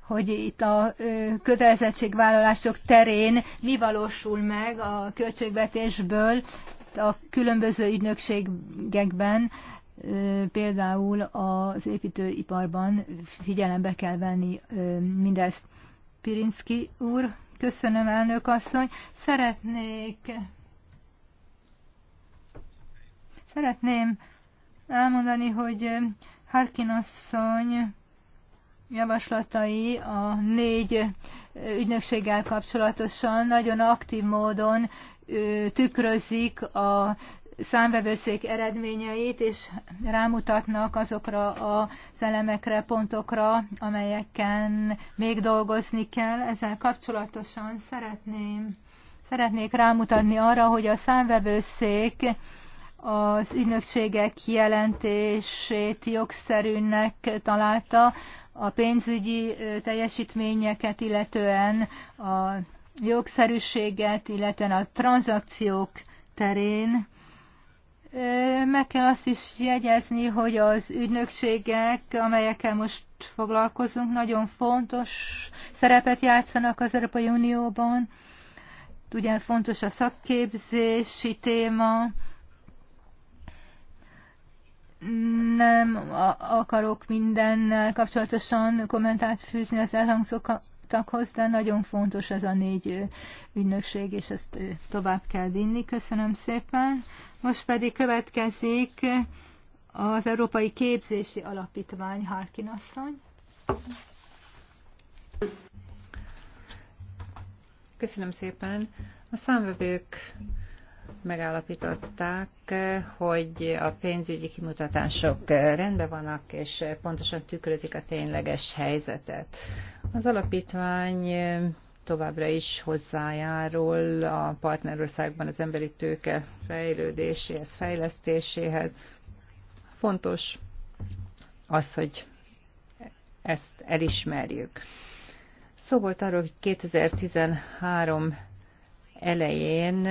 hogy itt a kötelezettségvállalások terén mi valósul meg a költségvetésből a különböző ügynökségekben például az építőiparban figyelembe kell venni mindezt. Pirinski úr, köszönöm elnök asszony. Szeretnék szeretném elmondani, hogy Harkin asszony javaslatai a négy ügynökséggel kapcsolatosan nagyon aktív módon tükrözik a számvevőszék eredményeit, és rámutatnak azokra az elemekre, pontokra, amelyeken még dolgozni kell. Ezzel kapcsolatosan szeretném, szeretnék rámutatni arra, hogy a számvevőszék az ügynökségek jelentését jogszerűnek találta, a pénzügyi teljesítményeket, illetően a jogszerűséget, illetve a tranzakciók terén meg kell azt is jegyezni, hogy az ügynökségek, amelyekkel most foglalkozunk, nagyon fontos szerepet játszanak az Európai Unióban. Ugye fontos a szakképzési téma. Nem akarok minden kapcsolatosan kommentát fűzni az elhangzottakhoz, de nagyon fontos ez a négy ügynökség, és ezt tovább kell vinni. Köszönöm szépen. Most pedig következik az Európai Képzési Alapítvány, Harkin asszony. Köszönöm szépen. A számvevők megállapították, hogy a pénzügyi kimutatások rendben vannak, és pontosan tükrözik a tényleges helyzetet. Az alapítvány továbbra is hozzájárul a partnerországban az emberi tőke fejlődéséhez, fejlesztéséhez. Fontos az, hogy ezt elismerjük. Szó volt arról, hogy 2013 elején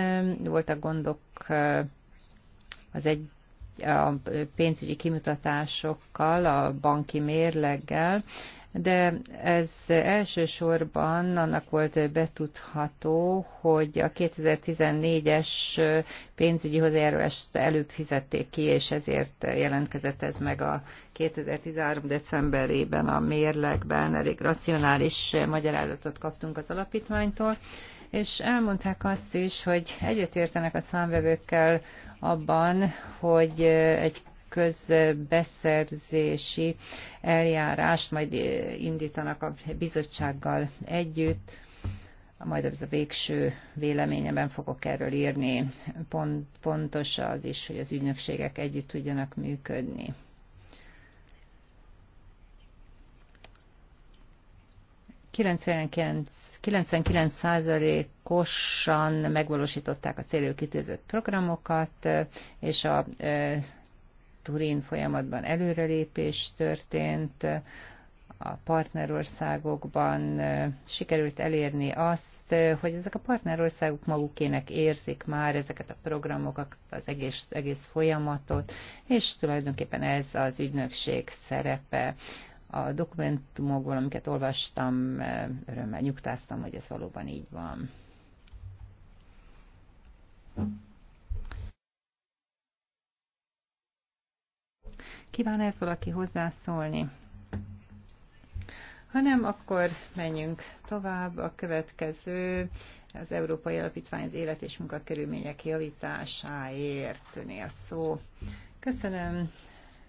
voltak gondok eh, az egy a pénzügyi kimutatásokkal, a banki mérleggel, de ez elsősorban annak volt betudható, hogy a 2014-es pénzügyi hozzájárulást előbb fizették ki, és ezért jelentkezett ez meg a 2013. decemberében a mérlegben. Elég racionális magyarázatot kaptunk az alapítványtól és elmondták azt is, hogy egyetértenek a számvevőkkel abban, hogy egy közbeszerzési eljárást majd indítanak a bizottsággal együtt. Majd ez a végső véleményemben fogok erről írni. Pont, pontos az is, hogy az ügynökségek együtt tudjanak működni. Százalékosan megvalósították a célul kitűzött programokat, és a Turin folyamatban előrelépés történt, a partnerországokban sikerült elérni azt, hogy ezek a partnerországok magukének érzik már ezeket a programokat, az egész, egész folyamatot, és tulajdonképpen ez az ügynökség szerepe. A dokumentumokból, amiket olvastam, örömmel nyugtáztam, hogy ez valóban így van. Thank you. Kíván ez valaki hozzászólni? Ha nem, akkor menjünk tovább. A következő az Európai Alapítvány az élet és munkakörülmények javításáért tűné a szó. Köszönöm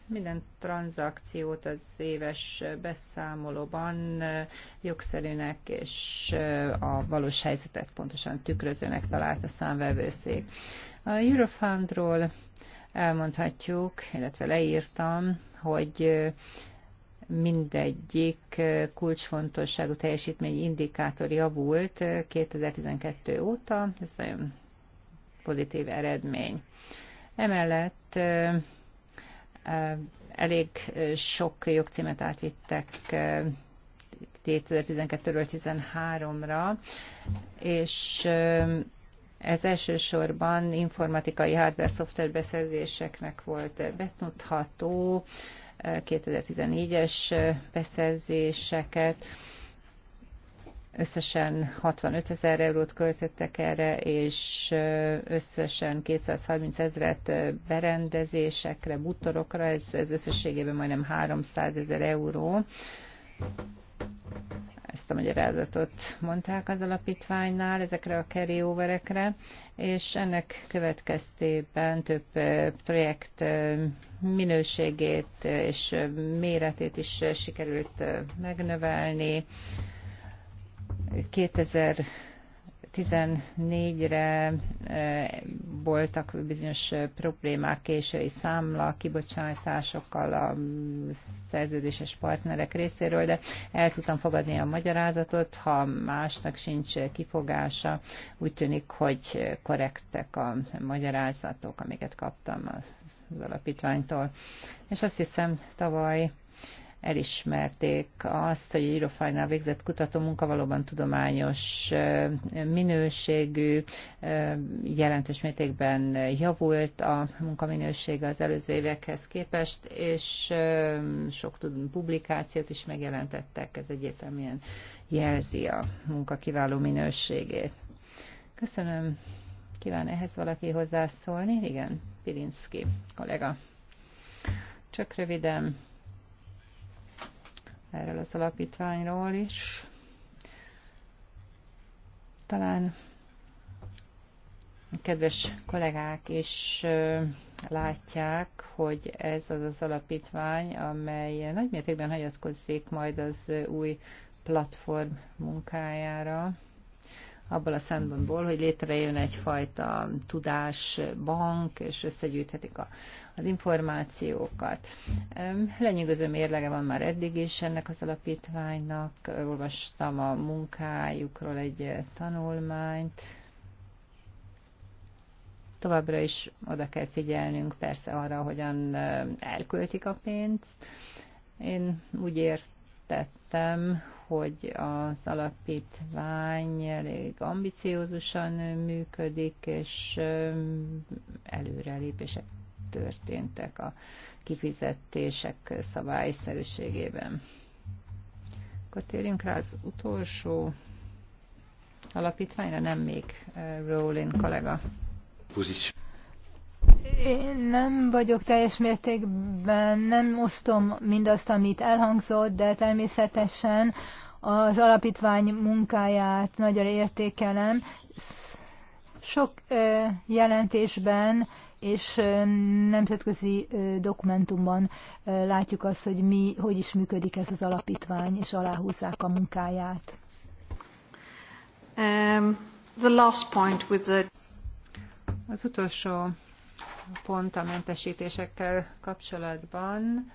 minden tranzakciót az éves beszámolóban jogszerűnek és a valós helyzetet pontosan tükrözőnek talált a számvevőszék. A Eurofundról elmondhatjuk, illetve leírtam, hogy mindegyik kulcsfontosságú teljesítmény indikátor javult 2012 óta, ez nagyon pozitív eredmény. Emellett elég sok jogcímet átvittek 2012-ről 2013 ra és ez elsősorban informatikai hardware-szoftver beszerzéseknek volt betudható, 2014-es eh, eh, beszerzéseket. Összesen 65 ezer eurót költöttek erre, és eh, összesen 230 ezeret berendezésekre, butorokra, ez, ez összességében majdnem 300 ezer euró ezt a magyarázatot mondták az alapítványnál ezekre a carryoverekre, és ennek következtében több projekt minőségét és méretét is sikerült megnövelni. 2000 2014-re e, voltak bizonyos problémák késői számla kibocsátásokkal a szerződéses partnerek részéről, de el tudtam fogadni a magyarázatot, ha másnak sincs kifogása. Úgy tűnik, hogy korrektek a magyarázatok, amiket kaptam az alapítványtól. És azt hiszem tavaly elismerték azt, hogy Irofajnál végzett kutató munka valóban tudományos minőségű, jelentős mértékben javult a munkaminősége az előző évekhez képest, és sok publikációt is megjelentettek, ez egyértelműen jelzi a munka kiváló minőségét. Köszönöm. Kíván ehhez valaki hozzászólni? Igen, Pilinszki kollega. Csak röviden erről az alapítványról is. Talán kedves kollégák is látják, hogy ez az az alapítvány, amely nagymértékben hagyatkozzék majd az új platform munkájára abból a szempontból, hogy létrejön egyfajta tudásbank, és összegyűjthetik a, az információkat. Lenyűgöző mérlege van már eddig is ennek az alapítványnak. Olvastam a munkájukról egy tanulmányt. Továbbra is oda kell figyelnünk persze arra, hogyan elköltik a pénzt. Én úgy értettem, hogy az alapítvány elég ambiciózusan működik, és előrelépések történtek a kifizetések szabályszerűségében. Akkor térjünk rá az utolsó alapítványra, nem még Rowling kollega. Pozíció. Én nem vagyok teljes mértékben, nem osztom mindazt, amit elhangzott, de természetesen az alapítvány munkáját nagyon értékelem. Sok jelentésben és nemzetközi dokumentumban látjuk azt, hogy mi, hogy is működik ez az alapítvány, és aláhúzzák a munkáját. Um, the last point with the... Az utolsó pont a mentesítésekkel kapcsolatban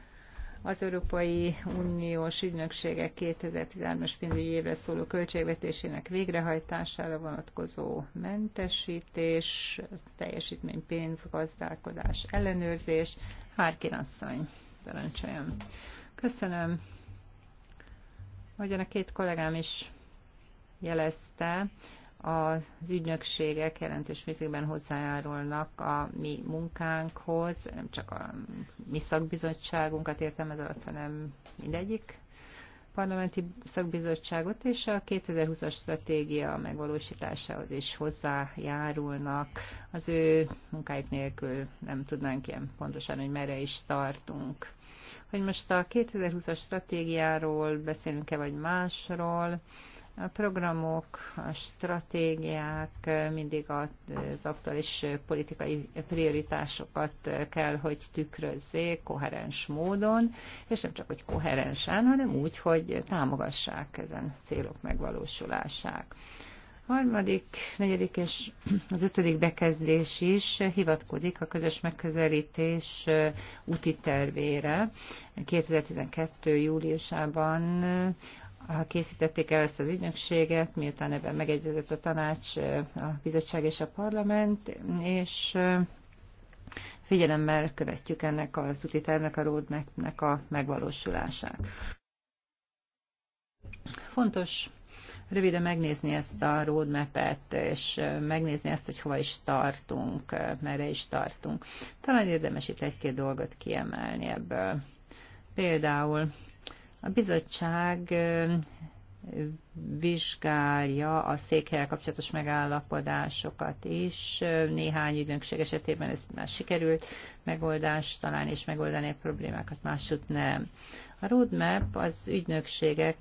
az Európai Uniós Ügynökségek 2013-as pénzügyi évre szóló költségvetésének végrehajtására vonatkozó mentesítés, teljesítmény, pénz, gazdálkodás, ellenőrzés. Hárkin asszony, parancsoljon. Köszönöm. Ahogyan a két kollégám is jelezte, az ügynökségek jelentős mértékben hozzájárulnak a mi munkánkhoz, nem csak a mi szakbizottságunkat értem ez alatt, hanem mindegyik parlamenti szakbizottságot, és a 2020-as stratégia megvalósításához is hozzájárulnak. Az ő munkáik nélkül nem tudnánk ilyen pontosan, hogy merre is tartunk. Hogy most a 2020-as stratégiáról beszélünk-e, vagy másról, a programok, a stratégiák mindig az aktuális politikai prioritásokat kell, hogy tükrözzék koherens módon, és nem csak, hogy koherensen, hanem úgy, hogy támogassák ezen célok megvalósulását A harmadik, negyedik és az ötödik bekezdés is hivatkozik a közös megközelítés úti tervére. 2012. júliusában készítették el ezt az ügynökséget, miután ebben megegyezett a tanács, a bizottság és a parlament, és figyelemmel követjük ennek az úti tervnek, a roadmapnek a megvalósulását. Fontos röviden megnézni ezt a roadmap-et, és megnézni ezt, hogy hova is tartunk, merre is tartunk. Talán érdemes itt egy-két dolgot kiemelni ebből. Például a bizottság vizsgálja a székhelyel kapcsolatos megállapodásokat is. Néhány ügynökség esetében ez már sikerült megoldást találni és megoldani a problémákat, másút nem. A roadmap az ügynökségek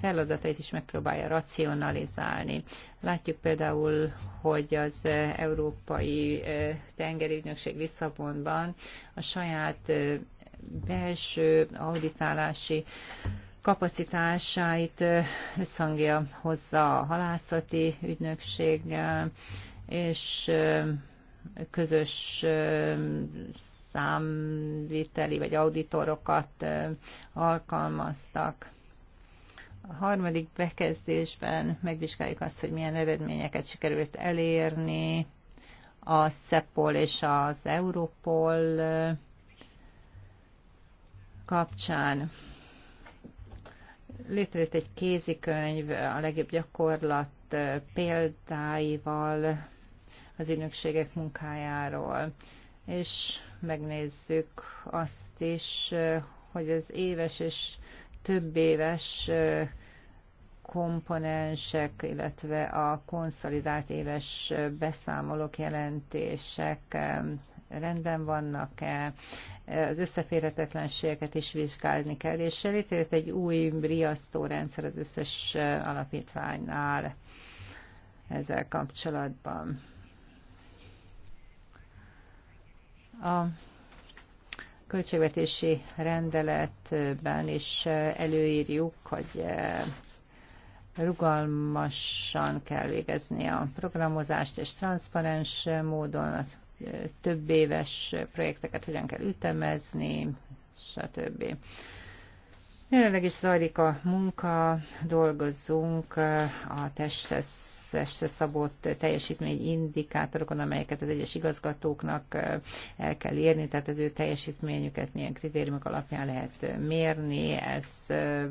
feladatait is megpróbálja racionalizálni. Látjuk például, hogy az Európai Tengeri Ügynökség Visszabonban a saját belső auditálási kapacitásáit összhangja hozza a halászati ügynökséggel, és közös számviteli vagy auditorokat alkalmaztak. A harmadik bekezdésben megvizsgáljuk azt, hogy milyen eredményeket sikerült elérni a CEPOL és az Europol kapcsán. Létrejött egy kézikönyv a legjobb gyakorlat példáival az ügynökségek munkájáról, és megnézzük azt is, hogy az éves és több éves komponensek, illetve a konszolidált éves beszámolók, jelentések rendben vannak-e, az összeférhetetlenségeket is vizsgálni kell, és létrejött egy új rendszer az összes e, alapítványnál ezzel kapcsolatban. A költségvetési rendeletben is e, előírjuk, hogy e, rugalmasan kell végezni a programozást, és transzparens módon több éves projekteket hogyan kell ütemezni, stb. Jelenleg is zajlik a munka, dolgozzunk a testre szabott teljesítményindikátorokon, amelyeket az egyes igazgatóknak el kell érni, tehát az ő teljesítményüket milyen kritériumok alapján lehet mérni. Ez,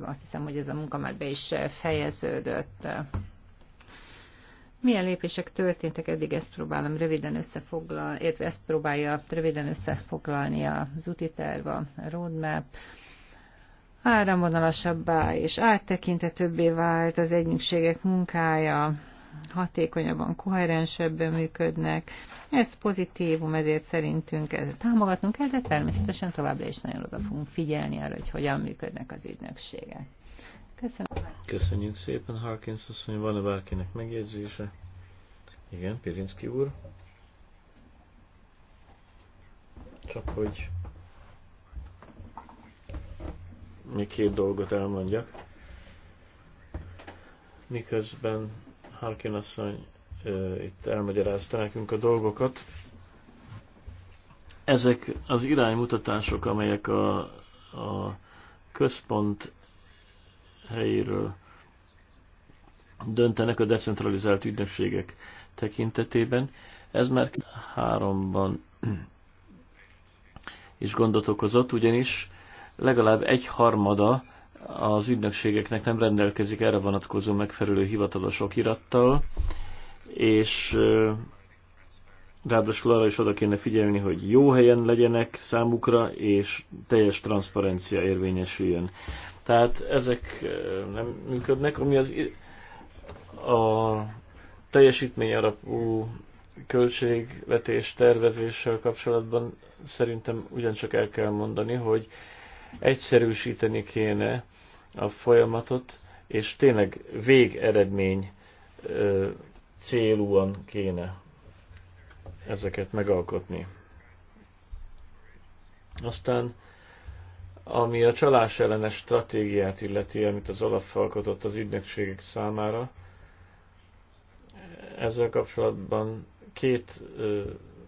azt hiszem, hogy ez a munka már be is fejeződött. Milyen lépések történtek eddig, ezt próbálom röviden összefoglalni, illetve ezt próbálja röviden összefoglalni az úti terv, a roadmap. Áramvonalasabbá és áttekintetőbbé vált az egyénységek munkája, hatékonyabban, koherensebben működnek. Ez pozitívum, ezért szerintünk ezt támogatnunk kell, de természetesen továbbra is nagyon oda fogunk figyelni arra, hogy hogyan működnek az ügynökségek. Köszönöm. Köszönjük szépen, Harkins asszony. Van-e bárkinek megjegyzése? Igen, Pirinski úr. Csak hogy még két dolgot elmondjak. Miközben Harkin asszony ö, itt elmagyarázta nekünk a dolgokat, ezek az iránymutatások, amelyek a, a központ helyéről döntenek a decentralizált ügynökségek tekintetében. Ez már háromban is gondot okozott, ugyanis legalább egy harmada az ügynökségeknek nem rendelkezik erre vonatkozó megfelelő hivatalos okirattal, és Ráadásul arra is oda kéne figyelni, hogy jó helyen legyenek számukra, és teljes transzparencia érvényesüljön. Tehát ezek eh, nem működnek, ami az a teljesítmény alapú költségvetés tervezéssel kapcsolatban szerintem ugyancsak el kell mondani, hogy egyszerűsíteni kéne a folyamatot, és tényleg végeredmény eh, célúan kéne ezeket megalkotni. Aztán, ami a csalás ellenes stratégiát illeti, amit az Olaf alkotott az ügynökségek számára, ezzel kapcsolatban két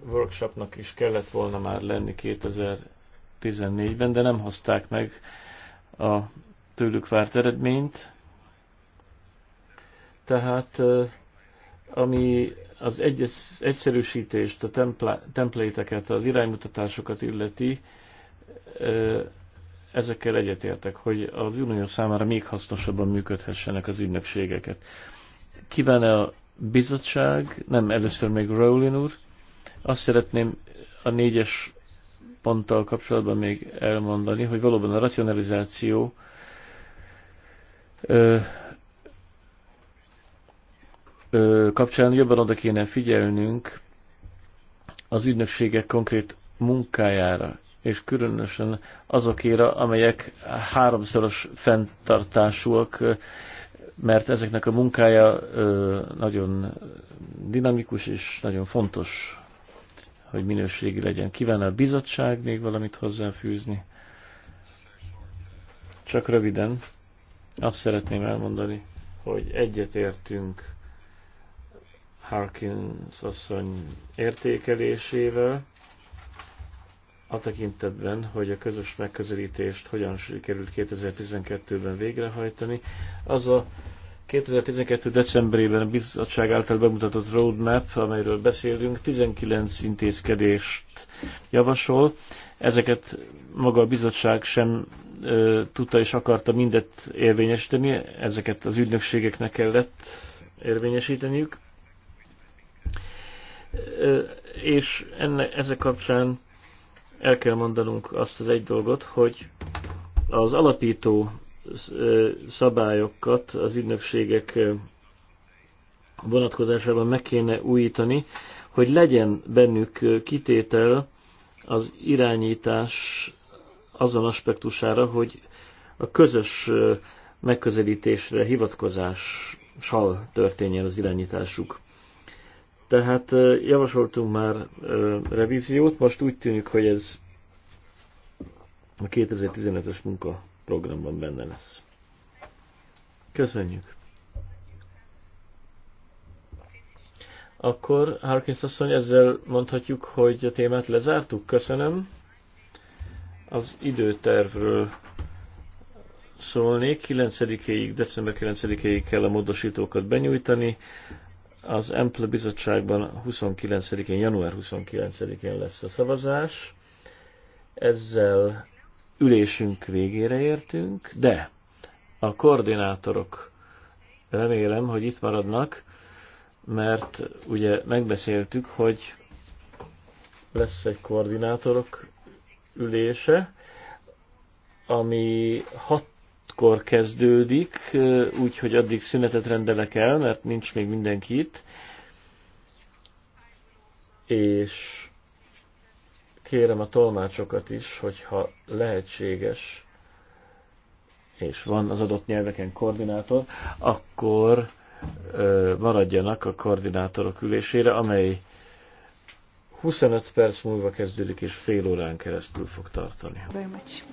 workshopnak is kellett volna már lenni 2014-ben, de nem hozták meg a tőlük várt eredményt. Tehát ami az egyes, egyszerűsítést, a templéteket, az iránymutatásokat illeti, ezekkel egyetértek, hogy az unió számára még hasznosabban működhessenek az ügynökségeket. Kíván-e a bizottság, nem először még Rowling úr, azt szeretném a négyes ponttal kapcsolatban még elmondani, hogy valóban a racionalizáció kapcsán jobban oda kéne figyelnünk az ügynökségek konkrét munkájára, és különösen azokéra, amelyek háromszoros fenntartásúak, mert ezeknek a munkája nagyon dinamikus és nagyon fontos, hogy minőségi legyen. Kíván a bizottság még valamit hozzáfűzni? Csak röviden azt szeretném elmondani, hogy egyetértünk Harkins asszony értékelésével, a tekintetben, hogy a közös megközelítést hogyan sikerült 2012-ben végrehajtani. Az a 2012. decemberében a bizottság által bemutatott roadmap, amelyről beszélünk, 19 intézkedést javasol. Ezeket maga a bizottság sem ö, tudta és akarta mindet érvényesíteni, ezeket az ügynökségeknek kellett érvényesíteniük és enne, ezek kapcsán el kell mondanunk azt az egy dolgot, hogy az alapító szabályokat az ügynökségek vonatkozásában meg kéne újítani, hogy legyen bennük kitétel az irányítás azon aspektusára, hogy a közös megközelítésre, hivatkozással történjen az irányításuk. Tehát javasoltunk már revíziót, most úgy tűnik, hogy ez a 2015-ös munkaprogramban benne lesz. Köszönjük! Akkor Harkins asszony, ezzel mondhatjuk, hogy a témát lezártuk. Köszönöm. Az időtervről szólnék. 9 december 9-ig kell a módosítókat benyújtani. Az Emple bizottságban 29-én, január 29-én lesz a szavazás. Ezzel ülésünk végére értünk, de a koordinátorok remélem, hogy itt maradnak, mert ugye megbeszéltük, hogy lesz egy koordinátorok ülése, ami 6 kor kezdődik, úgyhogy addig szünetet rendelek el, mert nincs még mindenki itt. És kérem a tolmácsokat is, hogyha lehetséges, és van az adott nyelveken koordinátor, akkor maradjanak a koordinátorok ülésére, amely 25 perc múlva kezdődik, és fél órán keresztül fog tartani. Very much.